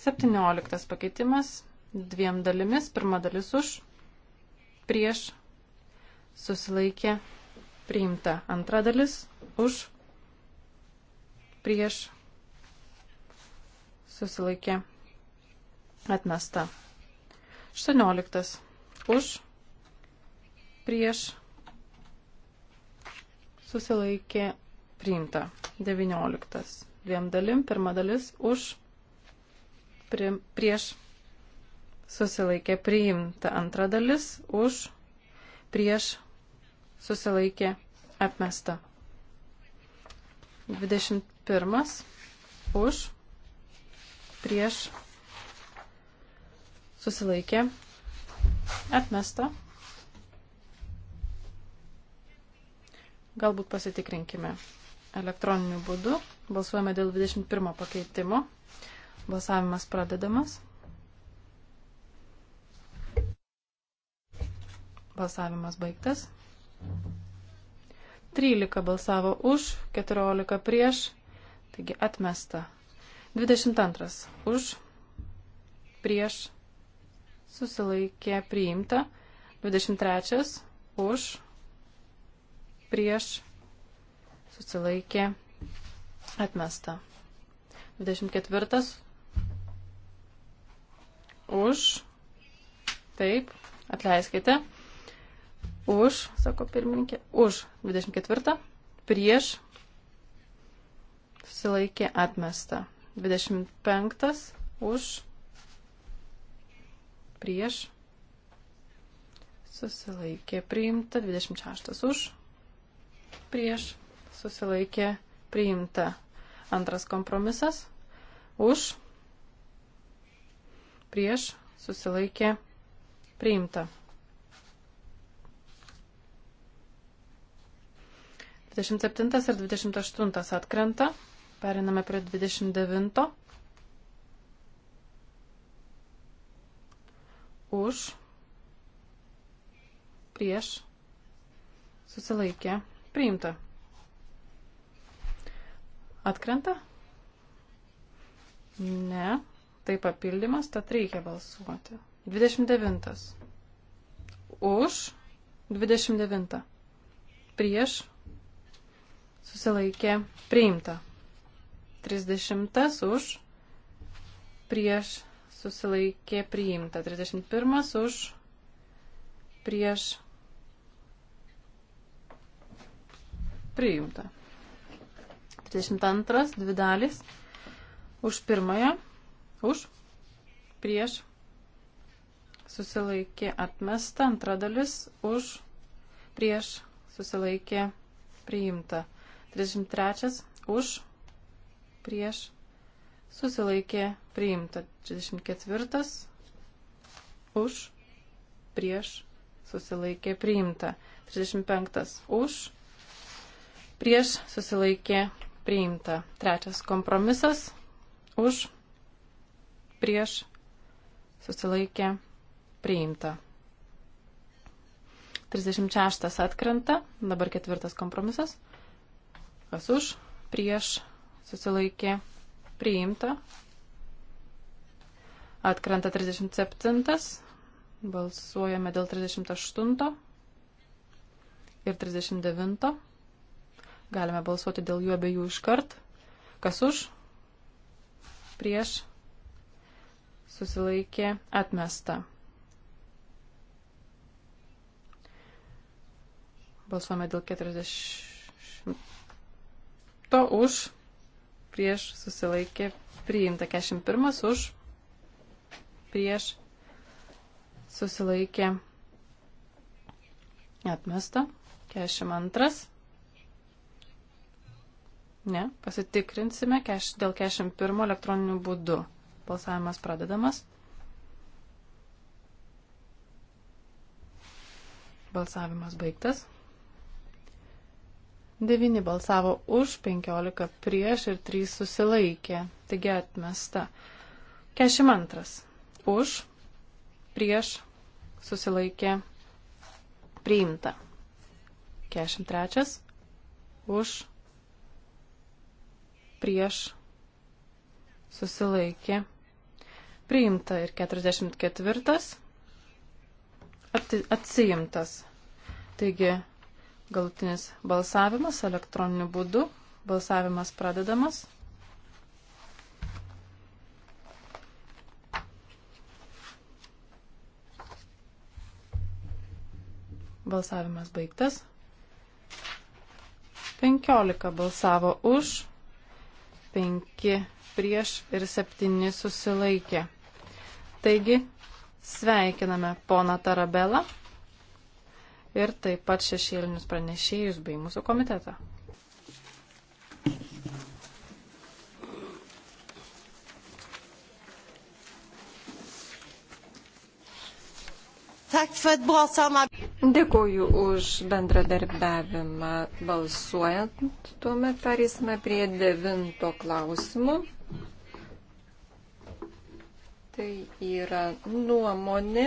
[SPEAKER 3] 17 pakeitimas, dviem dalimis, pirma dalis už, prieš, susilaikė, priimta. Antra dalis už, prieš, susilaikė, atmesta. 18 už, prieš, susilaikė susilaikė priimta. 19. Dviem dalim, pirma dalis už, pri, prieš susilaikė priimta. Antra dalis už, prieš susilaikė atmesta. 21. Už, prieš susilaikė atmesta. Galbūt pasitikrinkime elektroniniu būdu. Balsuojame dėl 21 pakeitimo. Balsavimas pradedamas. Balsavimas baigtas. 13 balsavo už, 14 prieš, taigi atmesta. 22 už, prieš, susilaikė priimta. 23 už, prieš, susilaikė, atmesta. 24 už, taip, atleiskite, už, sako pirmininkė, už 24, prieš, susilaikė, atmesta. 25 už, prieš, susilaikė, priimta, 26 už, prieš susilaikė priimta. Antras kompromisas už prieš susilaikė priimta. 27 ir 28 atkrenta. Periname prie 29. Už prieš susilaikė priimta Priimta. Atkrenta? Ne. Tai papildymas, tad reikia balsuoti. 29. Už 29. Prieš susilaikė priimta. 30 už prieš susilaikė priimta. 31 už prieš priimta. 32, dvi dalys. Už pirmąją, už, prieš, susilaikė atmesta, antra dalis, už, prieš, susilaikė priimta. 33, už, prieš, susilaikė priimta. 34, už, prieš, susilaikė priimta. 35, už, prieš prieš susilaikė priimta. Trečias kompromisas už prieš susilaikė priimta. 36 atkrenta, dabar ketvirtas kompromisas. Kas už, prieš, susilaikė, priimta. Atkrenta 37, balsuojame dėl 38 ir 39. Galime balsuoti dėl jų abiejų iškart. Kas už? Prieš. Susilaikė. Atmesta. Balsuojame dėl 40. To už. Prieš. Susilaikė. Priimta 41 už. Prieš. Susilaikė. Atmesta. 42. Ne, pasitikrinsime keš, dėl 41 elektroninių būdų. Balsavimas pradedamas. Balsavimas baigtas. 9 balsavo už, 15 prieš ir 3 susilaikė. Taigi atmesta. 42. Už, prieš, susilaikė, priimta. 43. Už, prieš susilaikė priimta ir 44 atsiimtas. Taigi galutinis balsavimas elektroniniu būdu. Balsavimas pradedamas. Balsavimas baigtas. 15 balsavo už, 5 prieš ir 7 susilaikė. Taigi, sveikiname poną Tarabelą ir taip pat šešėlinius pranešėjus bei mūsų komitetą.
[SPEAKER 1] Tack för ett bra samarbete. Dėkuoju už bendradarbiavimą balsuojant. Tuomet perėsime prie devinto klausimo. Tai yra nuomonė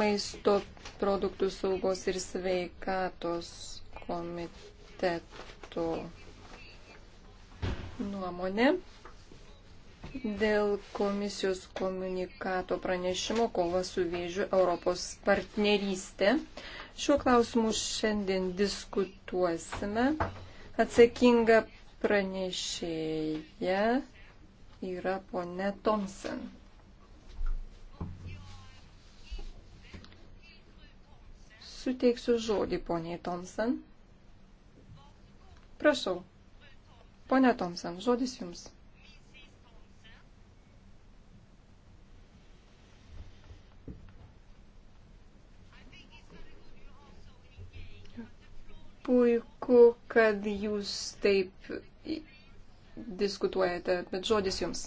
[SPEAKER 1] maisto produktų saugos ir sveikatos komiteto nuomonė. Dėl komisijos komunikato pranešimo kova su vėžiu Europos partnerystė. Šiuo klausimu šiandien diskutuosime. Atsakinga pranešėja yra ponė Thompson. Suteiksiu žodį poniai Thompson. Prašau. Pone Thompson, žodis jums. Puiku, kad jūs taip diskutuojate, bet žodis jums.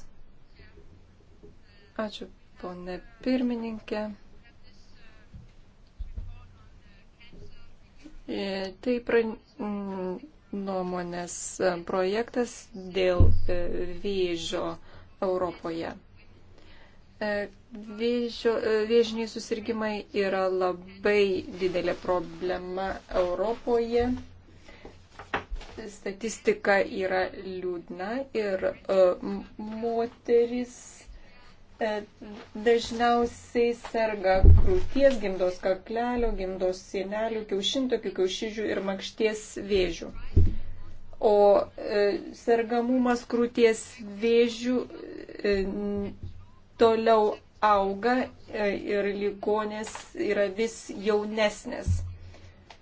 [SPEAKER 1] Ačiū, ponė pirmininkė. E, tai pran... nuomonės e, projektas dėl e, vėžio Europoje. E, vėžio, e, vėžiniai susirgymai yra labai didelė problema Europoje. Statistika yra liūdna ir e, moteris dažniausiai serga krūties, gimdos kaklelio, gimdos sienelių, kiaušintokių, kiaušidžių ir makšties vėžių. O sergamumas krūties vėžių toliau auga e, ir ligonės yra vis jaunesnės.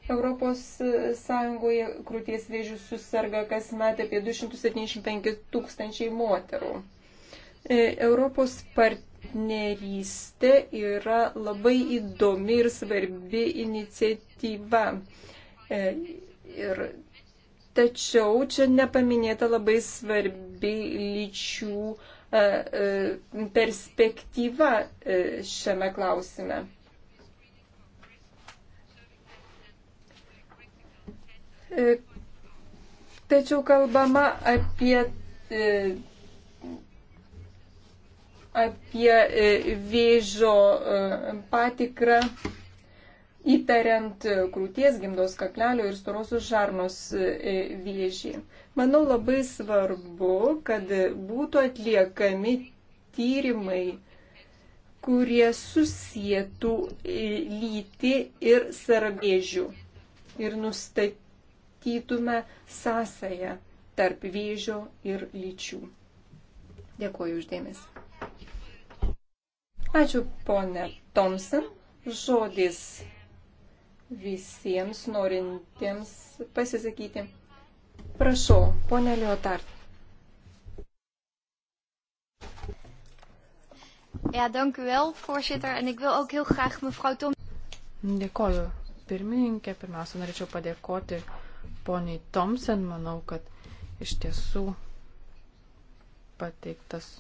[SPEAKER 1] Europos e, Sąjungoje krūties vėžių susirga kasmet apie 275 tūkstančiai moterų. E, Europos partnerystė yra labai įdomi ir svarbi iniciatyva. Ir tačiau čia nepaminėta labai svarbi lyčių uh, E, e, perspektyva e, šiame klausime. Tačiau kalbama apie, apie vėžio patikrą įtariant krūties, gimdos kaklelio ir storosios žarnos e, vėžį. Manau labai svarbu, kad būtų atliekami tyrimai, kurie susijėtų e, lyti ir sarabėžių ir nustatytume sąsąją tarp vėžio ir lyčių. Dėkuoju uždėmesi. Ačiū, ponė Thompson. Žodis visiems norintiems pasisakyti. Prašau, ponė Leotard.
[SPEAKER 2] Ja, dank u wel,
[SPEAKER 3] voorzitter. En ik wil ook heel graag mevrouw Tom. Dėkoju, pirmininkė. Pirmiausia, norėčiau padėkoti poniai Thompson. Manau, kad iš tiesų pateiktas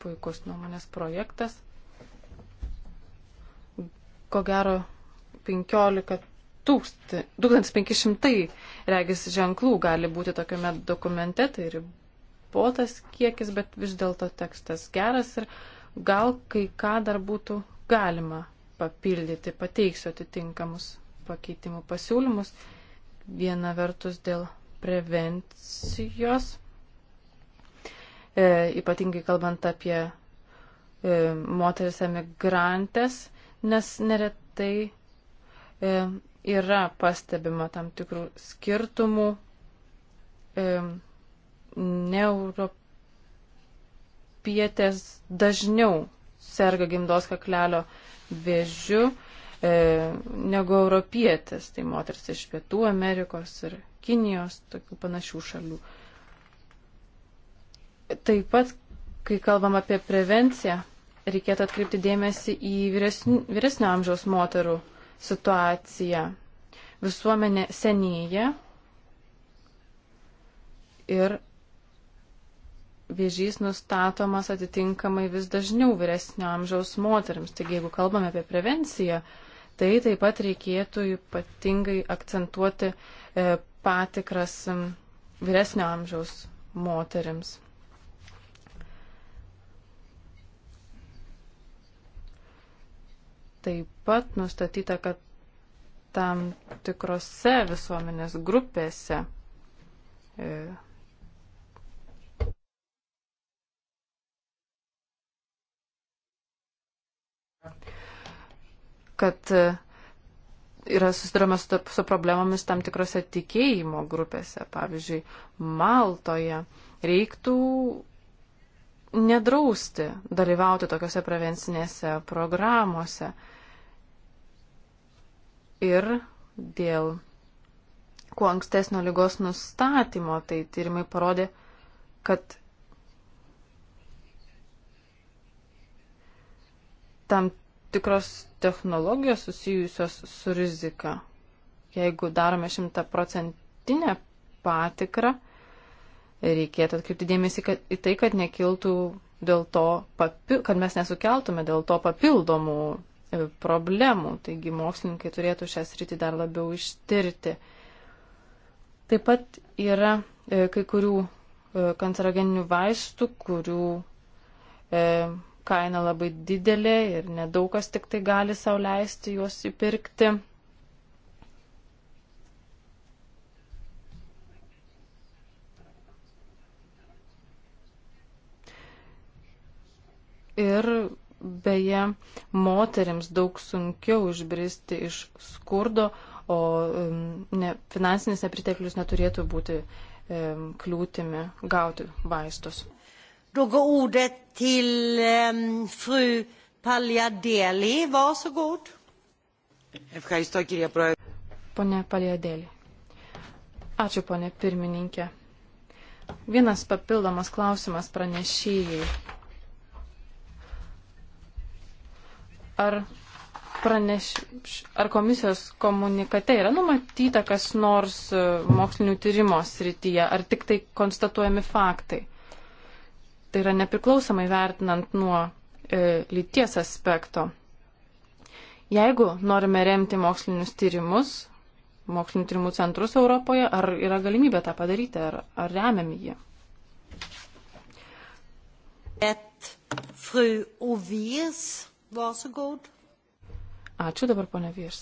[SPEAKER 3] puikus nuomonės projektas. Ko gero, 15 1500 regis ženklų gali būti tokiame dokumente, tai ribotas kiekis, bet vis dėlto tekstas geras ir gal kai ką dar būtų galima papildyti, pateiksiu atitinkamus pakeitimų pasiūlymus. Viena vertus dėl prevencijos, e, ypatingai kalbant apie e, moteris emigrantės, nes neretai E, yra pastebima tam tikrų skirtumų e, neuropietės dažniau serga gimdos kaklelio vėžiu e, negu europietės, tai moteris iš Pietų Amerikos ir Kinijos, tokių panašių šalių. Taip pat, kai kalbam apie prevenciją, reikėtų atkreipti dėmesį į vyresnio amžiaus moterų situacija. Visuomenė senėja ir vėžys nustatomas atitinkamai vis dažniau vyresnio amžiaus moteriams. Taigi, jeigu kalbame apie prevenciją, tai taip pat reikėtų ypatingai akcentuoti e, patikras vyresnio amžiaus moteriams. Taip pat nustatyta, kad tam tikrose visuomenės grupėse e, kad e, yra susidurama su, su problemomis tam tikrose tikėjimo grupėse. Pavyzdžiui, Maltoje reiktų nedrausti dalyvauti tokiuose prevencinėse programuose. Ir dėl kuo ankstesnio lygos nustatymo, tai tyrimai parodė, kad tam tikros technologijos susijusios su rizika, jeigu darome šimtaprocentinę patikrą, reikėtų atkreipti dėmesį kad, į tai, kad nekiltų dėl to, papi, kad mes nesukeltume dėl to papildomų e, problemų. Taigi mokslininkai turėtų šią sritį dar labiau ištirti. Taip pat yra e, kai kurių e, kancerogeninių vaistų, kurių kaina labai didelė ir nedaug kas tik tai gali sauliaisti juos įpirkti. ir beje moteriams daug sunkiau išbristi iš skurdo, o ne, finansinis nepriteklius neturėtų būti e, kliūtimi gauti vaistus. Daugiau ordet til um, fru Paljadėlį, vasagod.
[SPEAKER 2] Evkaristo, kirie projektą.
[SPEAKER 3] Pone Paljadėlį. Ačiū, ponė pirmininkė. Vienas papildomas klausimas pranešėjai Ar, praneš, ar komisijos komunikate yra numatyta kas nors e, mokslinių tyrimo srityje, ar tik tai konstatuojami faktai? Tai yra nepriklausomai vertinant nuo e, lyties aspekto. Jeigu norime remti mokslinius tyrimus, mokslinių tyrimų centrus Europoje, ar yra galimybė tą padaryti, ar, ar remiam jį?
[SPEAKER 2] Et, fru Ovirs.
[SPEAKER 3] Valsagold. Ačiū dabar, ponia Virs.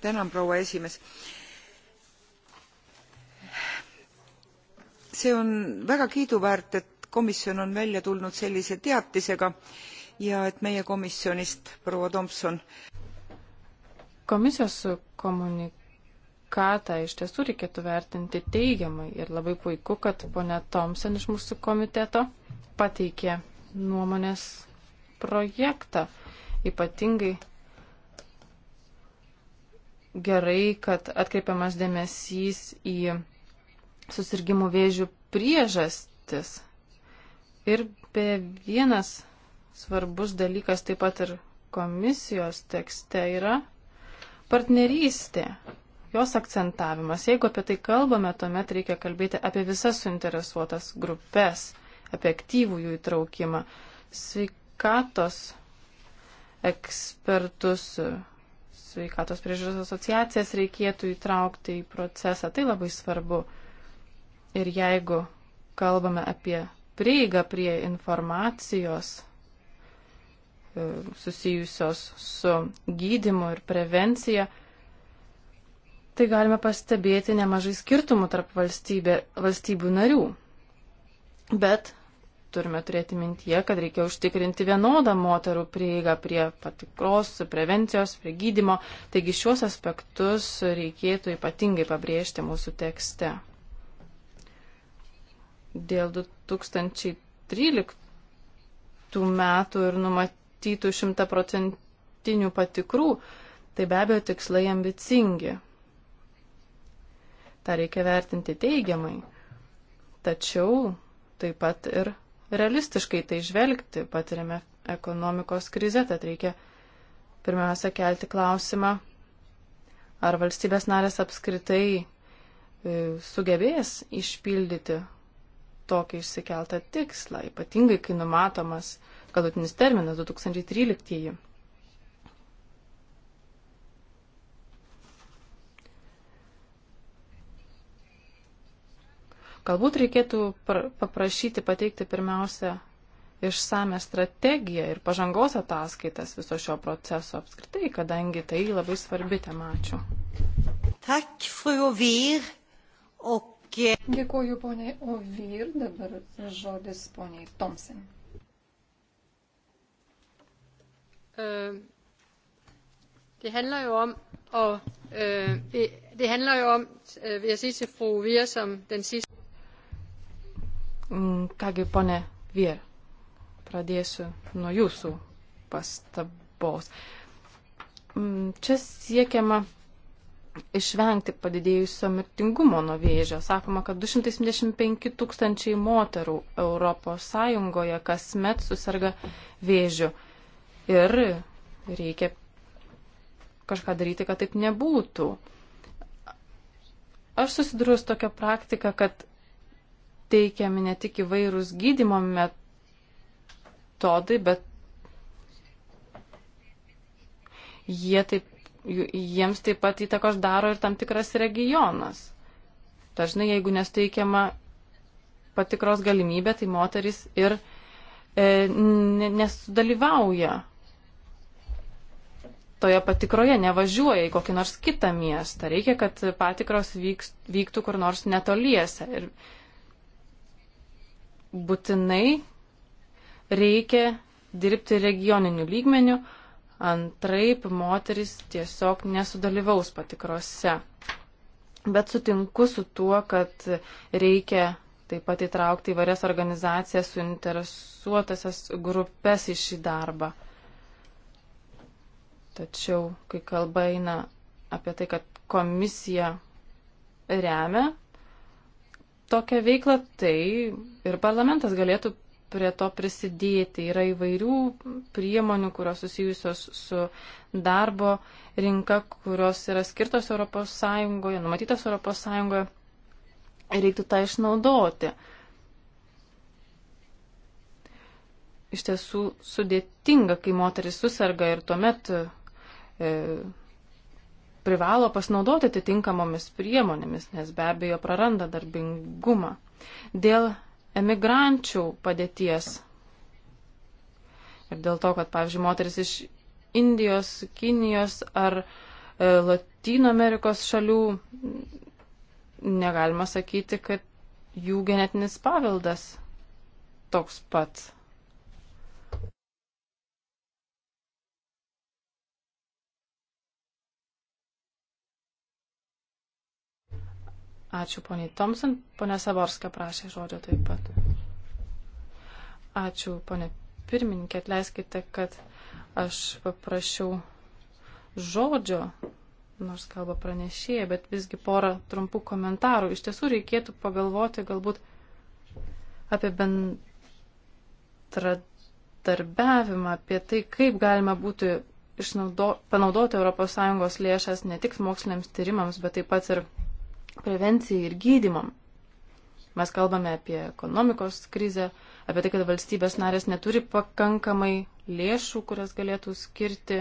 [SPEAKER 3] Tänan,
[SPEAKER 1] proua esimees. see on väga kiiduväärt et komisjon on välja tulnud sellise teatisega ja et meie komisjonist proua Tomson komisijos
[SPEAKER 3] kommunik- sveikatą iš tiesų reikėtų vertinti teigiamai. Ir labai puiku, kad ponė Thompson iš mūsų komiteto pateikė nuomonės projektą. Ypatingai gerai, kad atkreipiamas dėmesys į susirgymų vėžių priežastis. Ir be vienas svarbus dalykas taip pat ir komisijos tekste yra partnerystė jos akcentavimas. Jeigu apie tai kalbame, tuomet reikia kalbėti apie visas suinteresuotas grupės, apie aktyvų jų įtraukimą, sveikatos ekspertus, sveikatos priežiūros asociacijas reikėtų įtraukti į procesą. Tai labai svarbu. Ir jeigu kalbame apie prieigą prie informacijos e, susijusios su gydimu ir prevencija, tai galime pastebėti nemažai skirtumų tarp valstybė, valstybių narių. Bet turime turėti mintyje, kad reikia užtikrinti vienodą moterų prieigą prie patikros, prevencijos, prie gydimo. Taigi šios aspektus reikėtų ypatingai pabrėžti mūsų tekste. Dėl 2013 metų ir numatytų šimtaprocentinių patikrų, tai be abejo tikslai ambicingi tą reikia vertinti teigiamai. Tačiau taip pat ir realistiškai tai žvelgti, patiriame ekonomikos krizę, tad reikia pirmiausia kelti klausimą, ar valstybės narės apskritai e, sugebės išpildyti tokį išsikeltą tikslą, ypatingai kai numatomas galutinis terminas 2013. -tieji. Galbūt reikėtų paprašyti pateikti pirmiausia išsame strategiją ir pažangos ataskaitas viso šio proceso apskritai, kadangi tai labai svarbi tema. Ačiū. Tak, Okay. Dėkuoju poniai
[SPEAKER 1] Ovir, dabar žodis poniai Thompson.
[SPEAKER 2] Uh, øh, det handler jo om, og øh, uh, det, det handler jo om, øh, uh, vil jeg sige til fru Via, som den sidste.
[SPEAKER 3] Mm, kągi, ponė Vier, pradėsiu nuo jūsų pastabos. Mm, čia siekiama išvengti padidėjusio mirtingumo nuo vėžio. Sakoma, kad 275 tūkstančiai moterų ES kasmet susirga vėžiu. Ir reikia kažką daryti, kad taip nebūtų. Aš susidūriau su tokia praktika, kad teikiami ne tik įvairūs gydimo metodai, bet jie taip, jiems taip pat įtakos daro ir tam tikras regionas. Dažnai, jeigu nesteikiama patikros galimybė, tai moteris ir e, nesudalyvauja toje patikroje, nevažiuoja į kokį nors kitą miestą. Reikia, kad patikros vyks, vyktų kur nors netoliese. Ir būtinai reikia dirbti regioniniu lygmeniu, antraip moteris tiesiog nesudalyvaus patikrose. Bet sutinku su tuo, kad reikia taip pat įtraukti įvairias organizacijas, suinteresuotasias grupės į šį darbą. Tačiau, kai kalba eina apie tai, kad komisija remia tokią veiklą, tai ir parlamentas galėtų prie to prisidėti. Yra įvairių priemonių, kurios susijusios su darbo rinka, kurios yra skirtos ES, numatytos ES ir reiktų tą išnaudoti. Iš tiesų sudėtinga, kai moteris susirga ir tuomet e, privalo pasinaudoti atitinkamomis priemonėmis, nes be abejo praranda darbingumą. Dėl emigrančių padėties ir dėl to, kad, pavyzdžiui, moteris iš Indijos, Kinijos ar e, Latino Amerikos šalių negalima sakyti, kad jų genetinis paveldas toks pat Ačiū poniai Thompson. Pone Savorska prašė žodžio taip pat. Ačiū ponė pirmininkė, atleiskite, kad aš paprašiau žodžio, nors kalba pranešėja, bet visgi porą trumpų komentarų. Iš tiesų reikėtų pagalvoti galbūt apie bendradarbiavimą, apie tai, kaip galima būtų išnaudo, panaudoti ES lėšas ne tik moksliniams tyrimams, bet taip pat ir prevencijai ir gydymam. Mes kalbame apie ekonomikos krizę, apie tai, kad valstybės narės neturi pakankamai lėšų, kurias galėtų skirti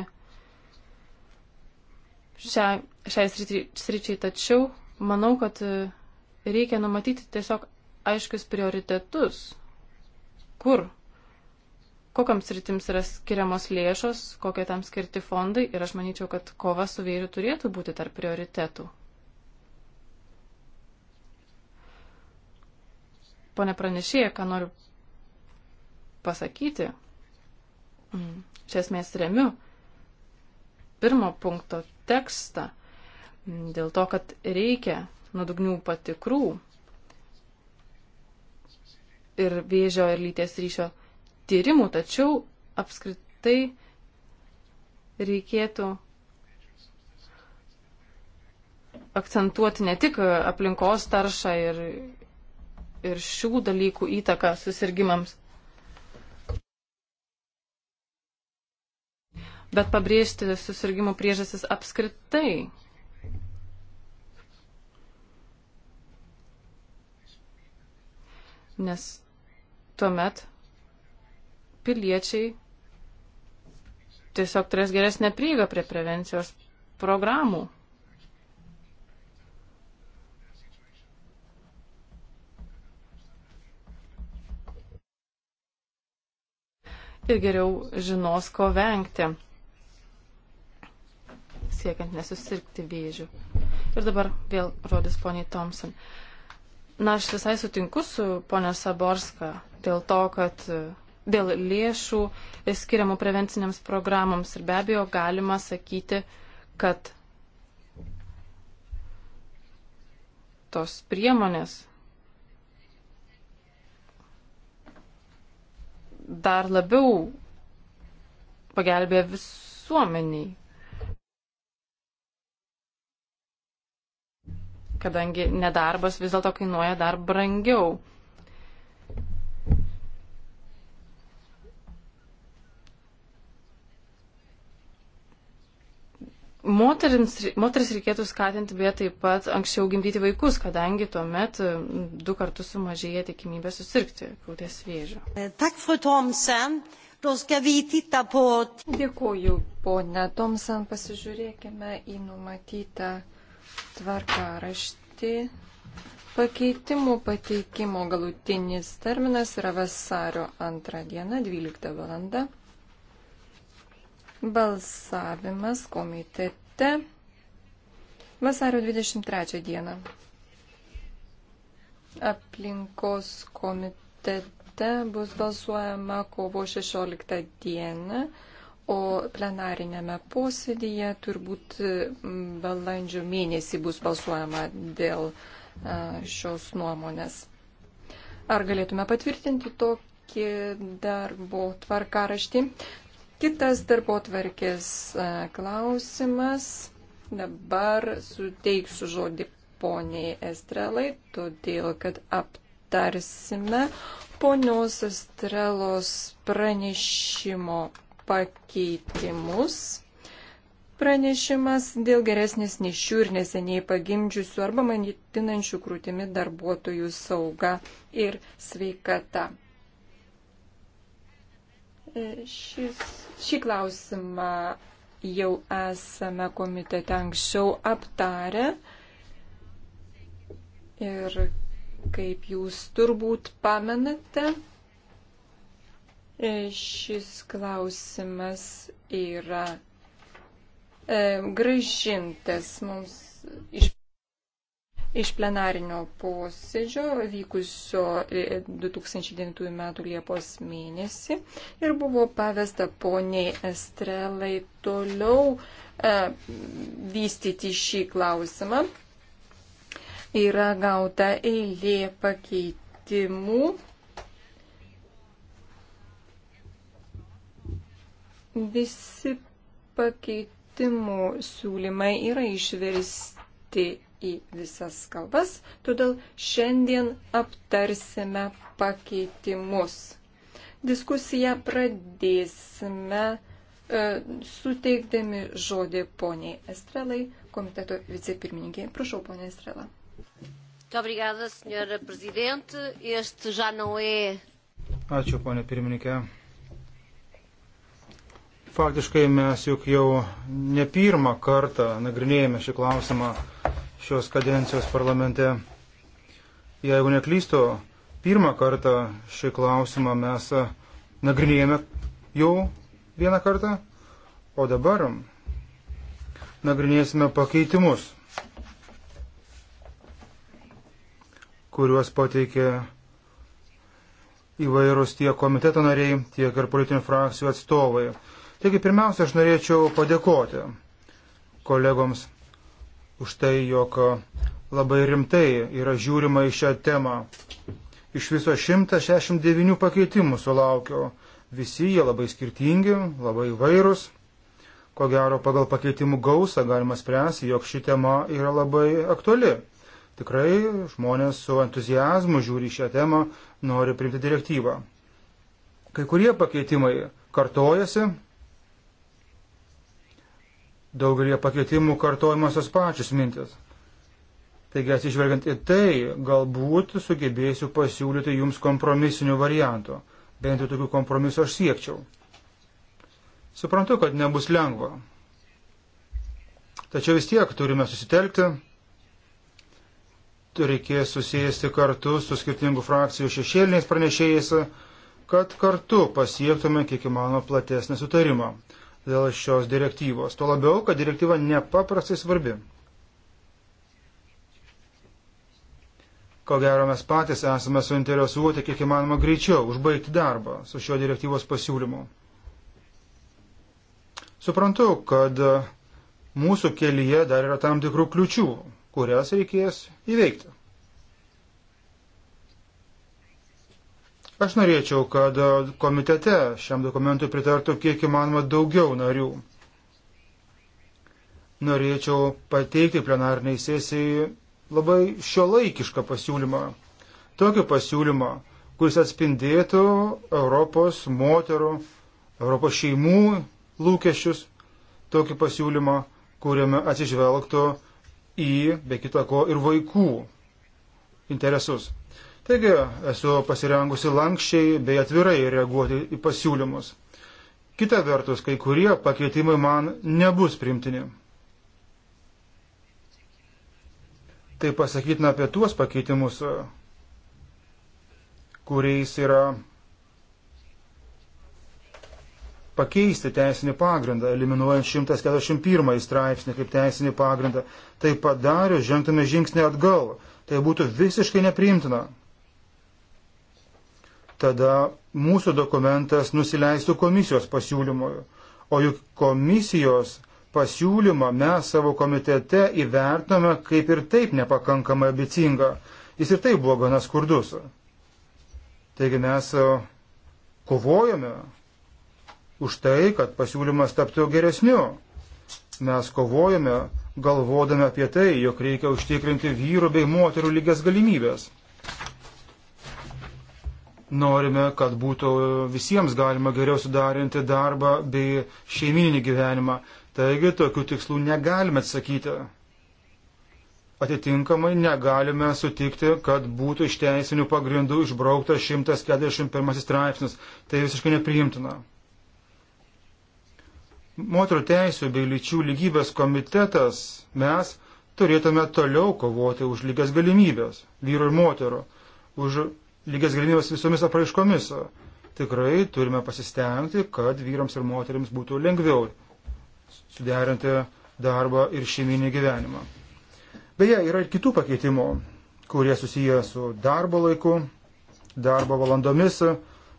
[SPEAKER 3] šiai, šiai sričiai. Tačiau manau, kad reikia numatyti tiesiog aiškius prioritetus, kur, kokiams sritims yra skiriamos lėšos, kokie tam skirti fondai ir aš manyčiau, kad kova su vėriu turėtų būti tarp prioritetų. ponė pranešėja, ką noriu pasakyti. Mm, iš esmės remiu pirmo punkto tekstą mm, dėl to, kad reikia nuodugnių patikrų ir vėžio ir lyties ryšio tyrimų, tačiau apskritai reikėtų akcentuoti ne tik aplinkos taršą ir ir šių dalykų įtaką susirgymams. Bet pabrėžti susirgymų priežastis apskritai. Nes tuomet piliečiai tiesiog turės geresnę prieigą prie prevencijos programų. ir geriau žinos, ko vengti, siekiant nesusirgti vėžių. Ir dabar vėl žodis poniai Thompson. Na, aš visai sutinku su ponia Saborska dėl to, kad e, dėl lėšų skiriamų prevenciniams programams ir be abejo galima sakyti, kad tos priemonės dar labiau pagelbėja visuomeniai. Kadangi nedarbas vis dėlto kainuoja dar brangiau. Moterims, moteris reikėtų skatinti, bet taip pat anksčiau gimdyti vaikus, kadangi tuomet e, du kartus sumažėja tikimybė susirgti krūties vėžio.
[SPEAKER 1] Dėkuoju, ponė Tomsen, pasižiūrėkime į numatytą tvarką raštį. Pakeitimų pateikimo galutinis terminas yra vasario antrą dieną, 12 valandą. Balsavimas komitete vasario 23 dieną. Aplinkos komitete bus balsuojama kovo 16 dieną, o plenarinėme posėdėje turbūt balandžio mėnesį bus balsuojama dėl šios nuomonės. Ar galėtume patvirtinti tokį darbo tvarkaraštį? Kitas darbo tvarkės e, klausimas. Dabar suteiksiu žodį poniai Estrelai, todėl kad aptarsime ponios Estrelos pranešimo pakeitimus pranešimas dėl geresnės nešių ir neseniai pagimdžiusių arba maitinančių krūtimi darbuotojų sauga ir sveikata. E, šis, šį klausimą jau esame komitete anksčiau aptarę. Ir kaip jūs turbūt pamenate, e, šis klausimas yra e, gražintas mums iš iš plenarinio posėdžio vykusio 2009 m. Liepos mėnesį ir buvo pavesta poniai Estrelai toliau e, vystyti šį klausimą. Yra gauta eilė pakeitimų. Visi pakeitimų siūlymai yra išversti į visas kalbas, todėl šiandien aptarsime pakeitimus. Diskusiją pradėsime e, suteikdami žodį poniai Estrelai, komiteto vicepirmininkė. Prašau, ponė Estrela.
[SPEAKER 4] Ačiū, ponė pirmininkė. Faktiškai mes juk jau ne pirmą kartą nagrinėjame šį klausimą šios kadencijos parlamente. Jeigu neklystu, pirmą kartą šį klausimą mes nagrinėjame jau vieną kartą, o dabar nagrinėsime pakeitimus, kuriuos pateikė įvairūs tiek komiteto nariai, tiek ir politinių frakcijų atstovai. Taigi pirmiausia, aš norėčiau padėkoti kolegoms už tai, jog labai rimtai yra žiūrima į šią temą. Iš viso 169 pakeitimų sulaukiau. Visi jie labai skirtingi, labai vairūs. Ko gero, pagal pakeitimų gausą galima spręsti, jog ši tema yra labai aktuali. Tikrai žmonės su entuzijazmu žiūri šią temą, nori priimti direktyvą. Kai kurie pakeitimai kartojasi, Daugelie pakeitimų kartojamos tos pačios mintis. Taigi atsižvelgiant į tai, galbūt sugebėsiu pasiūlyti jums kompromisinių variantų. Bent jau tokių kompromisų aš siekčiau. Suprantu, kad nebus lengva. Tačiau vis tiek turime susitelkti, reikės susijęsti kartu su skirtingų frakcijų šešėliniais pranešėjais, kad kartu pasiektume kiek įmanoma platesnį sutarimą dėl šios direktyvos. Tuo labiau, kad direktyva nepaprastai svarbi. Ko gero mes patys esame suinteresuoti kiek įmanoma greičiau užbaigti darbą su šio direktyvos pasiūlymu. Suprantu, kad mūsų kelyje dar yra tam tikrų kliučių, kurias reikės įveikti. Aš norėčiau, kad e, komitete šiam dokumentui pritartų kiek įmanoma daugiau narių. Norėčiau pateikti plenarniai sesijai labai šiuolaikišką pasiūlymą. Tokį pasiūlymą, kuris atspindėtų Europos moterų, Europos šeimų lūkesčius. Tokį pasiūlymą, kuriame atsižvelgtų į, be kita ko, ir vaikų interesus. Taigi esu pasirengusi lankščiai bei atvirai reaguoti į pasiūlymus. Kita vertus, kai kurie pakeitimai man nebus primtini. Tai pasakytina apie tuos pakeitimus, kuriais yra pakeisti teisinį pagrindą, eliminuojant 141 straipsnį kaip teisinį pagrindą. Tai padarius žengtume žingsnį atgal. Tai būtų visiškai nepriimtina tada mūsų dokumentas nusileistų komisijos pasiūlymui. O juk komisijos pasiūlymą mes savo komitete įvertiname kaip ir taip nepakankamai abicinga. Jis ir taip buvo gana skurdus. Taigi mes e, kovojame už tai, kad pasiūlymas taptų geresniu. Mes kovojame galvodami apie tai, jog reikia užtikrinti vyrų bei moterų lygias galimybės norime, kad būtų visiems galima geriau sudarinti darbą bei šeimininį gyvenimą. Taigi tokių tikslų negalime atsakyti. Atitinkamai negalime sutikti, kad būtų iš teisinių pagrindų išbrauktas 141 straipsnis. Tai visiškai nepriimtina. Moterų teisų bei lyčių lygybės komitetas mes turėtume toliau kovoti už lygias galimybės vyrų ir moterų, už lygias galimybės visomis apraiškomis. Tikrai turime pasistengti, kad vyrams ir moteriams būtų lengviau suderinti darbą ir šeiminį gyvenimą. Beje, yra ir kitų pakeitimų, kurie susiję su darbo laiku, darbo valandomis,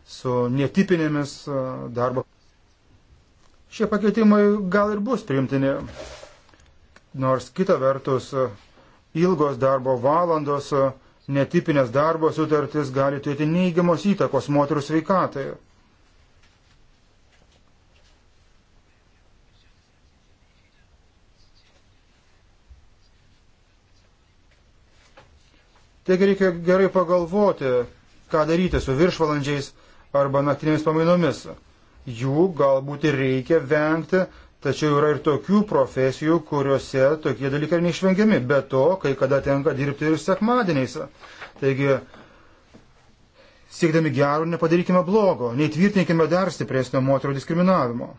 [SPEAKER 4] su netipinėmis e, darbo. Šie pakeitimai gal ir bus priimtini, nors kita vertus ilgos darbo valandos netipinės darbo sutartis gali turėti neįgiamos įtakos moterų sveikatai. Taigi reikia gerai pagalvoti, ką daryti su viršvalandžiais arba naktinėmis pamainomis. Jų galbūt ir reikia vengti Tačiau yra ir tokių profesijų, kuriuose tokie dalykai yra neišvengiami. Be to, kai kada tenka dirbti ir sekmadieniais. Taigi, siekdami gero, nepadarykime blogo, neįtvirtinkime dar stipresnio moterų diskriminavimo.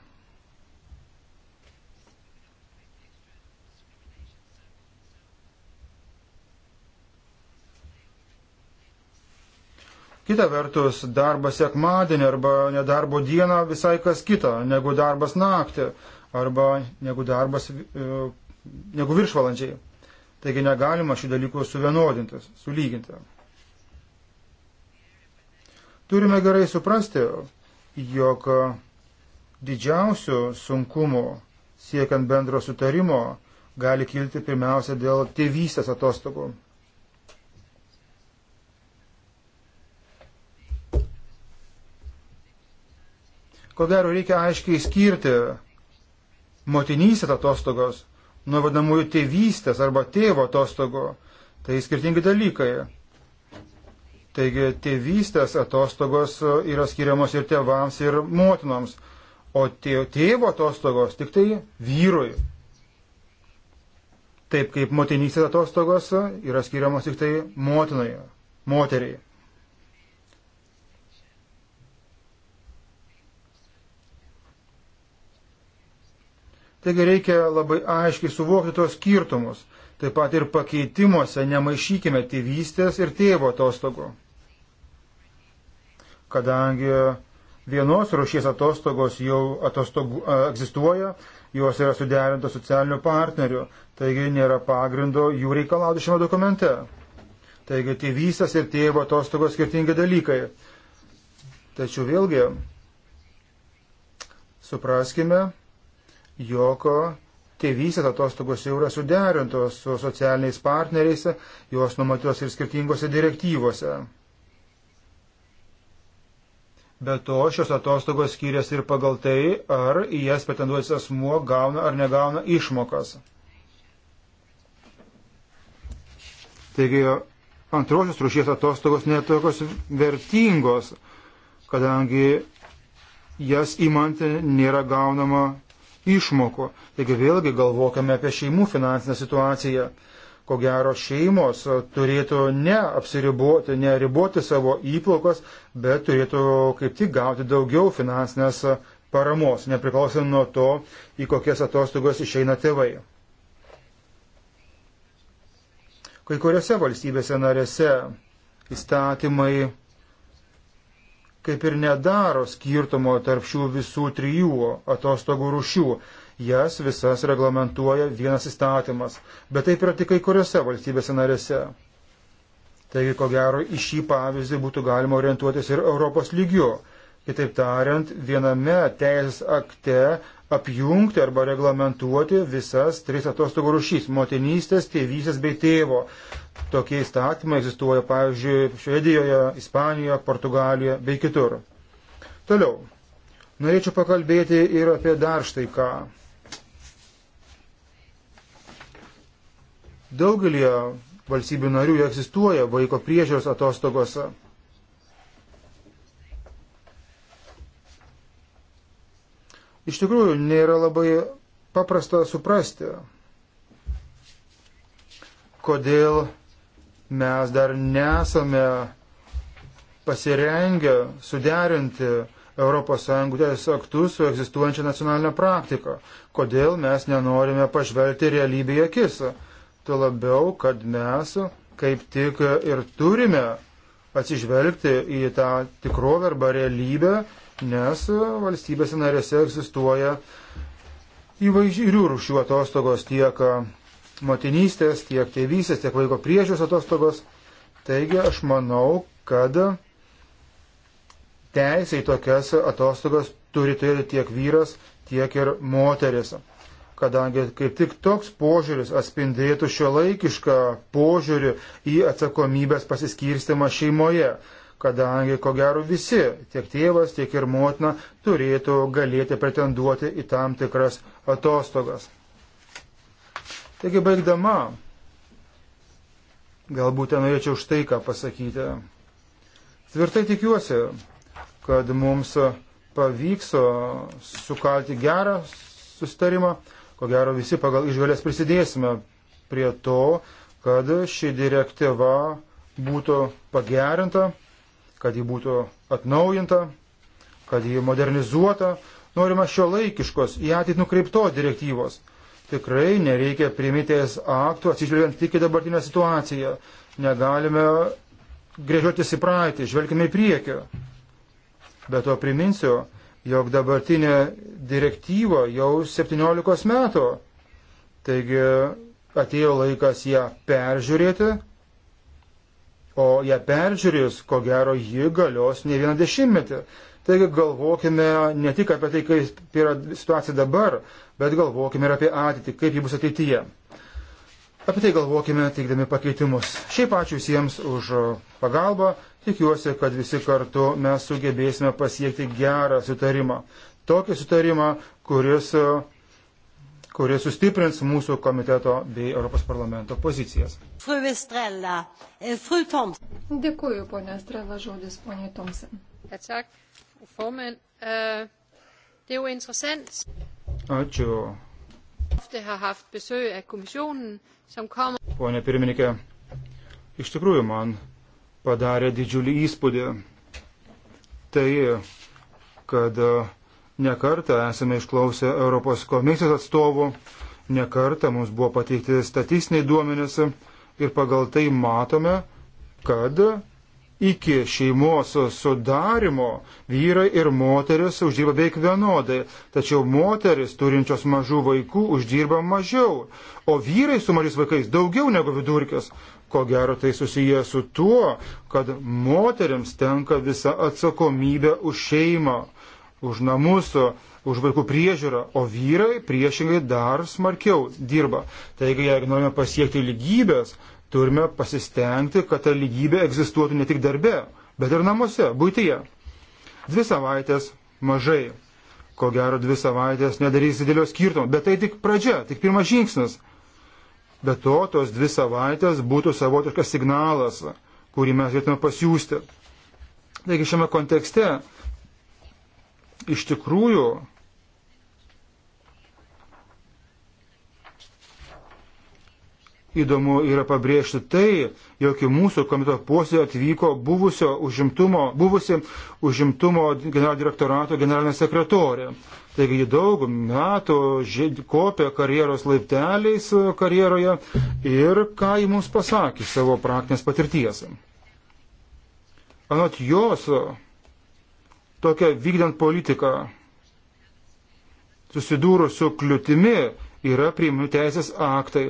[SPEAKER 4] Kita vertus, darbas sekmadienį arba nedarbo dieną visai kas kita negu darbas naktį arba negu darbas, e, negu viršvalandžiai. Taigi negalima šių dalykų suvienodinti, sulyginti. Turime gerai suprasti, jog didžiausių sunkumų siekiant bendro sutarimo gali kilti pirmiausia dėl tėvystės atostogų. Ko gero reikia aiškiai skirti motinystės atostogos, nuo vadamųjų tėvystės arba tėvo atostogų. Tai skirtingi dalykai. Taigi tėvystės atostogos e, yra skiriamos ir tėvams, ir motinoms, o tėvo atostogos tik tai vyrui. Taip kaip motinystės atostogos e, yra skiriamos tik tai motinai, moteriai. Taigi reikia labai aiškiai suvokti tos skirtumus. Taip pat ir pakeitimuose nemaišykime tėvystės ir tėvo atostogų. Kadangi vienos rušies atostogos jau atostogų, a, egzistuoja, jos yra suderintos socialinių partnerių, taigi nėra pagrindo jų reikalauti šiame dokumente. Taigi tėvysės ir tėvo atostogos skirtingi dalykai. Tačiau vėlgi, supraskime, jog tėvysės atostogos jau yra suderintos su socialiniais partneriais, jos numatytos ir skirtingose direktyvose. Be to, šios atostogos skiriasi ir pagal tai, ar į jas pretenduojas asmuo gauna ar negauna išmokas. Taigi, antrosios rušies atostogos netokios vertingos, kadangi jas įmanti nėra gaunama išmokų. Taigi vėlgi galvokime apie šeimų finansinę situaciją. Ko gero šeimos turėtų neapsiriboti, neriboti savo įplaukos, bet turėtų kaip tik gauti daugiau finansinės paramos, nepriklausom nuo to, į kokias atostogas išeina tėvai. Kai kuriuose valstybėse narėse įstatymai kaip ir nedaro skirtumo tarp šių visų trijų atostogų rušių. Jas visas reglamentuoja vienas įstatymas, bet taip yra tik kai kuriuose valstybėse narėse. Taigi, ko gero, į šį pavyzdį būtų galima orientuotis ir Europos lygiu. Kitaip tariant, viename teisės akte apjungti arba reglamentuoti visas tris atostogų rušys - motinystės, tėvystės bei tėvo. Tokie įstatymai egzistuoja, pavyzdžiui, Švedijoje, Ispanijoje, Portugalijoje bei kitur. Toliau. Norėčiau pakalbėti ir apie dar štai ką. Daugelį valstybių narių egzistuoja vaiko priežiūros atostogose. iš tikrųjų nėra labai paprasta suprasti, kodėl mes dar nesame pasirengę suderinti ES teisės aktus su egzistuojančia nacionalinė praktika, kodėl mes nenorime pažvelgti realybėje akis. Tuo labiau, kad mes kaip tik ir turime atsižvelgti į tą tikrovę arba realybę, nes valstybėse narėse egzistuoja įvairių rušių atostogos tiek e, motinystės, tiek tėvysės, tiek vaiko priežiūros atostogos. Taigi aš manau, kad teisė į tokias atostogas turi turėti tiek vyras, tiek ir moteris. Kadangi kaip tik toks požiūris atspindėtų šio laikišką požiūrį į atsakomybės pasiskirstimą šeimoje kadangi ko gero visi, tiek tėvas, tiek ir motina, turėtų galėti pretenduoti į tam tikras atostogas. Taigi baigdama, galbūt norėčiau štai ką pasakyti. Tvirtai tikiuosi, kad mums pavyks sukalti gerą sustarimą. Ko gero visi pagal išgalės prisidėsime prie to, kad ši direktyva būtų pagerinta kad ji būtų atnaujinta, kad ji modernizuota. Norima šio laikiškos, į ateitį nukreiptos direktyvos. Tikrai nereikia primitės aktų, atsižvelgiant tik į dabartinę situaciją. Negalime grėžiotis į praeitį, žvelgime į priekį. Bet to priminsiu, jog dabartinė direktyva jau 17 metų. Taigi atėjo laikas ją peržiūrėti o ją peržiūrėjus, ko gero, ji galios ne vieną dešimtmetį. Taigi galvokime ne tik apie tai, kaip yra situacija dabar, bet galvokime ir apie ateitį, kaip ji bus ateityje. Apie tai galvokime, teikdami pakeitimus. Šiaip ačiū visiems už pagalbą. Tikiuosi, kad visi kartu mes sugebėsime pasiekti gerą sutarimą. Tokį sutarimą, kuris uh, kuri sustiprins mūsų komiteto bei Europos parlamento pozicijas.
[SPEAKER 2] Eh, Dėkuoju, ponė Strela, žodis ponė Tomsen. Eh, er
[SPEAKER 4] Ačiū. Pone pirmininkė, iš tikrųjų man padarė didžiulį įspūdį tai, kad uh, Nekartą esame išklausę Europos komisijos atstovų, nekartą mums buvo pateikti statistiniai duomenys ir pagal tai matome, kad iki šeimos sudarimo vyrai ir moteris uždirba beveik vienodai, tačiau moteris turinčios mažų vaikų uždirba mažiau, o vyrai su mažais vaikais daugiau negu vidurkis. Ko gero tai susiję su tuo, kad moteriams tenka visa atsakomybė už šeimą už namus, už vaikų priežiūrą, o vyrai priešingai dar smarkiau dirba. Taigi, jeigu norime pasiekti lygybės, turime pasistengti, kad ta lygybė egzistuotų ne tik darbe, bet ir namuose, būtyje. Dvi savaitės mažai. Ko gero, dvi savaitės nedarys didelio skirtumo, bet tai tik pradžia, tik pirmas žingsnis. Be to, tos dvi savaitės būtų savotiškas signalas, kurį mes galėtume pasiūsti. Taigi šiame kontekste iš tikrųjų Įdomu yra pabrėžti tai, jog į mūsų komiteto posėdį atvyko buvusio užimtumo, buvusi užimtumo generalinio direktorato generalinė sekretorė. Taigi ji daug metų kopė karjeros laipteliais karjeroje ir ką ji mums pasakė savo praktinės patirties. Anot jos tokia vykdant politiką susidūrus su kliūtimi yra priimami teisės aktai.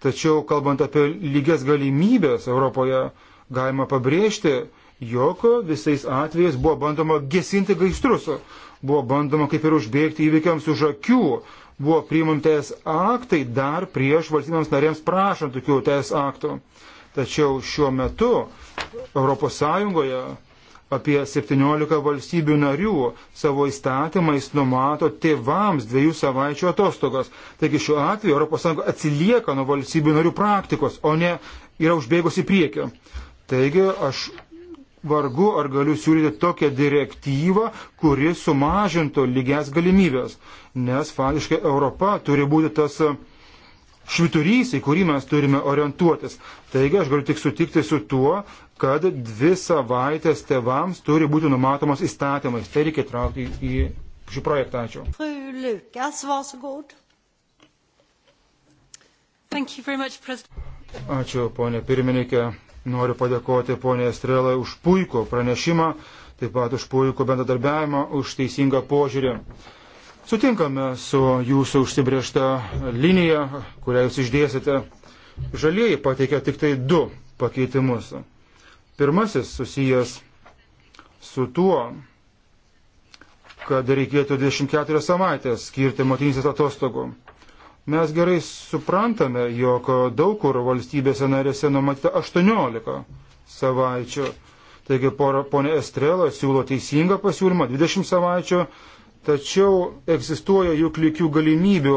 [SPEAKER 4] Tačiau kalbant apie lygias galimybės Europoje, galima pabrėžti, jog visais atvejais buvo bandoma gesinti gaistrus, buvo bandoma kaip ir užbėgti įvykiams už akių, buvo priimami teisės aktai dar prieš valstybėms narėms prašant tokių teisės aktų. Tačiau šiuo metu ES Apie 17 valstybių narių savo įstatymais numato tėvams dviejų savaičių atostogas. Taigi šiuo atveju ES atsilieka nuo valstybių narių praktikos, o ne yra užbėgusi priekio. Taigi aš vargu ar galiu siūlyti tokią direktyvą, kuri sumažintų lygias galimybės, nes faktiškai Europa turi būti tas šviturys, į kurį mes turime orientuotis. Taigi aš galiu tik sutikti su tuo, kad dvi savaitės tevams turi būti numatomos įstatymais. Tai reikia traukti į šį projektą. Ačiū. Ačiū, ponė pirmininkė. Noriu padėkoti ponė Estrelai už puikų pranešimą, taip pat už puikų bendradarbiavimą, už teisingą požiūrį. Sutinkame su jūsų užsibriešta linija, kurią jūs išdėsite. Žalieji pateikia tik tai du pakeitimus. Pirmasis susijęs su tuo, kad reikėtų 24 savaitės skirti motinysės atostogų. Mes gerai suprantame, jog daug kur valstybėse narėse numatyta 18 savaičių. Taigi ponė Estrela siūlo teisingą pasiūlymą 20 savaičių, tačiau egzistuoja juk lygių galimybių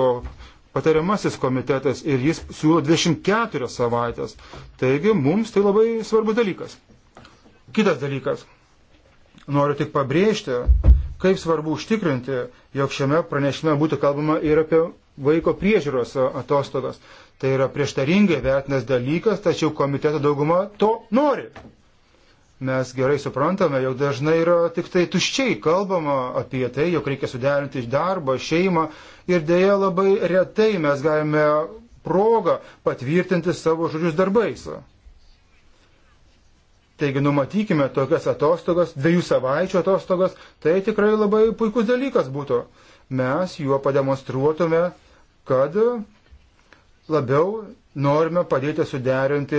[SPEAKER 4] patariamasis komitetas ir jis siūlo 24 savaitės. Taigi mums tai labai svarbus dalykas. Kitas dalykas. Noriu tik pabrėžti, kaip svarbu užtikrinti, jog šiame pranešime būtų kalbama ir apie vaiko priežiūros atostogas. Tai yra prieštaringai vertinas dalykas, tačiau komiteto dauguma to nori. Mes gerai suprantame, jog dažnai yra tik tai tuščiai kalbama apie tai, jog reikia suderinti darbą, šeimą ir dėja labai retai mes galime progą patvirtinti savo žodžius darbais. Taigi numatykime tokias atostogas, dviejų savaičių atostogas, tai tikrai labai puikus dalykas būtų. Mes juo pademonstruotume, kad labiau norime padėti suderinti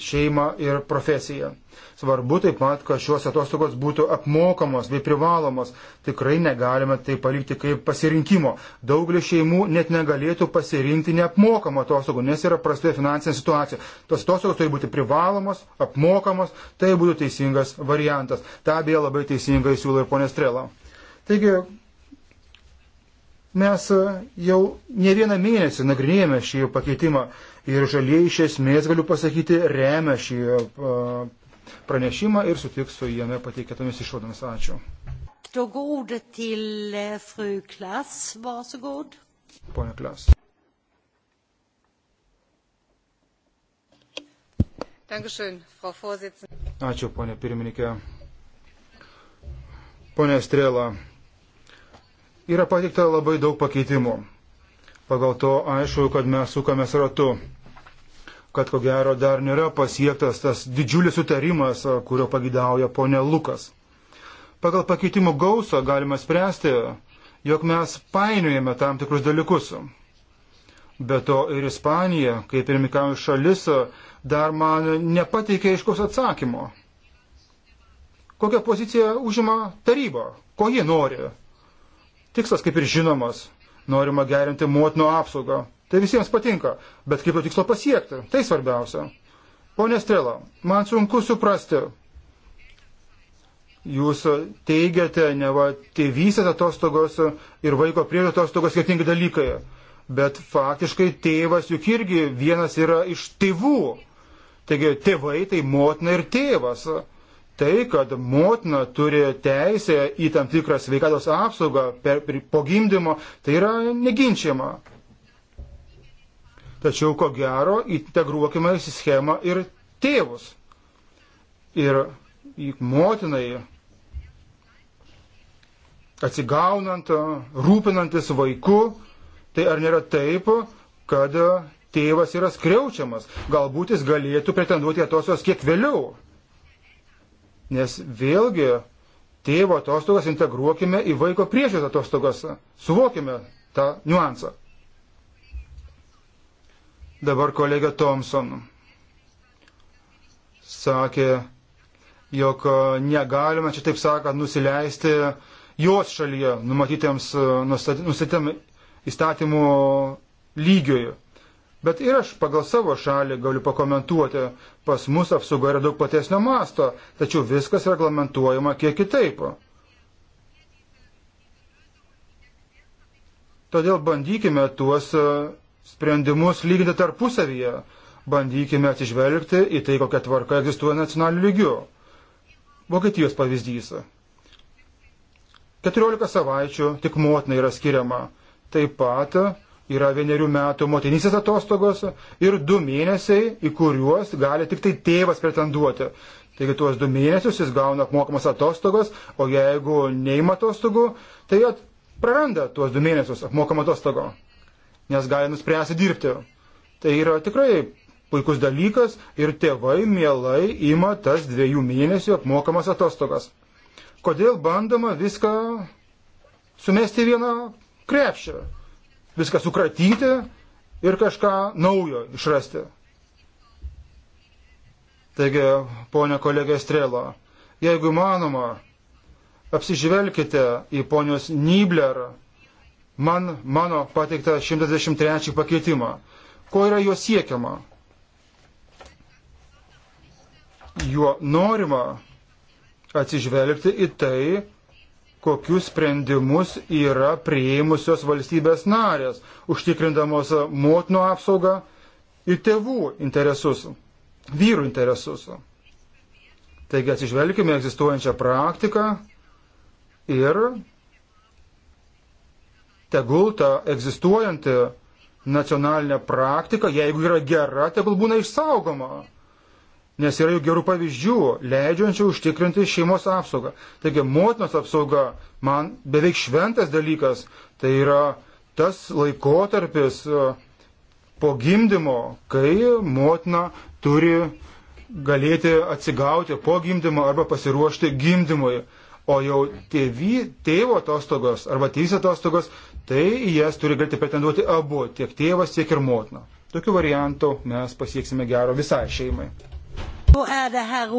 [SPEAKER 4] šeimą ir profesiją. Svarbu taip pat, kad šios atostogos būtų apmokamos bei privalomos. Tikrai negalime tai palikti kaip pasirinkimo. Daugelis šeimų net negalėtų pasirinkti neapmokamų atostogų, nes yra prastoja finansinė situacija. Tos atostogos turi būti privalomos, apmokamos, tai būtų teisingas variantas. Ta beje labai teisingai siūlo ir ponė Strela. Taigi, mes jau ne vieną mėnesį nagrinėjame šį pakeitimą Ir žalieji iš esmės, galiu pasakyti, remia šį pranešimą ir sutiks su jame pateikėtomis išvadomis. Ačiū.
[SPEAKER 2] Eh,
[SPEAKER 4] pone Klas. Ačiū, ponė pirmininkė. Pone Strėla, yra pateikta labai daug pakeitimų. Pagal to aišku, kad mes sukamės ratu kad ko gero dar nėra pasiektas tas didžiulis sutarimas, kurio pagidauja ponė Lukas. Pagal pakeitimų gausą galima spręsti, jog mes painiojame tam tikrus dalykus. Be to ir Ispanija, kaip ir Mikavijos šalis, dar man nepateikė aiškaus atsakymo. Kokią poziciją užima taryba? Ko jie nori? Tikslas kaip ir žinomas - norima gerinti motino apsaugą. Tai visiems patinka, bet kaip to tikslo pasiekti, tai svarbiausia. Pone Strela, man sunku suprasti. Jūs teigiate, ne va, tėvysės atostogos ir vaiko priežio atostogos skirtingi dalykai, bet faktiškai tėvas juk irgi vienas yra iš tėvų. Taigi tėvai tai motina ir tėvas. Tai, kad motina turi teisę į tam tikrą sveikatos apsaugą per, per, po gimdymo, tai yra neginčiama. Tačiau, ko gero, integruokime į schemą ir tėvus. Ir motinai atsigaunant, rūpinantis vaiku, tai ar nėra taip, kad tėvas yra skriaučiamas? Galbūt jis galėtų pretenduoti atostogos kiek vėliau. Nes vėlgi tėvo atostogas integruokime į vaiko priežiūros atostogas. Suvokime tą niuansą. Dabar kolega Thompson sakė, jog e, negalima, čia taip sakant, nusileisti jos šalyje numatytiems e, nustatytam įstatymų lygiui. Bet ir aš pagal savo šalį galiu pakomentuoti, pas mus apsauga yra daug platesnio masto, tačiau viskas reglamentuojama kiek kitaip. Todėl bandykime tuos e, sprendimus lyginti tarpusavyje. Bandykime atsižvelgti į tai, kokia tvarka egzistuoja nacionaliniu lygiu. Vokietijos pavyzdys. 14 savaičių tik motinai yra skiriama. Taip pat yra vienerių metų motinysės atostogos ir du mėnesiai, į kuriuos gali tik tai tėvas pretenduoti. Taigi tuos du mėnesius jis gauna apmokamas atostogos, o jeigu neima atostogų, tai praranda tuos du mėnesius apmokamą atostogą nes gali nuspręsti dirbti. Tai yra tikrai puikus dalykas ir tėvai mielai ima tas dviejų mėnesių apmokamas atostogas. Kodėl bandoma viską sumesti į vieną krepšį, viską sukratyti ir kažką naujo išrasti? Taigi, ponia kolegė Strelo, jeigu manoma, apsižvelkite į ponios Nibler man mano pateiktą 123 pakeitimą. Ko yra juo siekiama? Juo norima atsižvelgti į tai, kokius sprendimus yra prieimusios valstybės narės, užtikrindamos motinų apsaugą ir tėvų interesus, vyrų interesus. Taigi atsižvelgime egzistuojančią praktiką ir tegul ta egzistuojanti nacionalinė praktika, jeigu yra gera, tegul būna išsaugoma. Nes yra jų gerų pavyzdžių, leidžiančių užtikrinti šeimos apsaugą. Taigi motinos apsauga man beveik šventas dalykas. Tai yra tas laikotarpis e, po gimdymo, kai motina turi galėti atsigauti po gimdymo arba pasiruošti gimdymui. O jau tėvy, tėvo atostogos arba tėvys atostogos tai jas turi galėti pretenduoti abu, tiek tėvas, tiek ir motina. Tokiu variantu mes pasieksime gero visai šeimai.
[SPEAKER 2] Er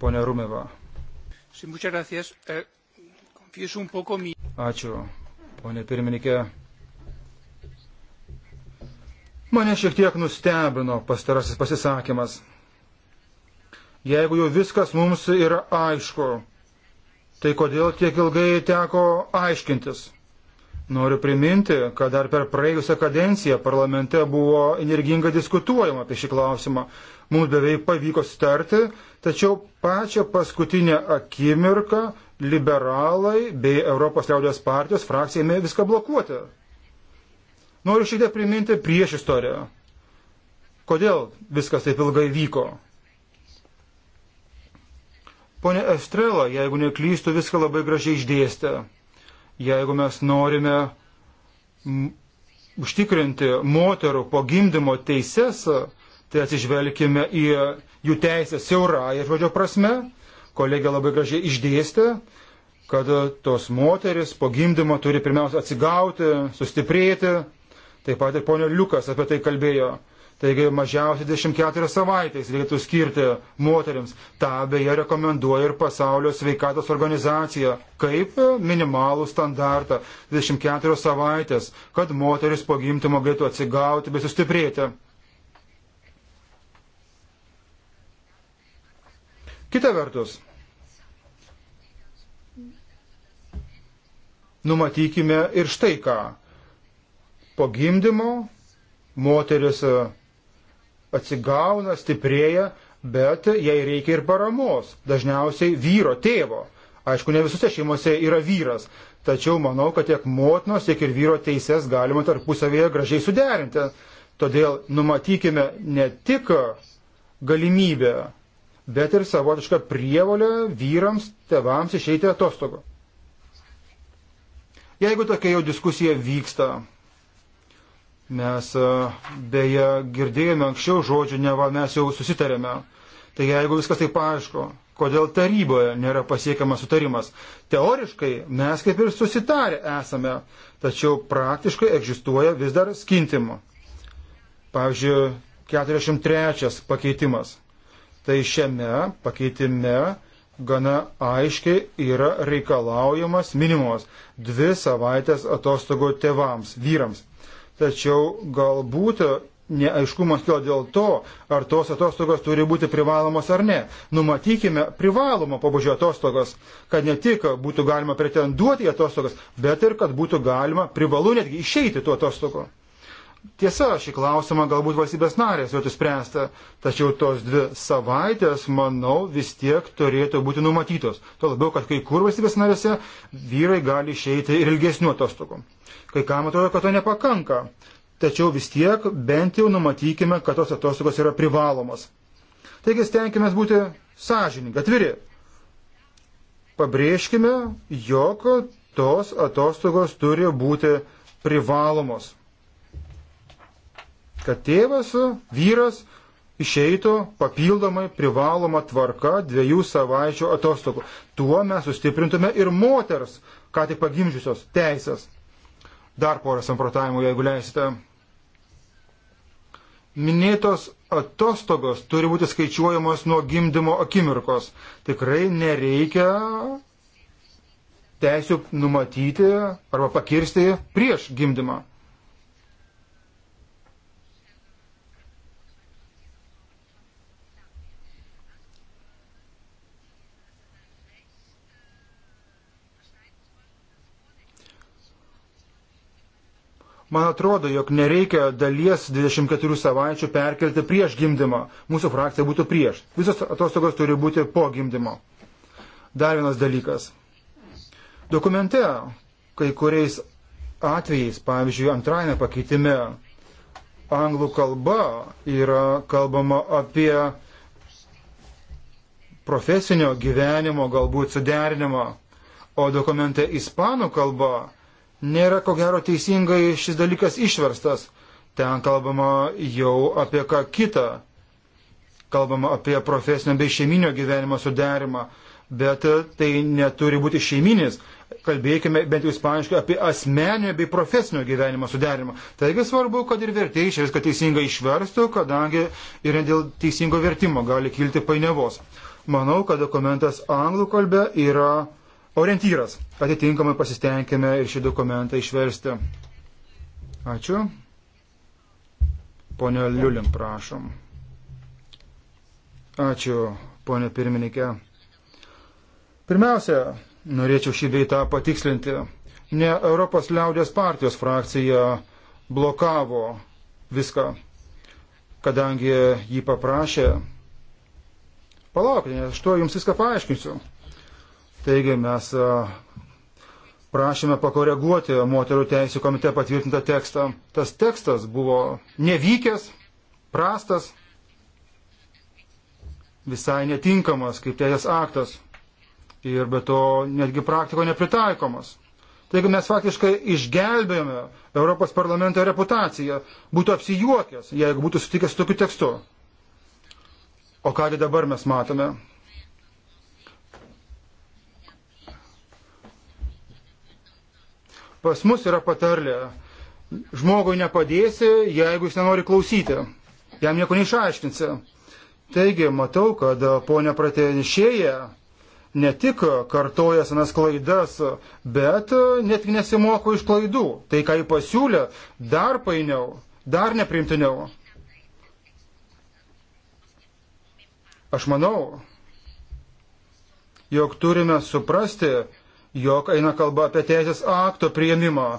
[SPEAKER 4] pone Rumeva. Eh, Ačiū, ponė pirmininkė. Mane šiek tiek nustebino pastarasis pasisakymas. Jeigu jau viskas mums yra aišku, Tai kodėl tiek ilgai teko aiškintis? Noriu priminti, kad dar per praėjusią kadenciją parlamente buvo energingai diskutuojama apie šį klausimą. Mums beveik pavyko starti, tačiau pačią paskutinę akimirką liberalai bei Europos liaudės partijos frakcija ėmė viską blokuoti. Noriu šiek tiek priminti prieš istoriją. Kodėl viskas taip ilgai vyko? Pone Estrela, jeigu neklystu, viską labai gražiai išdėstė. Jeigu mes norime užtikrinti moterų po gimdymo teises, tai atsižvelgime į jų teisę siaurąją žodžio prasme. Kolegė labai gražiai išdėstė, kad tos moteris po gimdymo turi pirmiausia atsigauti, sustiprėti. Taip pat ir ponė Liukas apie tai kalbėjo. Taigi mažiausiai 24 savaitės reikėtų skirti moteriams. Ta beje rekomenduoja ir pasaulio sveikatos organizacija kaip minimalų standartą 24 savaitės, kad moteris po gimtimo galėtų atsigauti bei sustiprėti. Kita vertus, numatykime ir štai ką. Po gimdymo moteris atsigauna, stiprėja, bet jai reikia ir paramos, dažniausiai vyro tėvo. Aišku, ne visose šeimose yra vyras, tačiau manau, kad tiek motinos, tiek ir vyro teises galima tarpusavėje gražiai suderinti. Todėl numatykime ne tik galimybę, bet ir savotišką prievolę vyrams, tevams išeiti atostogų. Jeigu tokia jau diskusija vyksta, Mes e, beje girdėjome anksčiau žodžių, ne va mes jau susitarėme. Tai jeigu viskas taip aišku, kodėl taryboje nėra pasiekiamas sutarimas? Teoriškai mes kaip ir susitarę esame, tačiau praktiškai egzistuoja vis dar skintimo. Pavyzdžiui, 43 pakeitimas. Tai šiame pakeitime gana aiškiai yra reikalaujamas minimumas dvi savaitės atostogų tevams, vyrams tačiau galbūt neaiškumas kilo dėl to, ar tos atostogos turi būti privalomos ar ne. Numatykime privalomą pabudžio atostogas, kad ne tik būtų galima pretenduoti į atostogas, bet ir kad būtų galima privalu netgi išeiti tuo atostogu. Tiesa, šį klausimą galbūt valstybės narės jau spręsta, tačiau tos dvi savaitės, manau, vis tiek turėtų būti numatytos. Tuo labiau, kad kai kur valstybės narėse vyrai gali išeiti ir ilgesnių atostogų. Kai kam atrodo, kad to nepakanka. Tačiau vis tiek bent jau numatykime, kad tos atostogos yra privalomos. Taigi stenkime būti sąžininkai, atviri. Pabrėžkime, jog tos atostogos turi būti privalomos. Kad tėvas, vyras išeitų papildomai privaloma tvarka dviejų savaičių atostogų. Tuo mes sustiprintume ir moters, ką tik pagimdžiusios teisės dar porą samprotavimų, jeigu leisite. Minėtos atostogos turi būti skaičiuojamos nuo gimdymo akimirkos. Tikrai nereikia teisių numatyti arba pakirsti prieš gimdymą. Man atrodo, jog nereikia dalies 24 savaičių perkelti prieš gimdymą. Mūsų frakcija būtų prieš. Visos atostogos turi būti po gimdymo. Dar vienas dalykas. Dokumente kai kuriais atvejais, pavyzdžiui, antrajame pakeitime anglų kalba yra kalbama apie profesinio gyvenimo galbūt suderinimą, o dokumente ispanų kalba Nėra ko gero teisingai šis dalykas išverstas. Ten kalbama jau apie ką kitą. Kalbama apie profesinio bei šeiminio gyvenimo suderimą, bet tai neturi būti šeiminis. Kalbėkime bent jau ispaniškai apie asmenio bei profesinio gyvenimo suderimą. Taigi svarbu, kad ir vertėjai šią viską teisingai išverstų, kadangi ir dėl teisingo vertimo gali kilti painiavos. Manau, kad dokumentas anglų kalbe yra orientyras. Atitinkamai pasistengėme ir šį dokumentą išversti. Ačiū. Pone Liulim, prašom. Ačiū, ponė pirmininkė. Pirmiausia, norėčiau šį beitą patikslinti. Ne Europos liaudės partijos frakcija blokavo viską, kadangi jį paprašė. Palaukite, aš tuo jums viską paaiškinsiu. Taigi mes e, prašėme pakoreguoti moterų teisų komitete patvirtintą tekstą. Tas tekstas buvo nevykęs, prastas, visai netinkamas kaip teisės aktas ir be to netgi praktiko nepritaikomas. Taigi mes faktiškai išgelbėjome Europos parlamento reputaciją, būtų apsijuokęs, jeigu būtų sutikęs su tokiu tekstu. O kągi dabar mes matome? Pas mus yra patarlė, žmogui nepadėsi, jeigu jis nenori klausyti, jam nieko neišaiškinsi. Taigi, matau, kad ponia pratėnšėja ne tik kartoja senas klaidas, bet net nesimoko iš klaidų. Tai, ką jį pasiūlė, dar painiau, dar neprimtiniau. Aš manau, jog turime suprasti, jog eina kalba apie teisės akto prieimimą.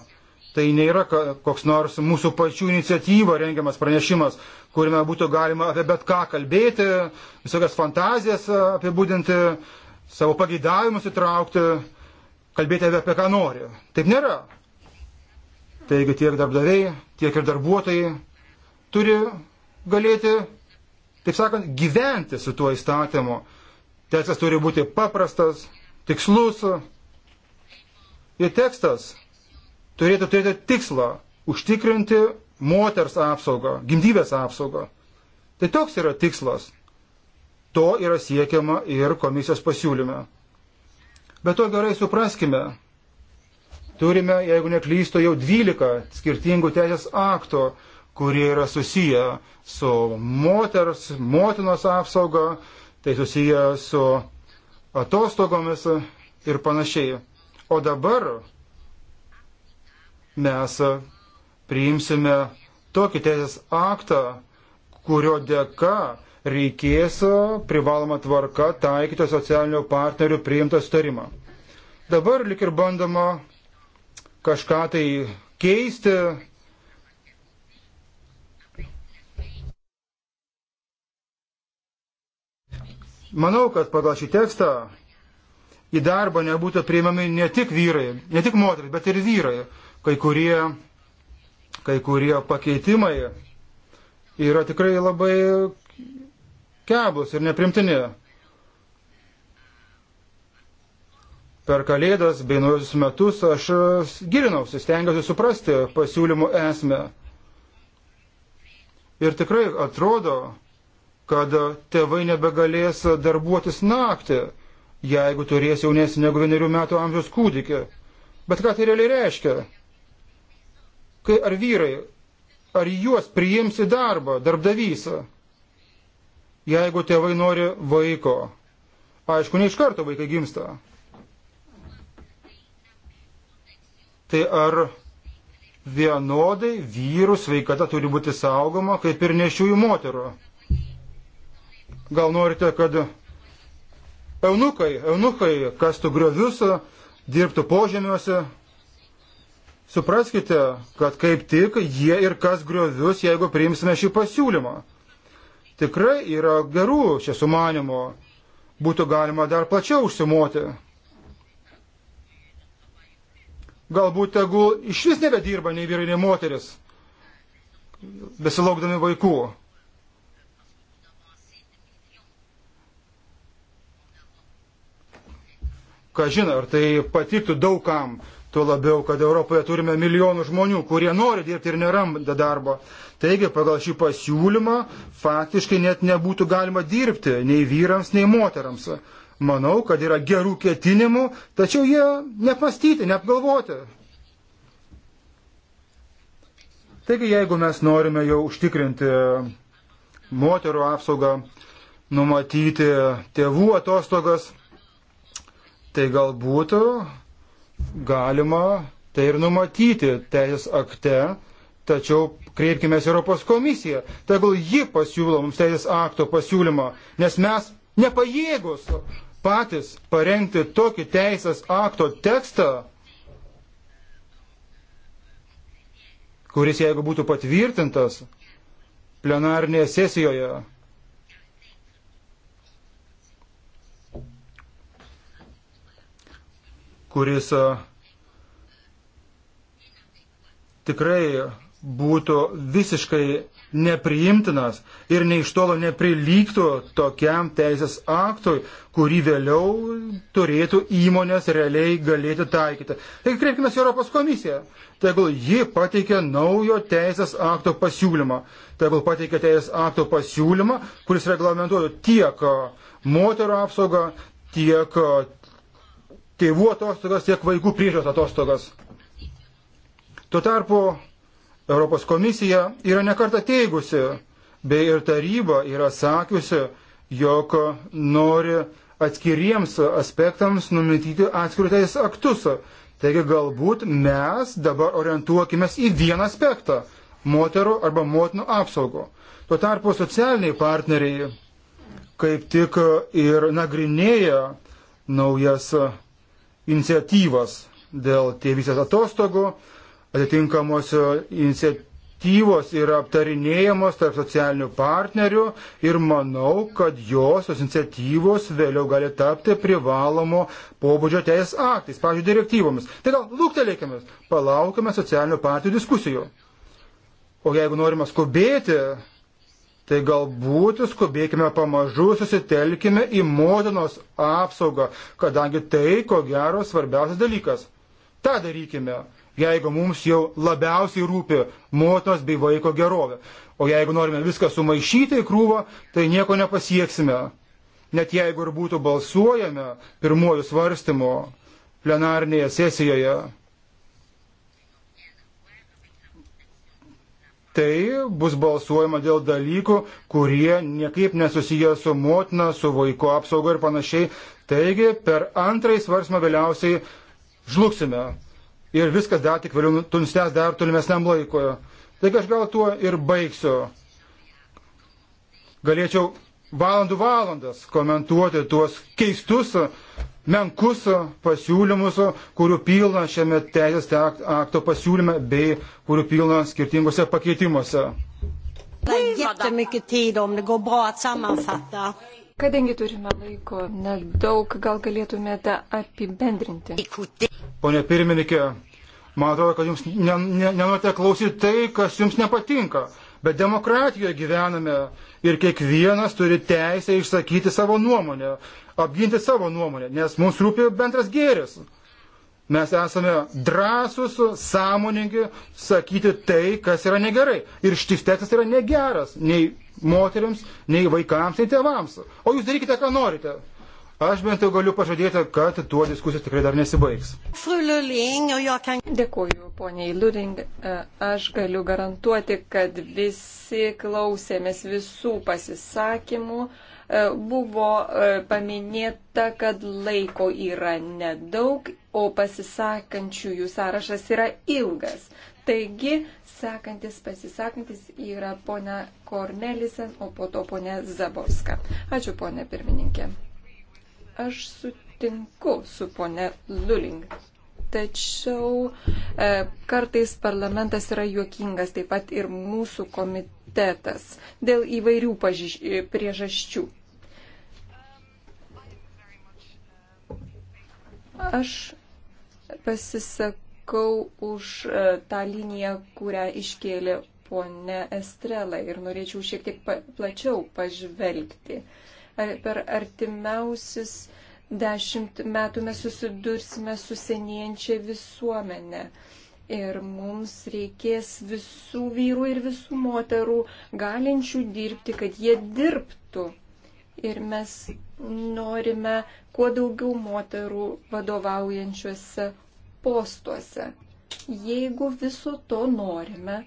[SPEAKER 4] Tai nėra koks nors mūsų pačių iniciatyva rengiamas pranešimas, kuriame būtų galima apie bet ką kalbėti, visokias fantazijas apibūdinti, savo pageidavimus įtraukti, kalbėti apie, apie ką nori. Taip nėra. Taigi tiek darbdaviai, tiek ir darbuotojai turi galėti, taip sakant, gyventi su tuo įstatymu. Tekstas turi būti paprastas, tikslus, Ir tekstas turėtų turėti tikslą užtikrinti moters apsaugą, gimdybės apsaugą. Tai toks yra tikslas. To yra siekiama ir komisijos pasiūlyme. Bet to gerai supraskime. Turime, jeigu neklysto, jau 12 skirtingų teisės akto, kurie yra susiję su moters, motinos apsauga, tai susiję su atostogomis ir panašiai. O dabar mes priimsime tokį teisės aktą, kurio dėka reikės privaloma tvarka taikyti socialinių partnerių priimtą sutarimą. Dabar lik ir bandoma kažką tai keisti. Manau, kad pagal šį tekstą į darbą nebūtų priimami ne tik vyrai, ne tik moteris, bet ir vyrai. Kai kurie, kai kurie pakeitimai yra tikrai labai keblus ir neprimtini. Per Kalėdas bei naujus metus aš gilinausi, stengiuosi suprasti pasiūlymų esmę. Ir tikrai atrodo, kad tėvai nebegalės darbuotis naktį jeigu turės jaunesnį negu vienerių metų amžiaus kūdikį. Bet ką tai realiai reiškia? Kai ar vyrai, ar juos priims į darbą, darbdavys? Jeigu tėvai nori vaiko, aišku, ne iš karto vaikai gimsta. Tai ar vienodai vyrų sveikata turi būti saugoma, kaip ir nešiųjų moterų? Gal norite, kad Eunukai, eunukai kastų griovius, dirbtų požemiuose. Supraskite, kad kaip tik jie ir kas griovius, jeigu priimsime šį pasiūlymą. Tikrai yra gerų čia sumanimo. Būtų galima dar plačiau užsimoti. Galbūt tegul iš vis nebedirba nei vyrai, nei moteris, besilaukdami vaikų. ką žino, ar tai patiktų daugam. Tuo labiau, kad Europoje turime milijonų žmonių, kurie nori dirbti ir neranda darbo. Taigi, pagal šį pasiūlymą faktiškai net nebūtų galima dirbti nei vyrams, nei moteriams. Manau, kad yra gerų ketinimų, tačiau jie nepastyti, neapgalvoti. Taigi, jeigu mes norime jau užtikrinti moterų apsaugą, numatyti tėvų atostogas, tai gal būtų galima tai ir numatyti teisės akte, tačiau kreipkime Europos komisiją, tegul ji pasiūlo mums teisės akto pasiūlymą, nes mes nepajėgus patys parengti tokį teisės akto tekstą, kuris jeigu būtų patvirtintas plenarnėje sesijoje kuris tikrai būtų visiškai nepriimtinas ir neiš tolo neprilygtų tokiam teisės aktui, kurį vėliau turėtų įmonės realiai galėti taikyti. Taigi kreipkime į Europos komisiją. Tegul ji pateikia naujo teisės akto pasiūlymą. Tegul pateikia teisės akto pasiūlymą, kuris reglamentuoja tiek moterų apsaugą, tiek tėvų atostogas, tiek vaikų priežiūros atostogas. Tuo tarpu Europos komisija yra nekarta teigusi, bei ir taryba yra sakiusi, jog nori atskiriems aspektams numatyti atskirų teisės aktus. Taigi galbūt mes dabar orientuokime į vieną aspektą - moterų arba motinų apsaugų. Tuo tarpu socialiniai partneriai kaip tik ir nagrinėja naujas iniciatyvas dėl tėvysės atostogų. Atitinkamos iniciatyvos yra aptarinėjamos tarp socialinių partnerių ir manau, kad jos, tos iniciatyvos vėliau gali tapti privalomo pobūdžio teisės aktais, pavyzdžiui, direktyvomis. Tai gal lūktelėkime, palaukime socialinių partijų diskusijų. O jeigu norime skubėti Tai galbūt skubėkime pamažu, susitelkime į motinos apsaugą, kadangi tai, ko gero, svarbiausias dalykas. Ta darykime, jeigu mums jau labiausiai rūpi motinos bei vaiko gerovė. O jeigu norime viską sumaišyti į krūvą, tai nieko nepasieksime. Net jeigu ir būtų balsuojame pirmojų svarstymo plenarnėje sesijoje. tai bus balsuojama dėl dalykų, kurie niekaip nesusiję su motina, su vaiko apsauga ir panašiai. Taigi per antrąjį svarsmą vėliausiai žlugsime. Ir viskas dar tik vėliau tunstęs dar tolimesniam laikoje. Taigi aš gal tuo ir baigsiu. Galėčiau valandų valandas komentuoti tuos keistus menkus pasiūlymus, kurių pilna šiame teisės akto pasiūlyme bei kurių pilna skirtingose pakeitimuose.
[SPEAKER 1] Kadangi turime laiko nedaug, gal galėtumėte apibendrinti.
[SPEAKER 4] Pone pirmininkė, man atrodo, kad jums nenorite ne, ne klausyti tai, kas jums nepatinka. Bet demokratijoje gyvename ir kiekvienas turi teisę išsakyti savo nuomonę, apginti savo nuomonę, nes mums rūpi bendras gėris. Mes esame drąsus, sąmoningi sakyti tai, kas yra negerai. Ir šis tekstas yra negeras nei moteriams, nei vaikams, nei tėvams. O jūs darykite, ką norite. Aš bent jau galiu pažadėti, kad tuo diskusijos tikrai dar nesibaigs.
[SPEAKER 1] Dėkuoju, poniai Luring. E, aš galiu garantuoti, kad visi klausėmės visų pasisakymų. E, buvo e, paminėta, kad laiko yra nedaug, o pasisakančiųjų sąrašas yra ilgas. Taigi, sekantis pasisakantis yra ponia Kornelisen, o po to ponia Zaborska. Ačiū, ponia pirmininkė. Aš sutinku su pone Luling. Tačiau e, kartais parlamentas yra juokingas, taip pat ir mūsų komitetas, dėl įvairių pažiž... priežasčių. Aš pasisakau už e, tą liniją, kurią iškėlė ponė Estrela ir norėčiau šiek tiek pa plačiau pažvelgti. E, per artimiausius dešimt metų mes susidursime su senėjančia visuomenė. Ir mums reikės visų vyrų ir visų moterų galinčių dirbti, kad jie dirbtų. Ir mes norime kuo daugiau moterų vadovaujančiuose postuose. Jeigu viso to norime,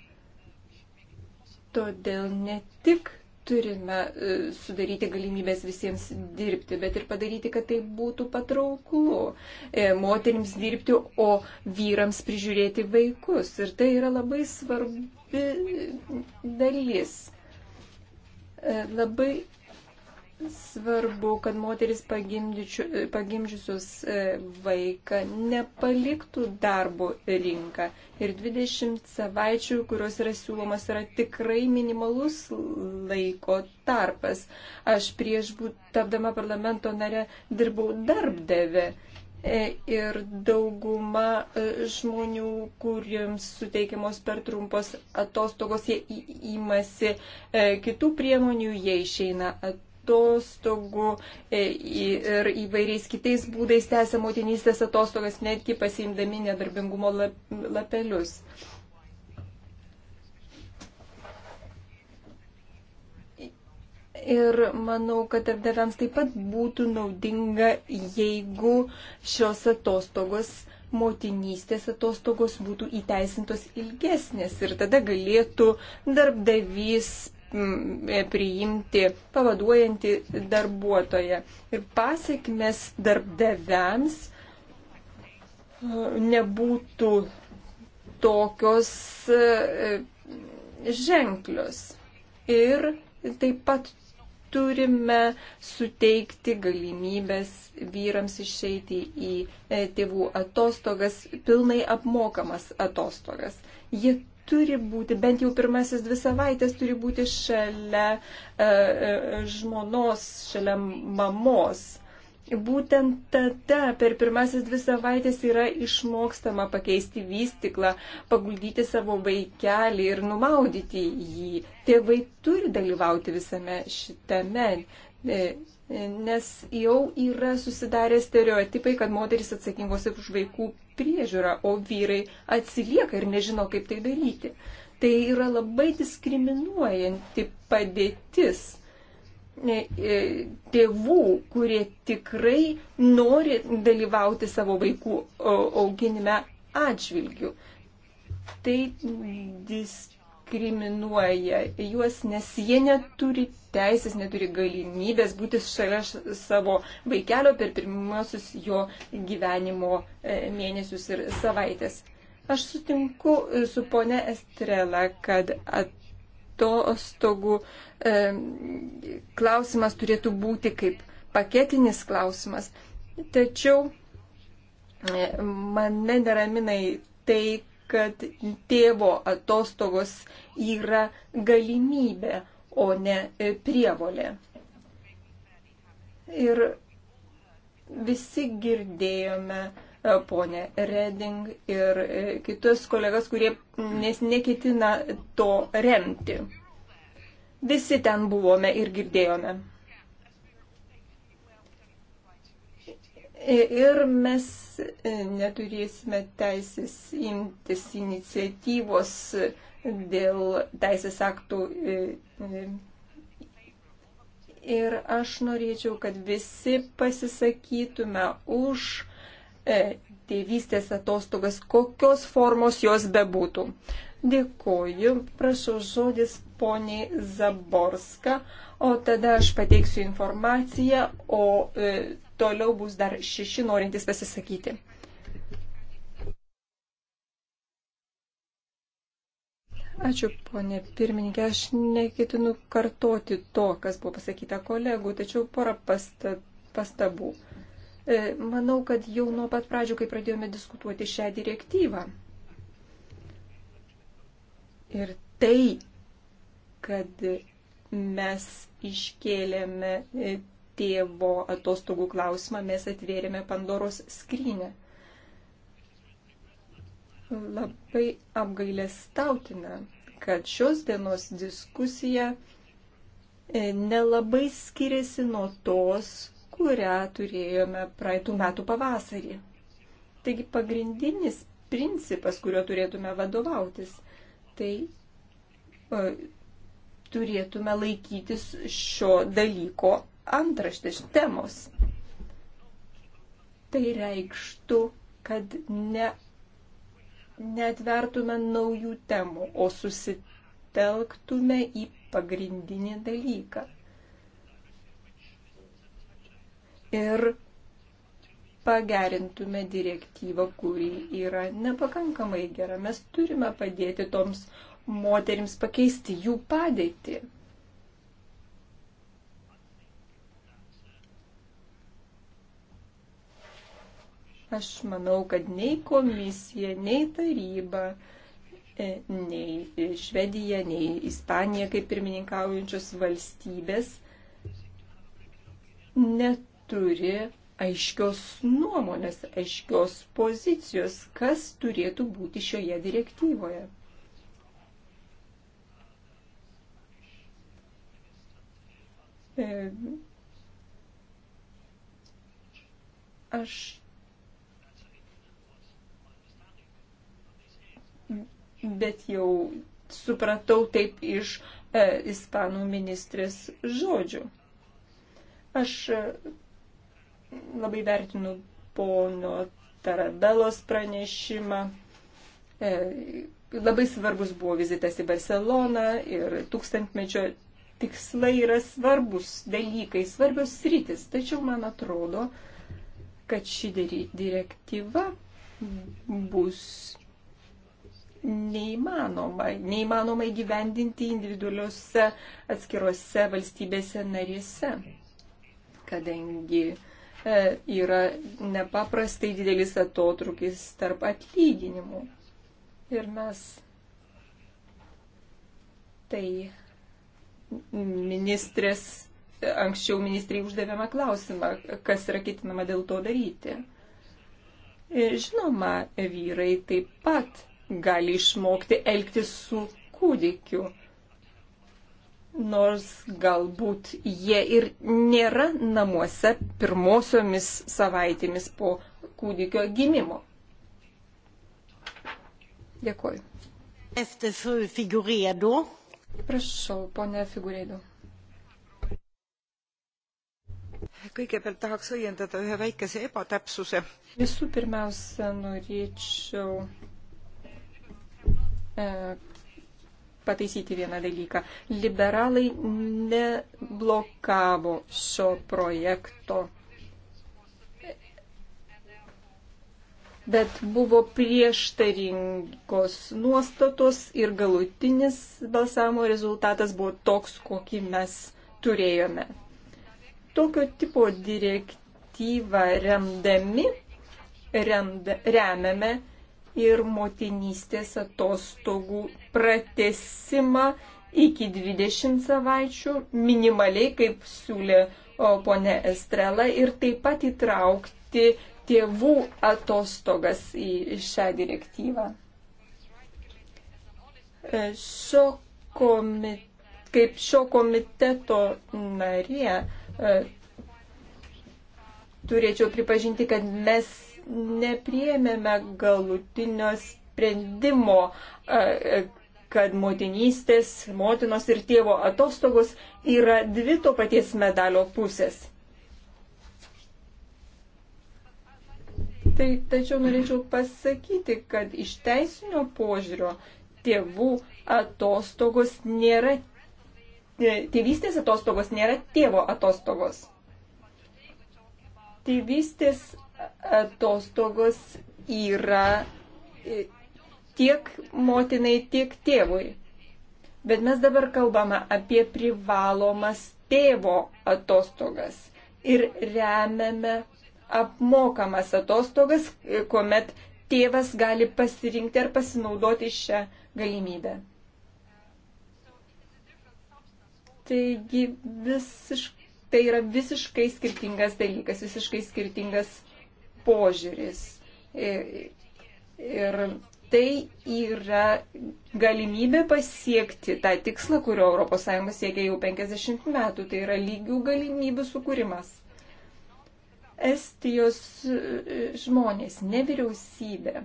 [SPEAKER 1] todėl ne tik turime e, sudaryti galimybės visiems dirbti, bet ir padaryti, kad tai būtų patrauklu e, moterims dirbti, o vyrams prižiūrėti vaikus. Ir tai yra labai svarbi dalis. E, labai svarbu, kad moteris pagimdžiusios e, vaiką nepaliktų darbo rinką. Ir 20 savaičių, kurios yra siūlomas, yra tikrai minimalus laiko tarpas. Aš prieš tapdama parlamento nare dirbau darbdavę. E, ir dauguma e, žmonių, kuriems suteikiamos per trumpos atostogos, jie įmasi kitų priemonių, jie išeina atostogos atostogų e, ir įvairiais kitais būdais tęsia motinystės atostogas, netgi pasiimdami nedarbingumo lapelius. Ir manau, kad darbdaviams taip pat būtų naudinga, jeigu šios atostogos, motinystės atostogos būtų įteisintos ilgesnės ir tada galėtų darbdavys E, priimti pavaduojantį darbuotoją. Ir pasiekmes darbdaviams e, nebūtų tokios e, ženklios. Ir taip pat turime suteikti galimybės vyrams išeiti į tėvų atostogas, pilnai apmokamas atostogas. Jie turi būti, bent jau pirmasis dvi savaitės turi būti šalia e, e, žmonos, šalia mamos. Būtent tada per pirmasis dvi savaitės yra išmokstama pakeisti vystiklą, paguldyti savo vaikelį ir numaudyti jį. Tėvai turi dalyvauti visame šitame e, nes jau yra susidarę stereotipai, kad moteris atsakingos už vaikų priežiūrą, o vyrai atsilieka ir nežino, kaip tai daryti. Tai yra labai diskriminuojanti padėtis e, e, tėvų, kurie tikrai nori dalyvauti savo vaikų auginime atžvilgių. Tai dis diskriminuoja juos, nes jie neturi teisės, neturi galimybės būti šalia savo vaikelio per pirmuosius jo gyvenimo e, mėnesius ir savaitės. Aš sutinku e, su ponia Estrela, kad atostogų e, klausimas turėtų būti kaip paketinis klausimas. Tačiau e, mane neraminai tai, kad tėvo atostogos yra galimybė, o ne e, prievolė. Ir visi girdėjome e, ponę Reding ir e, kitus kolegas, kurie nes neketina to remti. Visi ten buvome ir girdėjome. Ir mes e, neturėsime teisės imtis iniciatyvos dėl teisės aktų. E, e, ir aš norėčiau, kad visi pasisakytume už tėvystės atostogas, kokios formos jos bebūtų. Dėkoju, prašau žodis poniai Zaborska, o tada aš pateiksiu informaciją, o e, Toliau bus dar šeši norintys pasisakyti. Ačiū, ponė pirmininkė. Aš neketinu kartoti to, kas buvo pasakyta kolegų, tačiau porą pasta, pastabų. E, manau, kad jau nuo pat pradžių, kai pradėjome diskutuoti šią direktyvą. Ir tai, kad mes iškėlėme e, tėvo atostogų klausimą mes atvėrėme Pandoros skrynę. Labai apgailestautina, kad šios dienos diskusija e, nelabai skiriasi nuo tos, kurią turėjome praeitų metų pavasarį. Taigi pagrindinis principas, kuriuo turėtume vadovautis, tai e, turėtume laikytis šio dalyko antraštės temos. Tai reikštų, kad ne, netvertume naujų temų, o susitelktume į pagrindinį dalyką. Ir pagerintume direktyvą, kuri yra nepakankamai gera. Mes turime padėti toms moterims pakeisti jų padėtį. Aš manau, kad nei komisija, nei taryba, e, nei Švedija, nei Ispanija kaip pirmininkaujančios valstybės neturi aiškios nuomonės, aiškios pozicijos, kas turėtų būti šioje direktyvoje. E, aš bet jau supratau taip iš e, ispanų ministrės žodžių. Aš e, labai vertinu pono Tarabelos pranešimą. E, labai svarbus buvo vizitas į Barceloną ir tūkstantmečio tikslai yra svarbus dalykai, svarbios sritis. Tačiau man atrodo, kad ši direktyva bus neįmanoma, neįmanoma įgyvendinti individualiuose atskiruose valstybėse narėse, kadangi e, yra nepaprastai didelis atotrukis tarp atlyginimų. Ir mes tai ministrės, anksčiau ministrai uždavėme klausimą, kas yra ketinama dėl to daryti. Žinoma, vyrai taip pat gali išmokti elgtis su kūdikiu. Nors galbūt jie ir nėra namuose pirmosiomis savaitėmis po kūdikio gimimo. Dėkuoju.
[SPEAKER 2] Efter fru Figuredo. Prašau, ponia Figuredo.
[SPEAKER 1] Kõigepealt tahaks õiendada ühe väikese ebatäpsuse. Visų pirmiausia, norėčiau E, pataisyti vieną dalyką. Liberalai neblokavo šio projekto, bet buvo prieštaringos nuostatos ir galutinis balsavimo rezultatas buvo toks, kokį mes turėjome. Tokio tipo direktyvą remdami remd, remiame ir motinystės atostogų pratesimą iki 20 savaičių, minimaliai, kaip siūlė ponė Estrela, ir taip pat įtraukti tėvų atostogas į šią direktyvą. E, šio komit, kaip šio komiteto narė e, turėčiau pripažinti, kad mes nepriemėme galutinio sprendimo, kad motinystės, motinos ir tėvo atostogos yra dvi to paties medalio pusės. Tai, tačiau norėčiau pasakyti, kad iš teisinio požiūrio tėvų atostogos nėra, e, tėvystės atostogos nėra tėvo atostogos. Tėvystės atostogos yra e, tiek motinai, tiek tėvui. Bet mes dabar kalbame apie privalomas tėvo atostogas ir remiame apmokamas atostogas, e, kuomet tėvas gali pasirinkti ar pasinaudoti šią galimybę. Taigi visiškai, tai yra visiškai skirtingas dalykas, visiškai skirtingas požiūris. E, ir tai yra galimybė pasiekti tą tikslą, kurio ES siekia jau 50 metų. Tai yra lygių galimybių sukūrimas. Estijos e, žmonės, ne vyriausybė.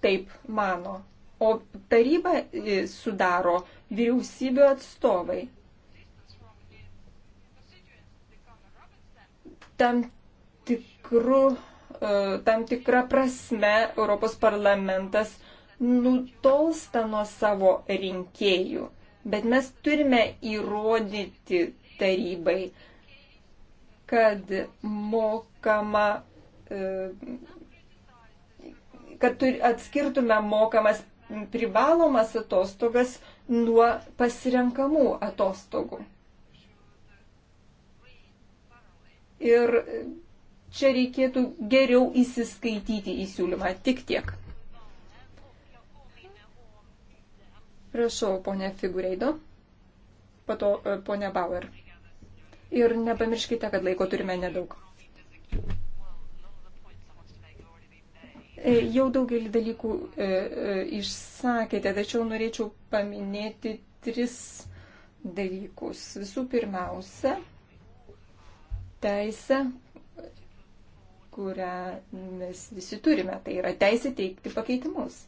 [SPEAKER 1] Taip mano. O tarybą e, sudaro vyriausybių atstovai. Tam tikrų, e, tam tikrą prasme Europos parlamentas nutolsta nuo savo rinkėjų. Bet mes turime įrodyti tarybai, kad mokama, e, kad atskirtume mokamas privalomas atostogas nuo pasirenkamų atostogų. Ir čia reikėtų geriau įsiskaityti į siūlymą. Tik tiek. Prašau, ponė Figureido, pato e, ponė Bauer. Ir nepamirškite, kad laiko turime nedaug. E, jau daugelį dalykų e, e, išsakėte, tačiau norėčiau paminėti tris dalykus. Visų pirmausia, teisę kurią mes visi turime, tai yra teisė teikti pakeitimus.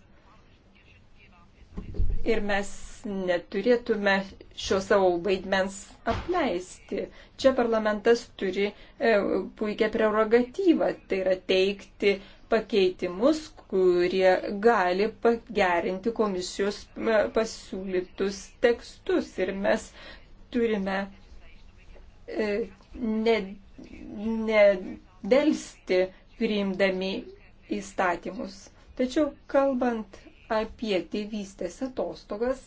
[SPEAKER 1] Ir mes neturėtume šio savo vaidmens apleisti. Čia parlamentas turi e, puikią prerogatyvą, tai yra teikti pakeitimus, kurie gali pagerinti komisijos e, pasiūlytus tekstus. Ir mes turime e, ne, ne dėlsti priimdami įstatymus. Tačiau kalbant apie tėvystės atostogas,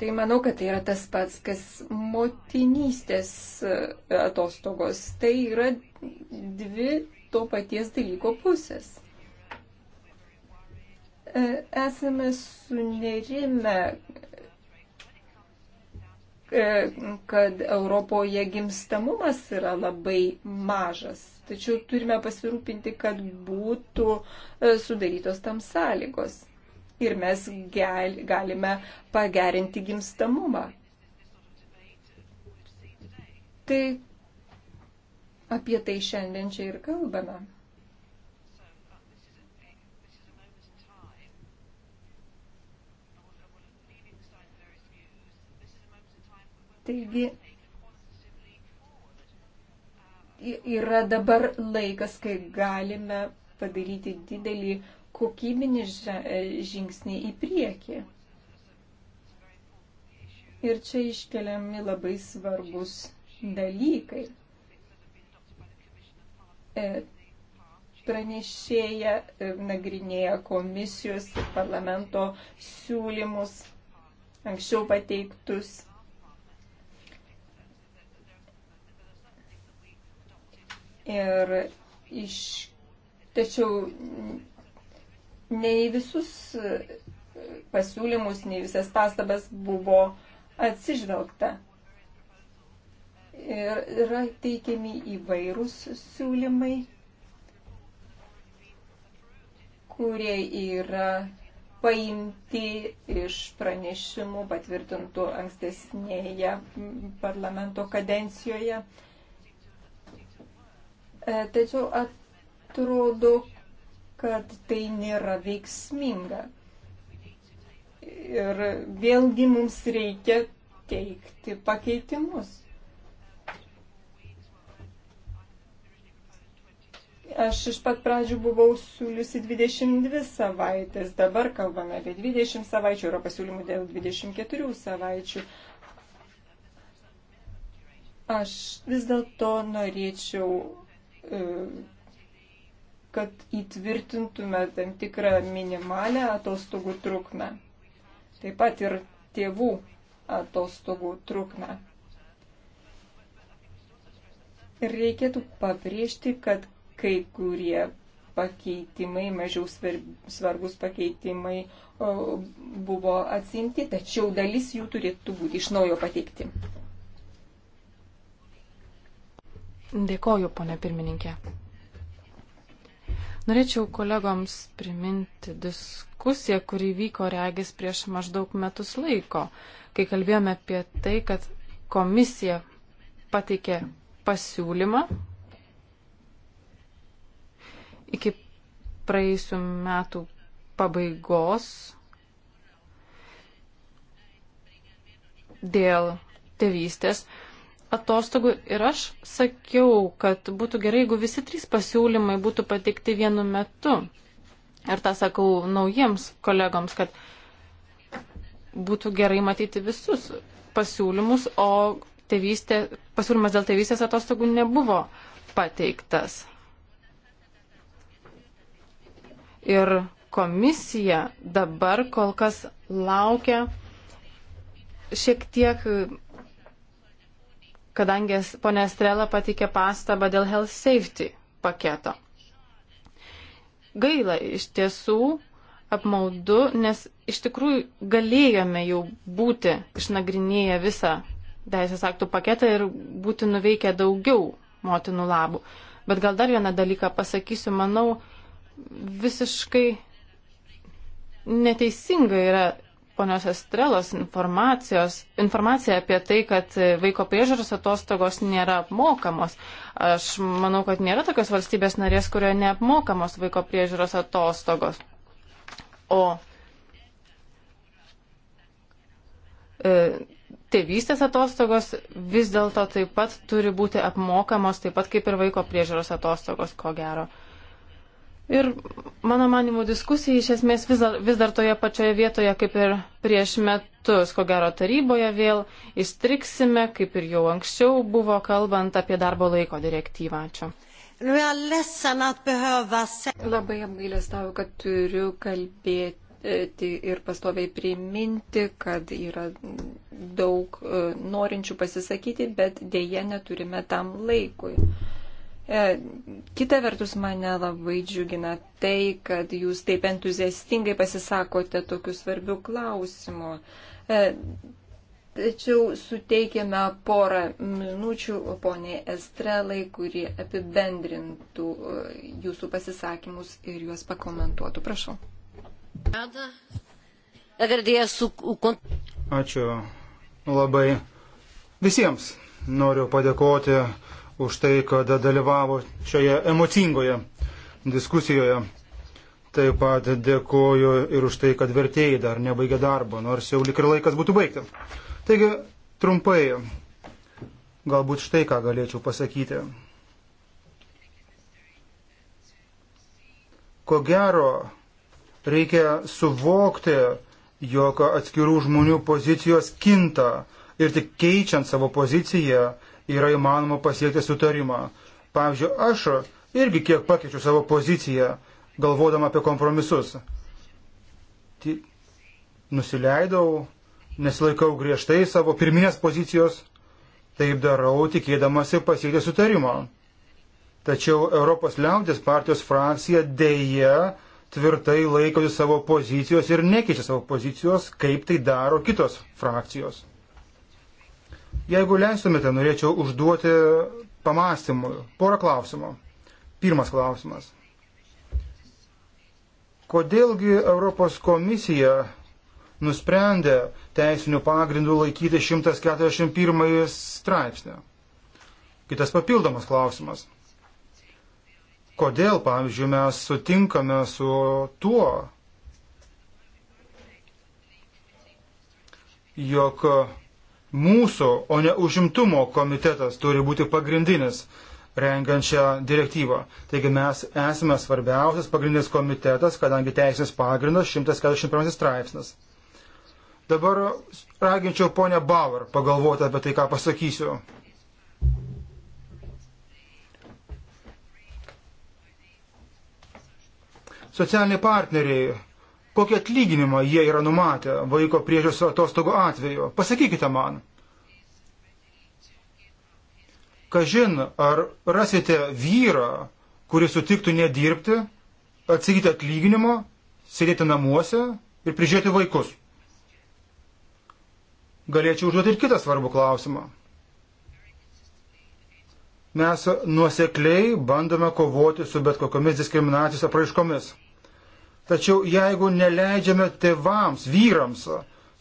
[SPEAKER 1] tai manau, kad tai yra tas pats, kas motinystės e, atostogos. Tai yra dvi to paties dalyko pusės. E, esame sunerime E, kad Europoje gimstamumas yra labai mažas. Tačiau turime pasirūpinti, kad būtų e, sudarytos tam sąlygos. Ir mes galime pagerinti gimstamumą. Tai apie tai šiandien čia ir kalbame. Taigi yra dabar laikas, kai galime padaryti didelį kokybinį žingsnį į priekį. Ir čia iškeliami labai svarbus dalykai. E, pranešėja e, nagrinėja komisijos ir parlamento siūlymus, anksčiau pateiktus Ir iš, tačiau nei visus pasiūlymus, nei visas pastabas buvo atsižvelgta. Ir yra teikiami įvairūs siūlymai, kurie yra paimti iš pranešimų patvirtintų ankstesnėje parlamento kadencijoje. E, tačiau atrodo, kad tai nėra veiksminga. Ir vėlgi mums reikia teikti pakeitimus. Aš iš pat pradžių buvau siūliusi 22 savaitės, dabar kalbame apie 20 savaičių, yra pasiūlymų dėl 24 savaičių. Aš vis dėlto norėčiau kad įtvirtintume tam tikrą minimalę atostogų trukmę. Taip pat ir tėvų atostogų trukmę. Ir reikėtų pabrėžti, kad kai kurie pakeitimai, mažiau svarbus pakeitimai buvo atsimti, tačiau dalis jų turėtų būti iš naujo pateikti.
[SPEAKER 3] Dėkoju, ponė pirmininkė. Norėčiau kolegoms priminti diskusiją, kuri vyko regis prieš maždaug metus laiko, kai kalbėjome apie tai, kad komisija pateikė pasiūlymą iki praėjusių metų pabaigos dėl tėvystės atostogų ir aš sakiau, kad būtų gerai, jeigu visi trys pasiūlymai būtų pateikti vienu metu. Ir tą sakau naujiems kolegoms, kad būtų gerai matyti visus pasiūlymus, o tėvystė, pasiūlymas dėl tėvystės atostogų nebuvo pateiktas. Ir komisija dabar kol kas laukia šiek tiek kadangi ponė Strela patikė pastabą dėl health safety paketo. Gaila iš tiesų, apmaudu, nes iš tikrųjų galėjome jau būti išnagrinėję visą teisės aktų paketą ir būti nuveikę daugiau motinų labų. Bet gal dar vieną dalyką pasakysiu, manau, visiškai neteisinga yra ponios Estrelos informacijos, informacija apie tai, kad vaiko priežiūros atostogos nėra apmokamos. Aš manau, kad nėra tokios valstybės narės, kurioje neapmokamos vaiko priežiūros atostogos. O e, tėvystės atostogos vis dėlto taip pat turi būti apmokamos, taip pat kaip ir vaiko priežiūros atostogos, ko gero. E, Ir mano manimų diskusija iš esmės vis dar, vis dar toje pačioje vietoje kaip ir prieš metus, ko gero taryboje vėl įstriksime, kaip ir jau anksčiau buvo kalbant apie darbo laiko direktyvą. Ačiū.
[SPEAKER 2] Nu, Labai
[SPEAKER 1] apgailestauju, kad turiu kalbėti ir pastoviai priminti, kad yra daug e, norinčių pasisakyti, bet dėje neturime tam laikui. E, kita vertus mane labai džiugina tai, kad jūs taip entuziastingai pasisakote tokiu svarbiu klausimu. E, tačiau suteikėme porą minučių poniai Estrelai, kuri apibendrintų e, jūsų pasisakymus ir juos pakomentuotų. Prašau.
[SPEAKER 4] Ačiū labai visiems. Noriu padėkoti už tai, kad dalyvavo šioje emocingoje diskusijoje. Taip pat dėkoju ir už tai, kad vertėjai dar nebaigė darbo, nors jau lik ir laikas būtų baigti. Taigi, trumpai, galbūt štai ką galėčiau pasakyti. Ko gero, reikia suvokti, jog atskirų žmonių pozicijos kinta ir tik keičiant savo poziciją yra įmanoma pasiekti sutarimą. Pavyzdžiui, aš irgi kiek pakeičiu savo poziciją, galvodama apie kompromisus. Tai nusileidau, nesilaikau griežtai savo pirminės pozicijos, taip darau tikėdamasi pasiekti sutarimo. Tačiau Europos liaudės partijos frakcija dėje tvirtai laikosi savo pozicijos ir nekeičia savo pozicijos, kaip tai daro kitos frakcijos. Jeigu leistumėte, norėčiau užduoti pamastymui porą klausimų. Pirmas klausimas. Kodėlgi Europos komisija nusprendė teisinių pagrindų laikyti 141 straipsnį? Kitas papildomas klausimas. Kodėl, pavyzdžiui, mes sutinkame su tuo, jog mūsų, o ne užimtumo komitetas turi būti pagrindinis rengiant šią direktyvą. Taigi mes esame svarbiausias pagrindinis komitetas, kadangi teisės pagrindas 141 straipsnis. Dabar raginčiau ponę Bauer pagalvoti apie tai, ką pasakysiu. Socialiniai partneriai kokį atlyginimą jie yra numatę vaiko priežiūros atostogų atveju. Pasakykite man. Kažin, ar rasite vyrą, kuris sutiktų nedirbti, atsigyti atlyginimo, sėdėti namuose ir prižiūrėti vaikus? Galėčiau užduoti ir kitą svarbų klausimą. Mes nuosekliai bandome kovoti su bet kokiamis diskriminacijos apraiškomis. Tačiau jeigu neleidžiame tėvams, vyrams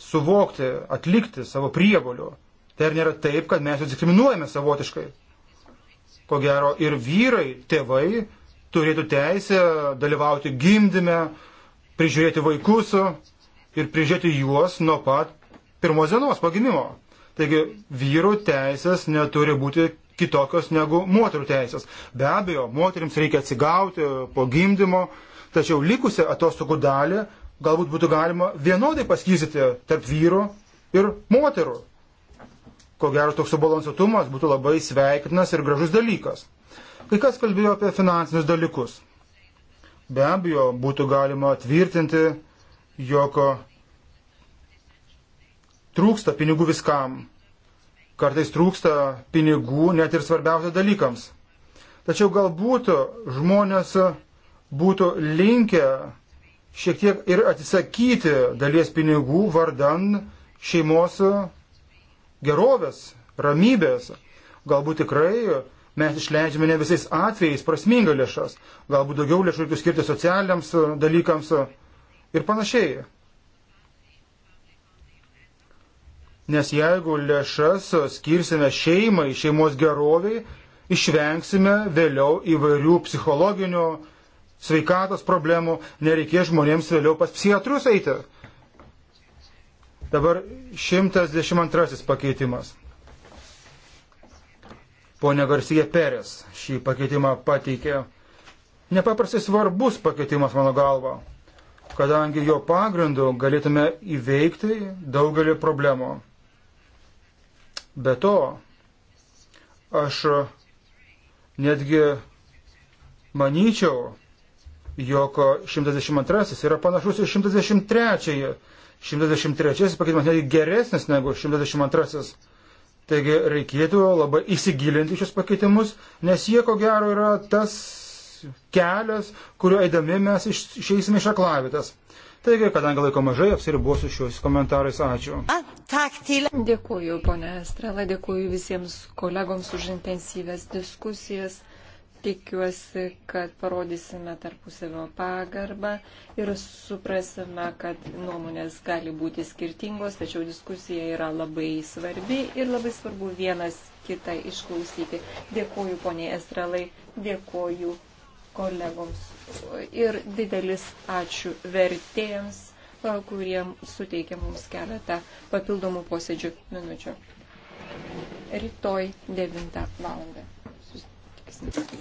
[SPEAKER 4] suvokti, atlikti savo prievolių, tai ar nėra taip, kad mes juos diskriminuojame savotiškai? Ko gero, ir vyrai, tėvai turėtų teisę dalyvauti gimdyme, prižiūrėti vaikus ir prižiūrėti juos nuo pat pirmos dienos pagimimo. Taigi vyrų teisės neturi būti kitokios negu moterų teisės. Be abejo, moteriams reikia atsigauti po gimdymo, tačiau likusią atostogų dalį galbūt būtų galima vienodai paskysyti tarp vyrų ir moterų. Ko gero, toks subalansuotumas būtų labai sveikinas ir gražus dalykas. Kai kas kalbėjo apie finansinius dalykus. Be abejo, būtų galima tvirtinti, jog trūksta pinigų viskam. Kartais trūksta pinigų net ir svarbiausia dalykams. Tačiau galbūt žmonės būtų linkę šiek tiek ir atsisakyti dalies pinigų vardan šeimos gerovės, ramybės. Galbūt tikrai mes išleidžiame ne visais atvejais prasmingą lėšas, galbūt daugiau lėšų reikėtų skirti socialiniams dalykams ir panašiai. Nes jeigu lėšas skirsime šeimai, šeimos geroviai, išvengsime vėliau įvairių psichologinių sveikatos problemų, nereikės žmonėms vėliau pas psichiatrus eiti. Dabar 112 pakeitimas. Pone Garcija Perės šį pakeitimą pateikė. Nepaprastai svarbus pakeitimas mano galva, kadangi jo pagrindu galėtume įveikti daugelį problemų. Be to, aš netgi manyčiau, jog 122 yra panašus į 123. 123 pakeitimas netgi geresnis negu 122. Taigi reikėtų labai įsigilinti šios pakeitimus, nes jie ko gero yra tas kelias, kuriuo eidami mes išeisime iš aklavitės. Taigi, kadangi laiko mažai, apsiribuosiu šios komentarais. Ačiū.
[SPEAKER 1] Dėkuoju, ponė Estrela, dėkuoju visiems kolegoms už intensyves diskusijas. Tikiuosi, kad parodysime tarpusavio pagarbą ir suprasime, kad nuomonės gali būti skirtingos, tačiau diskusija yra labai svarbi ir labai svarbu vienas kitą išklausyti. Dėkuoju poniai Estrelai, dėkuoju kolegoms ir didelis ačiū vertėjams, kurie suteikė mums keletą papildomų posėdžių minučių. Rytoj 9 val. Susitiksime.